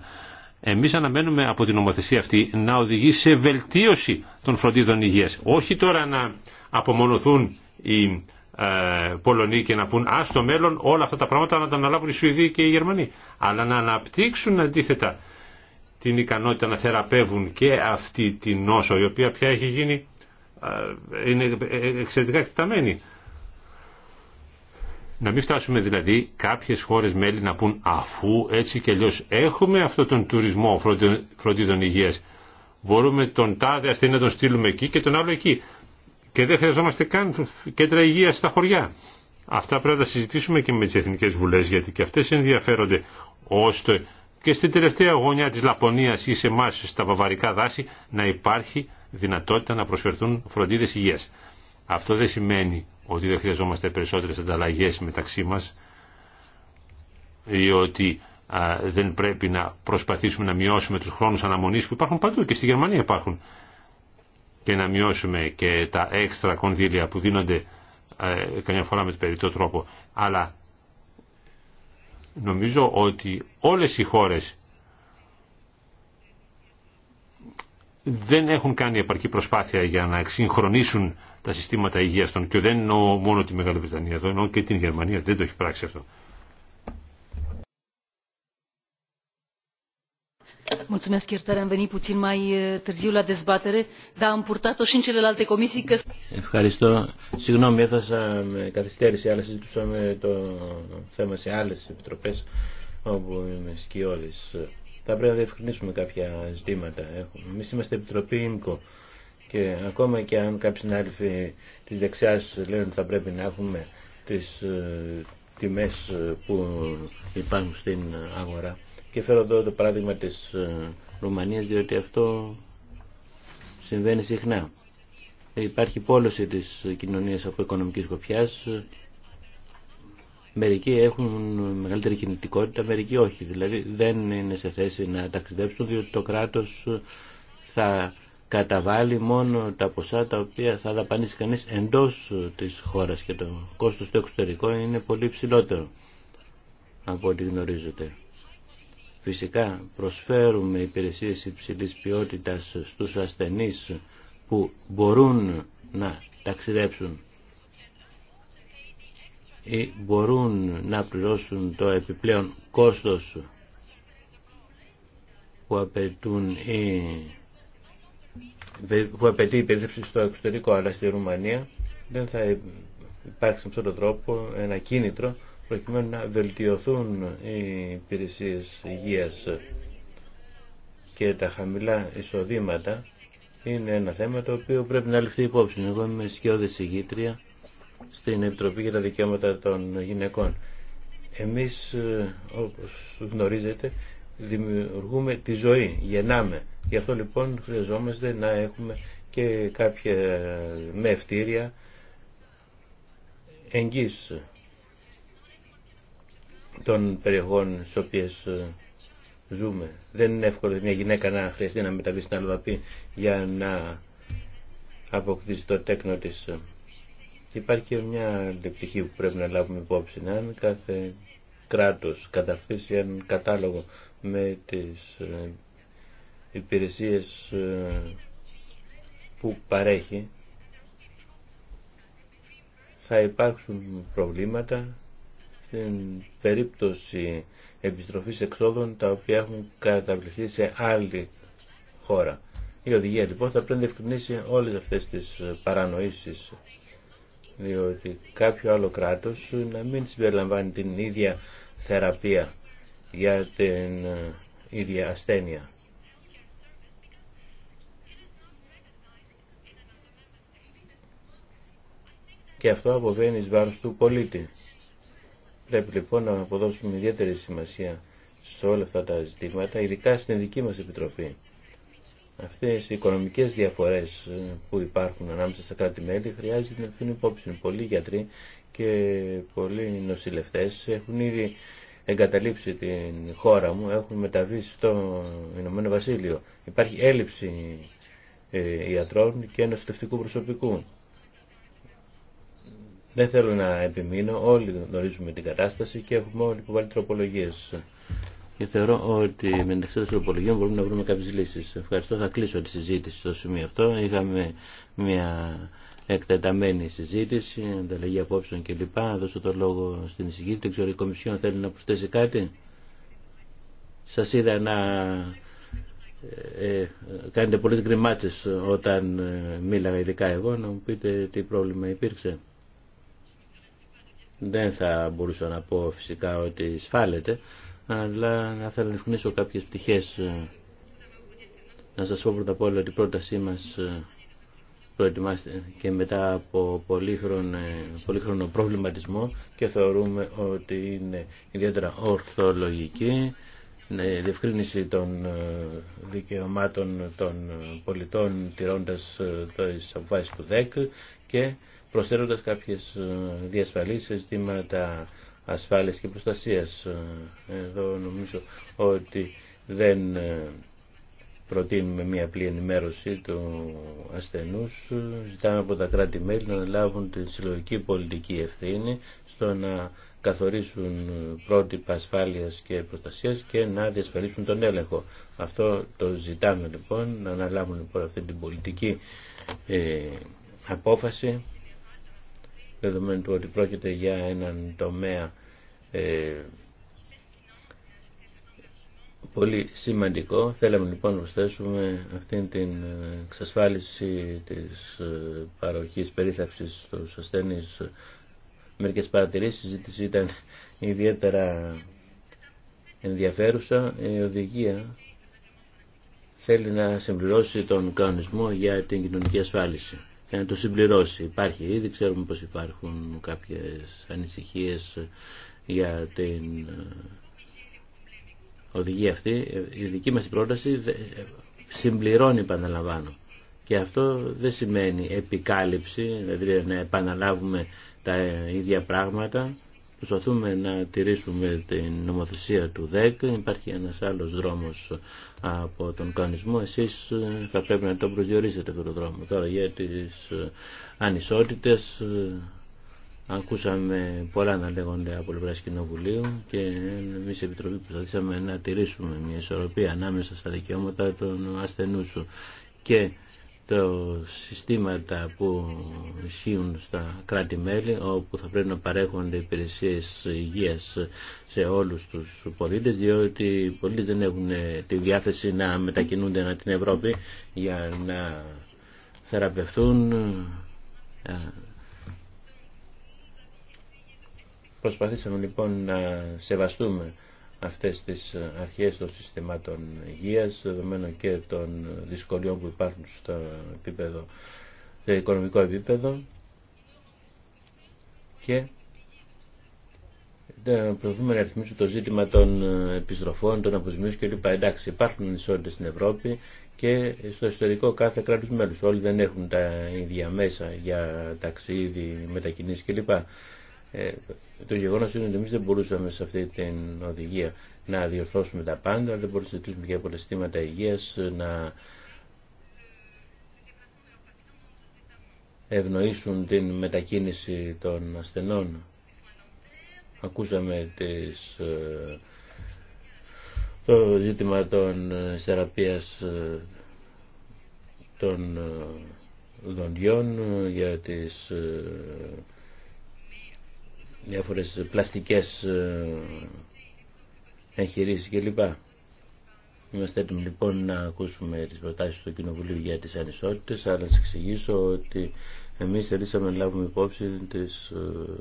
Εμείς αναμένουμε από την νομοθεσία αυτή να οδηγεί σε βελτίωση των φροντίδων υγείας. Όχι τώρα να απομονωθούν οι ε, Πολωνοί και να πούν «Α, στο μέλλον όλα αυτά τα πράγματα να τα αναλάβουν οι Σουηδοί και οι Γερμανοί». Αλλά να αναπτύξουν αντίθετα την ικανότητα να θεραπεύουν και αυτή την νόσο η οποία πια έχει γίνει ε, είναι εξαιρετικά εκτεταμένη. Να μην φτάσουμε δηλαδή κάποιες χώρες μέλη να πούν αφού έτσι και αλλιώ έχουμε αυτόν τον τουρισμό φροντίδων υγείας. Μπορούμε τον τάδε ασθενή να τον στείλουμε εκεί και τον άλλο εκεί. Και δεν χρειαζόμαστε καν κέντρα υγείας στα χωριά. Αυτά πρέπει να τα συζητήσουμε και με τις Εθνικές Βουλές γιατί και αυτές ενδιαφέρονται ώστε και στην τελευταία γωνιά της Λαπωνίας ή σε εμάς στα βαβαρικά δάση να υπάρχει δυνατότητα να προσφερθούν φροντίδες υγείας. Αυτό δεν σημαίνει ότι δεν χρειαζόμαστε περισσότερες ανταλλαγές μεταξύ μας ή ότι δεν πρέπει να προσπαθήσουμε να μειώσουμε τους χρόνους αναμονής που υπάρχουν παντού και στη Γερμανία υπάρχουν και να μειώσουμε και τα έξτρα κονδύλια που δίνονται ε, καμιά φορά με τον τρόπο αλλά νομίζω ότι όλες οι χώρες δεν έχουν κάνει επαρκή προσπάθεια για να εξυγχρονίσουν τα συστήματα υγείας των και δεν εννοώ μόνο τη Μεγάλη Βρετανία εδώ, εννοώ και την Γερμανία, δεν το έχει πράξει αυτό. Ευχαριστώ. Συγγνώμη, έφτασα με καθυστέρηση, αλλά συζητούσαμε το θέμα σε άλλες επιτροπές όπου είμαι σκιώδης θα πρέπει να διευκρινίσουμε κάποια ζητήματα. Εμεί είμαστε Επιτροπή ΙΜΚΟ και ακόμα και αν κάποιοι συνάδελφοι τη δεξιά λένε ότι θα πρέπει να έχουμε τι ε, τιμέ ε, που υπάρχουν στην αγορά. Και φέρω εδώ το παράδειγμα τη ε, Ρουμανίας διότι αυτό συμβαίνει συχνά. Υπάρχει πόλωση της κοινωνίας από οικονομικής κοπιάς Μερικοί έχουν μεγαλύτερη κινητικότητα, μερικοί όχι. Δηλαδή δεν είναι σε θέση να ταξιδέψουν διότι το κράτος θα καταβάλει μόνο τα ποσά τα οποία θα δαπανίσει κανείς εντός της χώρας και το κόστος στο εξωτερικό είναι πολύ ψηλότερο από ό,τι γνωρίζετε. Φυσικά προσφέρουμε υπηρεσίες υψηλής ποιότητας στους ασθενείς που μπορούν να ταξιδέψουν μπορούν να πληρώσουν το επιπλέον κόστος που απαιτούν που απαιτεί η περιθεψη στο εξωτερικό, αλλά στη Ρουμανία δεν θα υπάρξει με αυτόν τον τρόπο ένα κίνητρο προκειμένου να βελτιωθούν οι υπηρεσίε υγείας και τα χαμηλά εισοδήματα είναι ένα θέμα το οποίο πρέπει να ληφθεί υπόψη. Εγώ είμαι σκιώδης ηγήτρια στην Επιτροπή για τα Δικαιώματα των Γυναικών. Εμείς, ε, όπως γνωρίζετε, δημιουργούμε τη ζωή, γεννάμε. Γι' αυτό λοιπόν χρειαζόμαστε να έχουμε και κάποια με ευτήρια εγγύς των περιοχών στις οποίες ε, ζούμε. Δεν είναι εύκολο μια γυναίκα να χρειαστεί να μεταβεί στην Αλβαπή για να αποκτήσει το τέκνο της. Υπάρχει και μια πτυχή που πρέπει να λάβουμε υπόψη. Αν κάθε κράτος καταρτήσει έναν κατάλογο με τις ε, υπηρεσίες ε, που παρέχει, θα υπάρξουν προβλήματα στην περίπτωση επιστροφής εξόδων τα οποία έχουν καταβληθεί σε άλλη χώρα. Η οδηγία λοιπόν θα πρέπει να διευκρινίσει όλες αυτές τις παρανοήσεις διότι κάποιο άλλο κράτος να μην συμπεριλαμβάνει την ίδια θεραπεία για την ε, ίδια ασθένεια. Και αυτό αποβαίνει εις βάρος του πολίτη. Πρέπει λοιπόν να αποδώσουμε ιδιαίτερη σημασία σε όλα αυτά τα ζητήματα, ειδικά στην δική μας Επιτροπή. Αυτές οι οικονομικές διαφορές ε, που υπάρχουν ανάμεσα στα κράτη-μέλη χρειάζεται να την υπόψη. Πολλοί γιατροί και πολλοί νοσηλευτές έχουν ήδη εγκαταλείψει την χώρα μου, έχουν μεταβεί στο Ηνωμένο Βασίλειο. Υπάρχει έλλειψη ε, ιατρών και νοσηλευτικού προσωπικού. Δεν θέλω να επιμείνω, όλοι γνωρίζουμε την κατάσταση και έχουμε όλοι υποβάλει τροπολογίε και θεωρώ ότι με την εξέταση των υπολογιών μπορούμε να βρούμε κάποιες λύσεις. Ευχαριστώ. Θα κλείσω τη συζήτηση στο σημείο αυτό. Είχαμε μια εκτεταμένη συζήτηση, ανταλλαγή απόψεων κλπ. Δώσω το λόγο στην εισηγήτη. Δεν ξέρω η Κομισιόν θέλει να προσθέσει κάτι. Σας είδα να ε, ε κάνετε πολλέ γκριμάτσες όταν ε, μίλαγα ειδικά εγώ να μου πείτε τι πρόβλημα υπήρξε. Δεν θα μπορούσα να πω φυσικά ότι σφάλετε, αλλά θα θέλω να ευκνήσω κάποιες πτυχές. Να σας πω πρώτα απ' όλα ότι η πρότασή μας ε, προετοιμάστε και μετά από πολύχρονο, ε, πολύχρονο προβληματισμό και θεωρούμε ότι είναι ιδιαίτερα ορθολογική ε, διευκρίνηση των δικαιωμάτων των πολιτών τηρώντας το αποφάσεις του ΔΕΚ και προσθέτοντας κάποιες διασφαλίσεις ζητήματα ασφάλειας και προστασίας. Ε, εδώ νομίζω ότι δεν ε, προτείνουμε μια απλή ενημέρωση του ασθενούς. Ζητάμε από τα κράτη-μέλη να λάβουν τη συλλογική πολιτική ευθύνη στο να καθορίσουν πρότυπα ασφάλειας και προστασίας και να διασφαλίσουν τον έλεγχο. Αυτό το ζητάμε λοιπόν, να αναλάβουν λοιπόν αυτή την πολιτική ε, απόφαση δεδομένου του ότι πρόκειται για έναν τομέα ε, πολύ σημαντικό. Θέλαμε λοιπόν να προσθέσουμε αυτήν την ε, εξασφάλιση της ε, παροχής περίθαψης στους ασθένει Μερικές παρατηρήσεις, η συζήτηση ήταν ιδιαίτερα ενδιαφέρουσα. Η οδηγία θέλει να συμπληρώσει τον κανονισμό για την κοινωνική ασφάλιση. Ε, να το συμπληρώσει. Υπάρχει ήδη, ξέρουμε πως υπάρχουν κάποιες ανησυχίες για την ε, οδηγία αυτή. Η δική μας πρόταση ε, συμπληρώνει, επαναλαμβάνω. Και αυτό δεν σημαίνει επικάλυψη, δηλαδή να επαναλάβουμε τα ίδια πράγματα προσπαθούμε να τηρήσουμε την νομοθεσία του ΔΕΚ. Υπάρχει ένας άλλος δρόμος από τον κανονισμό. Εσείς θα πρέπει να τον προσδιορίσετε αυτόν το δρόμο. Τώρα για τις ανισότητες ακούσαμε πολλά να λέγονται από πλευρά Κοινοβουλίου και εμείς η Επιτροπή προσπαθήσαμε να τηρήσουμε μια ισορροπία ανάμεσα στα δικαιώματα των ασθενού και τα συστήματα που ισχύουν στα κράτη-μέλη όπου θα πρέπει να παρέχονται υπηρεσίες υγείας σε όλους τους πολίτες διότι οι πολίτες δεν έχουν τη διάθεση να μετακινούνται ανά την Ευρώπη για να θεραπευθούν Προσπαθήσαμε λοιπόν να σεβαστούμε αυτές τις ε, αρχές των συστημάτων υγείας, δεδομένων και των δυσκολιών που υπάρχουν στο επίπεδο, στο οικονομικό επίπεδο και ε, προσπαθούμε να ρυθμίσουμε το ζήτημα των ε, επιστροφών, των και κλπ. Εντάξει, υπάρχουν ισότητε στην Ευρώπη και στο ιστορικό κάθε κράτο μέλους Όλοι δεν έχουν τα ίδια μέσα για ταξίδι, μετακινήσεις κλπ. Ε, το γεγονό είναι ότι εμεί δεν μπορούσαμε σε αυτή την οδηγία να διορθώσουμε τα πάντα, δεν μπορούσαμε να κλείσουμε και από τα υγεία, να ευνοήσουν την μετακίνηση των ασθενών. Ακούσαμε τις, ε, το ζήτημα των ε, θεραπείας των δοντιών για τις διάφορες πλαστικές ε, εγχειρήσεις κλπ. Είμαστε έτοιμοι λοιπόν να ακούσουμε τις προτάσεις του Κοινοβουλίου για τις ανισότητες, αλλά σας εξηγήσω ότι εμείς θελήσαμε να λάβουμε υπόψη τις, ε,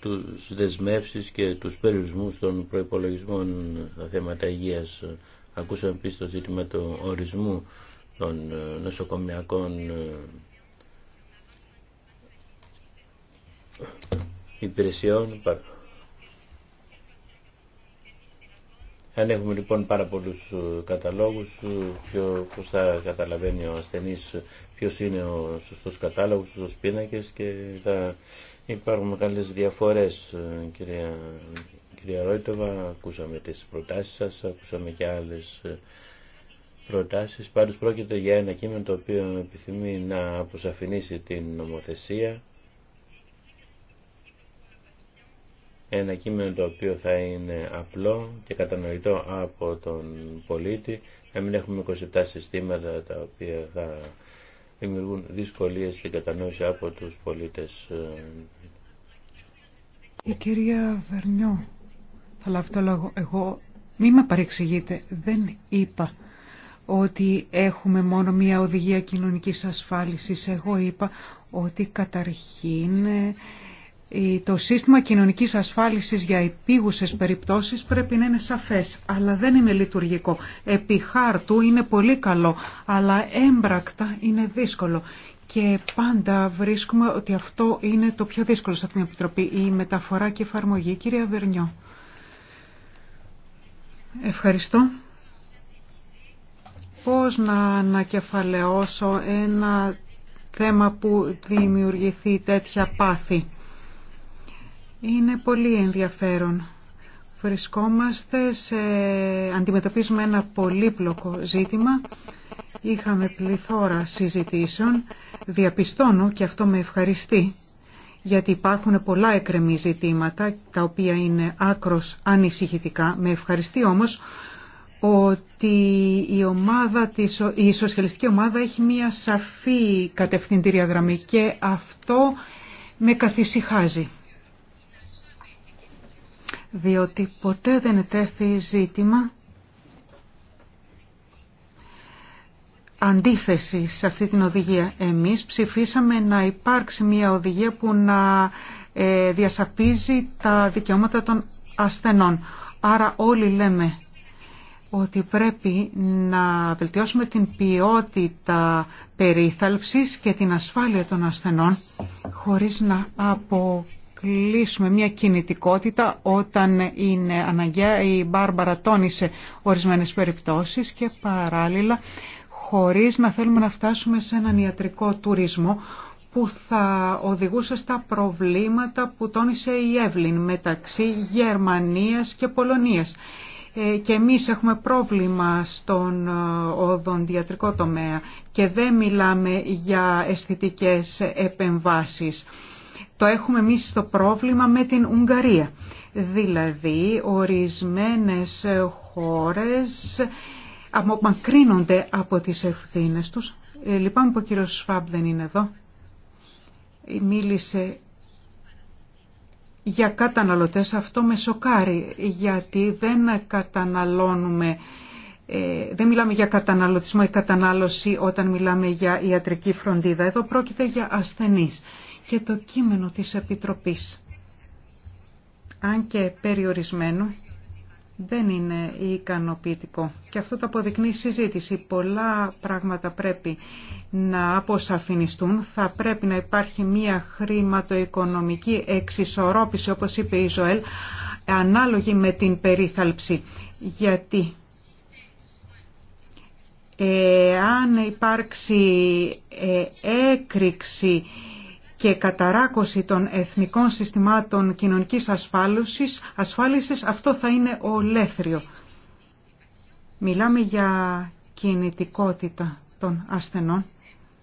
τους δεσμεύσεις και τους περιορισμούς των προϋπολογισμών στα θέματα υγείας. Ακούσαμε επίσης το ζήτημα του ορισμού των ε, νοσοκομιακών υπηρεσιών. Αν έχουμε λοιπόν πάρα πολλούς ε, καταλόγους, ε, πιο, πώς θα καταλαβαίνει ο ασθενής ε, ποιος είναι ο σωστός κατάλογος, στους πίνακες και θα υπάρχουν μεγάλες διαφορές. Κυρία, κυρία Ρόιτοβα, ακούσαμε τις προτάσεις σας, ακούσαμε και άλλες προτάσεις. Πάντως πρόκειται για ένα κείμενο το οποίο επιθυμεί να αποσαφηνίσει την νομοθεσία ένα κείμενο το οποίο θα είναι απλό και κατανοητό από τον πολίτη, να μην έχουμε 27 συστήματα τα οποία θα δημιουργούν δυσκολίες στην κατανόηση από τους πολίτες. Η κυρία Βερνιό, θα λάβω το λόγο. Εγώ μη με παρεξηγείτε, δεν είπα ότι έχουμε μόνο μία οδηγία κοινωνικής ασφάλισης. Εγώ είπα ότι καταρχήν το σύστημα κοινωνικής ασφάλισης για επίγουσες περιπτώσεις πρέπει να είναι σαφές, αλλά δεν είναι λειτουργικό. Επί χάρτου είναι πολύ καλό, αλλά έμπρακτα είναι δύσκολο. Και πάντα βρίσκουμε ότι αυτό είναι το πιο δύσκολο σε αυτήν την Επιτροπή, η μεταφορά και εφαρμογή. Κύριε Βερνιό. Ευχαριστώ. Πώς να ανακεφαλαιώσω ένα θέμα που δημιουργηθεί τέτοια πάθη. Είναι πολύ ενδιαφέρον. Βρισκόμαστε σε... Αντιμετωπίζουμε ένα πολύπλοκο ζήτημα. Είχαμε πληθώρα συζητήσεων. Διαπιστώνω και αυτό με ευχαριστεί γιατί υπάρχουν πολλά εκρεμή ζητήματα τα οποία είναι άκρος ανησυχητικά. Με ευχαριστεί όμως ότι η, ομάδα της, η σοσιαλιστική ομάδα έχει μία σαφή κατευθυντήρια γραμμή και αυτό με καθησυχάζει διότι ποτέ δεν ετέθη ζήτημα αντίθεση σε αυτή την οδηγία. Εμείς ψηφίσαμε να υπάρξει μια οδηγία που να ε, διασαπίζει τα δικαιώματα των ασθενών. Άρα όλοι λέμε ότι πρέπει να βελτιώσουμε την ποιότητα περίθαλψης και την ασφάλεια των ασθενών χωρίς να απο Κλείσουμε μια κινητικότητα όταν είναι αναγκαία. Η Μπάρμπαρα τόνισε ορισμένες περιπτώσεις και παράλληλα χωρίς να θέλουμε να φτάσουμε σε έναν ιατρικό τουρισμό που θα οδηγούσε στα προβλήματα που τόνισε η Εύλην μεταξύ Γερμανίας και Πολωνίας. Ε, και εμείς έχουμε πρόβλημα στον ε, οδοντιατρικό τομέα και δεν μιλάμε για αισθητικές επεμβάσεις το έχουμε εμεί το πρόβλημα με την Ουγγαρία. Δηλαδή, ορισμένες χώρες απομακρύνονται από τις ευθύνε τους. Ε, λυπάμαι που ο κύριος Σφάμπ δεν είναι εδώ. Μίλησε για καταναλωτές. Αυτό με σοκάρει, γιατί δεν καταναλώνουμε... Ε, δεν μιλάμε για καταναλωτισμό ή κατανάλωση όταν μιλάμε για ιατρική φροντίδα. Εδώ πρόκειται για ασθενείς και το κείμενο της Επιτροπής. Αν και περιορισμένο, δεν είναι ικανοποιητικό. Και αυτό το αποδεικνύει η συζήτηση. Πολλά πράγματα πρέπει να αποσαφινιστούν. Θα πρέπει να υπάρχει μια χρηματοοικονομική εξισορρόπηση, όπως είπε η Ζωέλ, ανάλογη με την περίθαλψη. Γιατί αν υπάρξει ε, έκρηξη και καταράκωση των εθνικών συστημάτων κοινωνικής ασφάλισης, ασφάλισης αυτό θα είναι ολέθριο. Μιλάμε για κινητικότητα των ασθενών.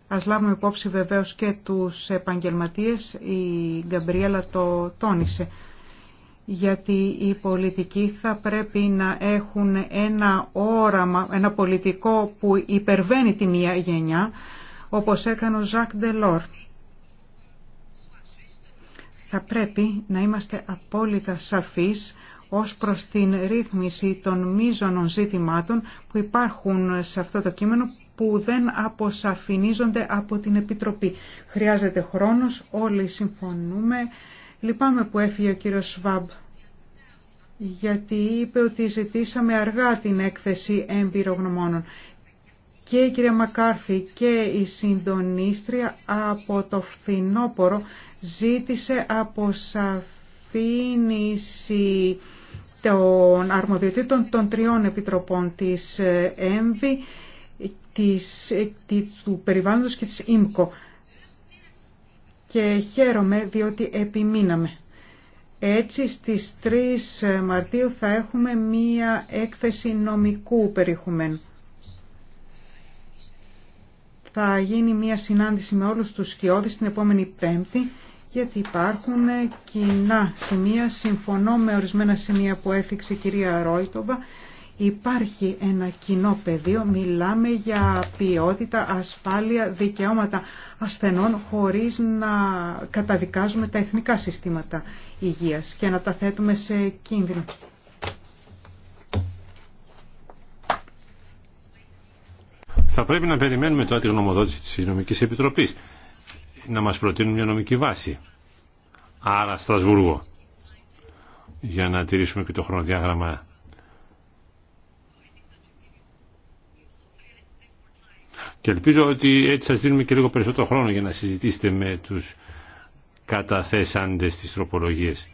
Ας λάβουμε υπόψη βεβαίως και τους επαγγελματίες, η Γκαμπριέλα το τόνισε, γιατί οι πολιτικοί θα πρέπει να έχουν ένα όραμα, ένα πολιτικό που υπερβαίνει τη μία γενιά, όπως έκανε ο Ζακ Ντελόρ. Θα πρέπει να είμαστε απόλυτα σαφείς ως προς την ρύθμιση των μείζων ζήτημάτων που υπάρχουν σε αυτό το κείμενο που δεν αποσαφηνίζονται από την Επιτροπή. Χρειάζεται χρόνος, όλοι συμφωνούμε. Λυπάμαι που έφυγε ο κύριος Σβάμπ γιατί είπε ότι ζητήσαμε αργά την έκθεση εμπειρογνωμόνων και η κυρία Μακάρθη και η συντονίστρια από το Φθινόπωρο ζήτησε αποσαφήνιση των αρμοδιοτήτων των τριών επιτροπών της ε, ΕΜΒΗ, ε, της, του περιβάλλοντος και της ΙΜΚΟ. Και χαίρομαι διότι επιμείναμε. Έτσι στις 3 Μαρτίου θα έχουμε μία έκθεση νομικού περιεχομένου. Θα γίνει μια συνάντηση με όλους τους σκιώδεις την επόμενη πέμπτη γιατί υπάρχουν κοινά σημεία. Συμφωνώ με ορισμένα σημεία που έφυξε η κυρία Ρόιτοβα. Υπάρχει ένα κοινό πεδίο, μιλάμε για ποιότητα, ασφάλεια, δικαιώματα ασθενών χωρίς να καταδικάζουμε τα εθνικά συστήματα υγείας και να τα θέτουμε σε κίνδυνο. Θα πρέπει να περιμένουμε τώρα τη γνωμοδότηση της νομικής επιτροπής να μας προτείνουν μια νομική βάση. Άρα Στρασβούργο για να τηρήσουμε και το χρονοδιάγραμμα. Και ελπίζω ότι έτσι σας δίνουμε και λίγο περισσότερο χρόνο για να συζητήσετε με τους καταθέσαντες τις τροπολογίες.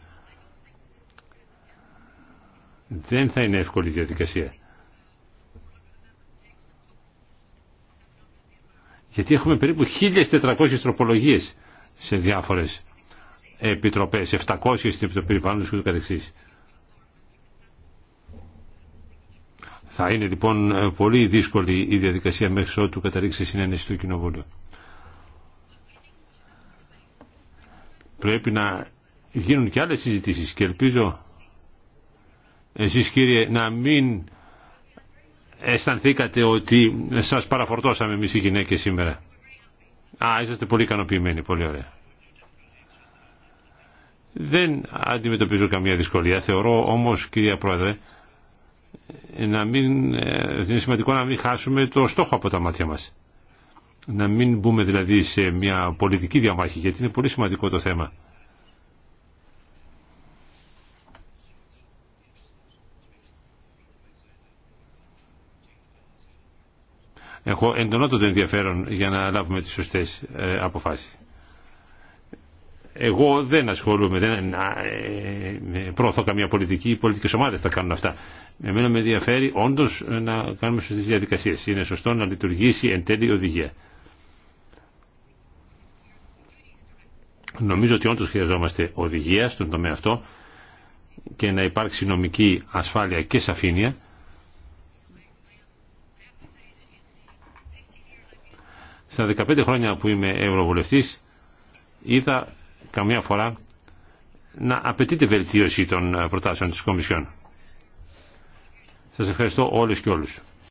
Δεν θα είναι εύκολη η διαδικασία. γιατί έχουμε περίπου 1.400 τροπολογίες σε διάφορες επιτροπές, 700 στην Επιτροπή Περιβάλλοντος και το καθεξής. Θα είναι λοιπόν ε, πολύ δύσκολη η διαδικασία μέχρι ότου η συνένεση του Κοινοβούλιο. Πρέπει να γίνουν και άλλες συζητήσεις και ελπίζω εσείς κύριε να μην αισθανθήκατε ότι σας παραφορτώσαμε εμείς οι γυναίκες σήμερα. Α, είσαστε πολύ ικανοποιημένοι, πολύ ωραία. Δεν αντιμετωπίζω καμία δυσκολία. Θεωρώ όμως, κυρία Πρόεδρε, να μην, ε, είναι σημαντικό να μην χάσουμε το στόχο από τα μάτια μας. Να μην μπούμε δηλαδή σε μια πολιτική διαμάχη, γιατί είναι πολύ σημαντικό το θέμα. έχω εντονότατο ενδιαφέρον για να λάβουμε τις σωστές ε, αποφάσεις. Εγώ δεν ασχολούμαι, δεν ε, ε, προωθώ καμία πολιτική, οι πολιτικές ομάδες θα κάνουν αυτά. Εμένα με ενδιαφέρει όντως να κάνουμε σωστές διαδικασίες. Είναι σωστό να λειτουργήσει εν τέλει η οδηγία. Νομίζω ότι όντως χρειαζόμαστε οδηγία στον τομέα αυτό και να υπάρξει νομική ασφάλεια και σαφήνεια Στα 15 χρόνια που είμαι ευρωβουλευτής είδα καμιά φορά να απαιτείται βελτίωση των ε, προτάσεων της Κομισιόν. Σας ευχαριστώ όλες και όλους.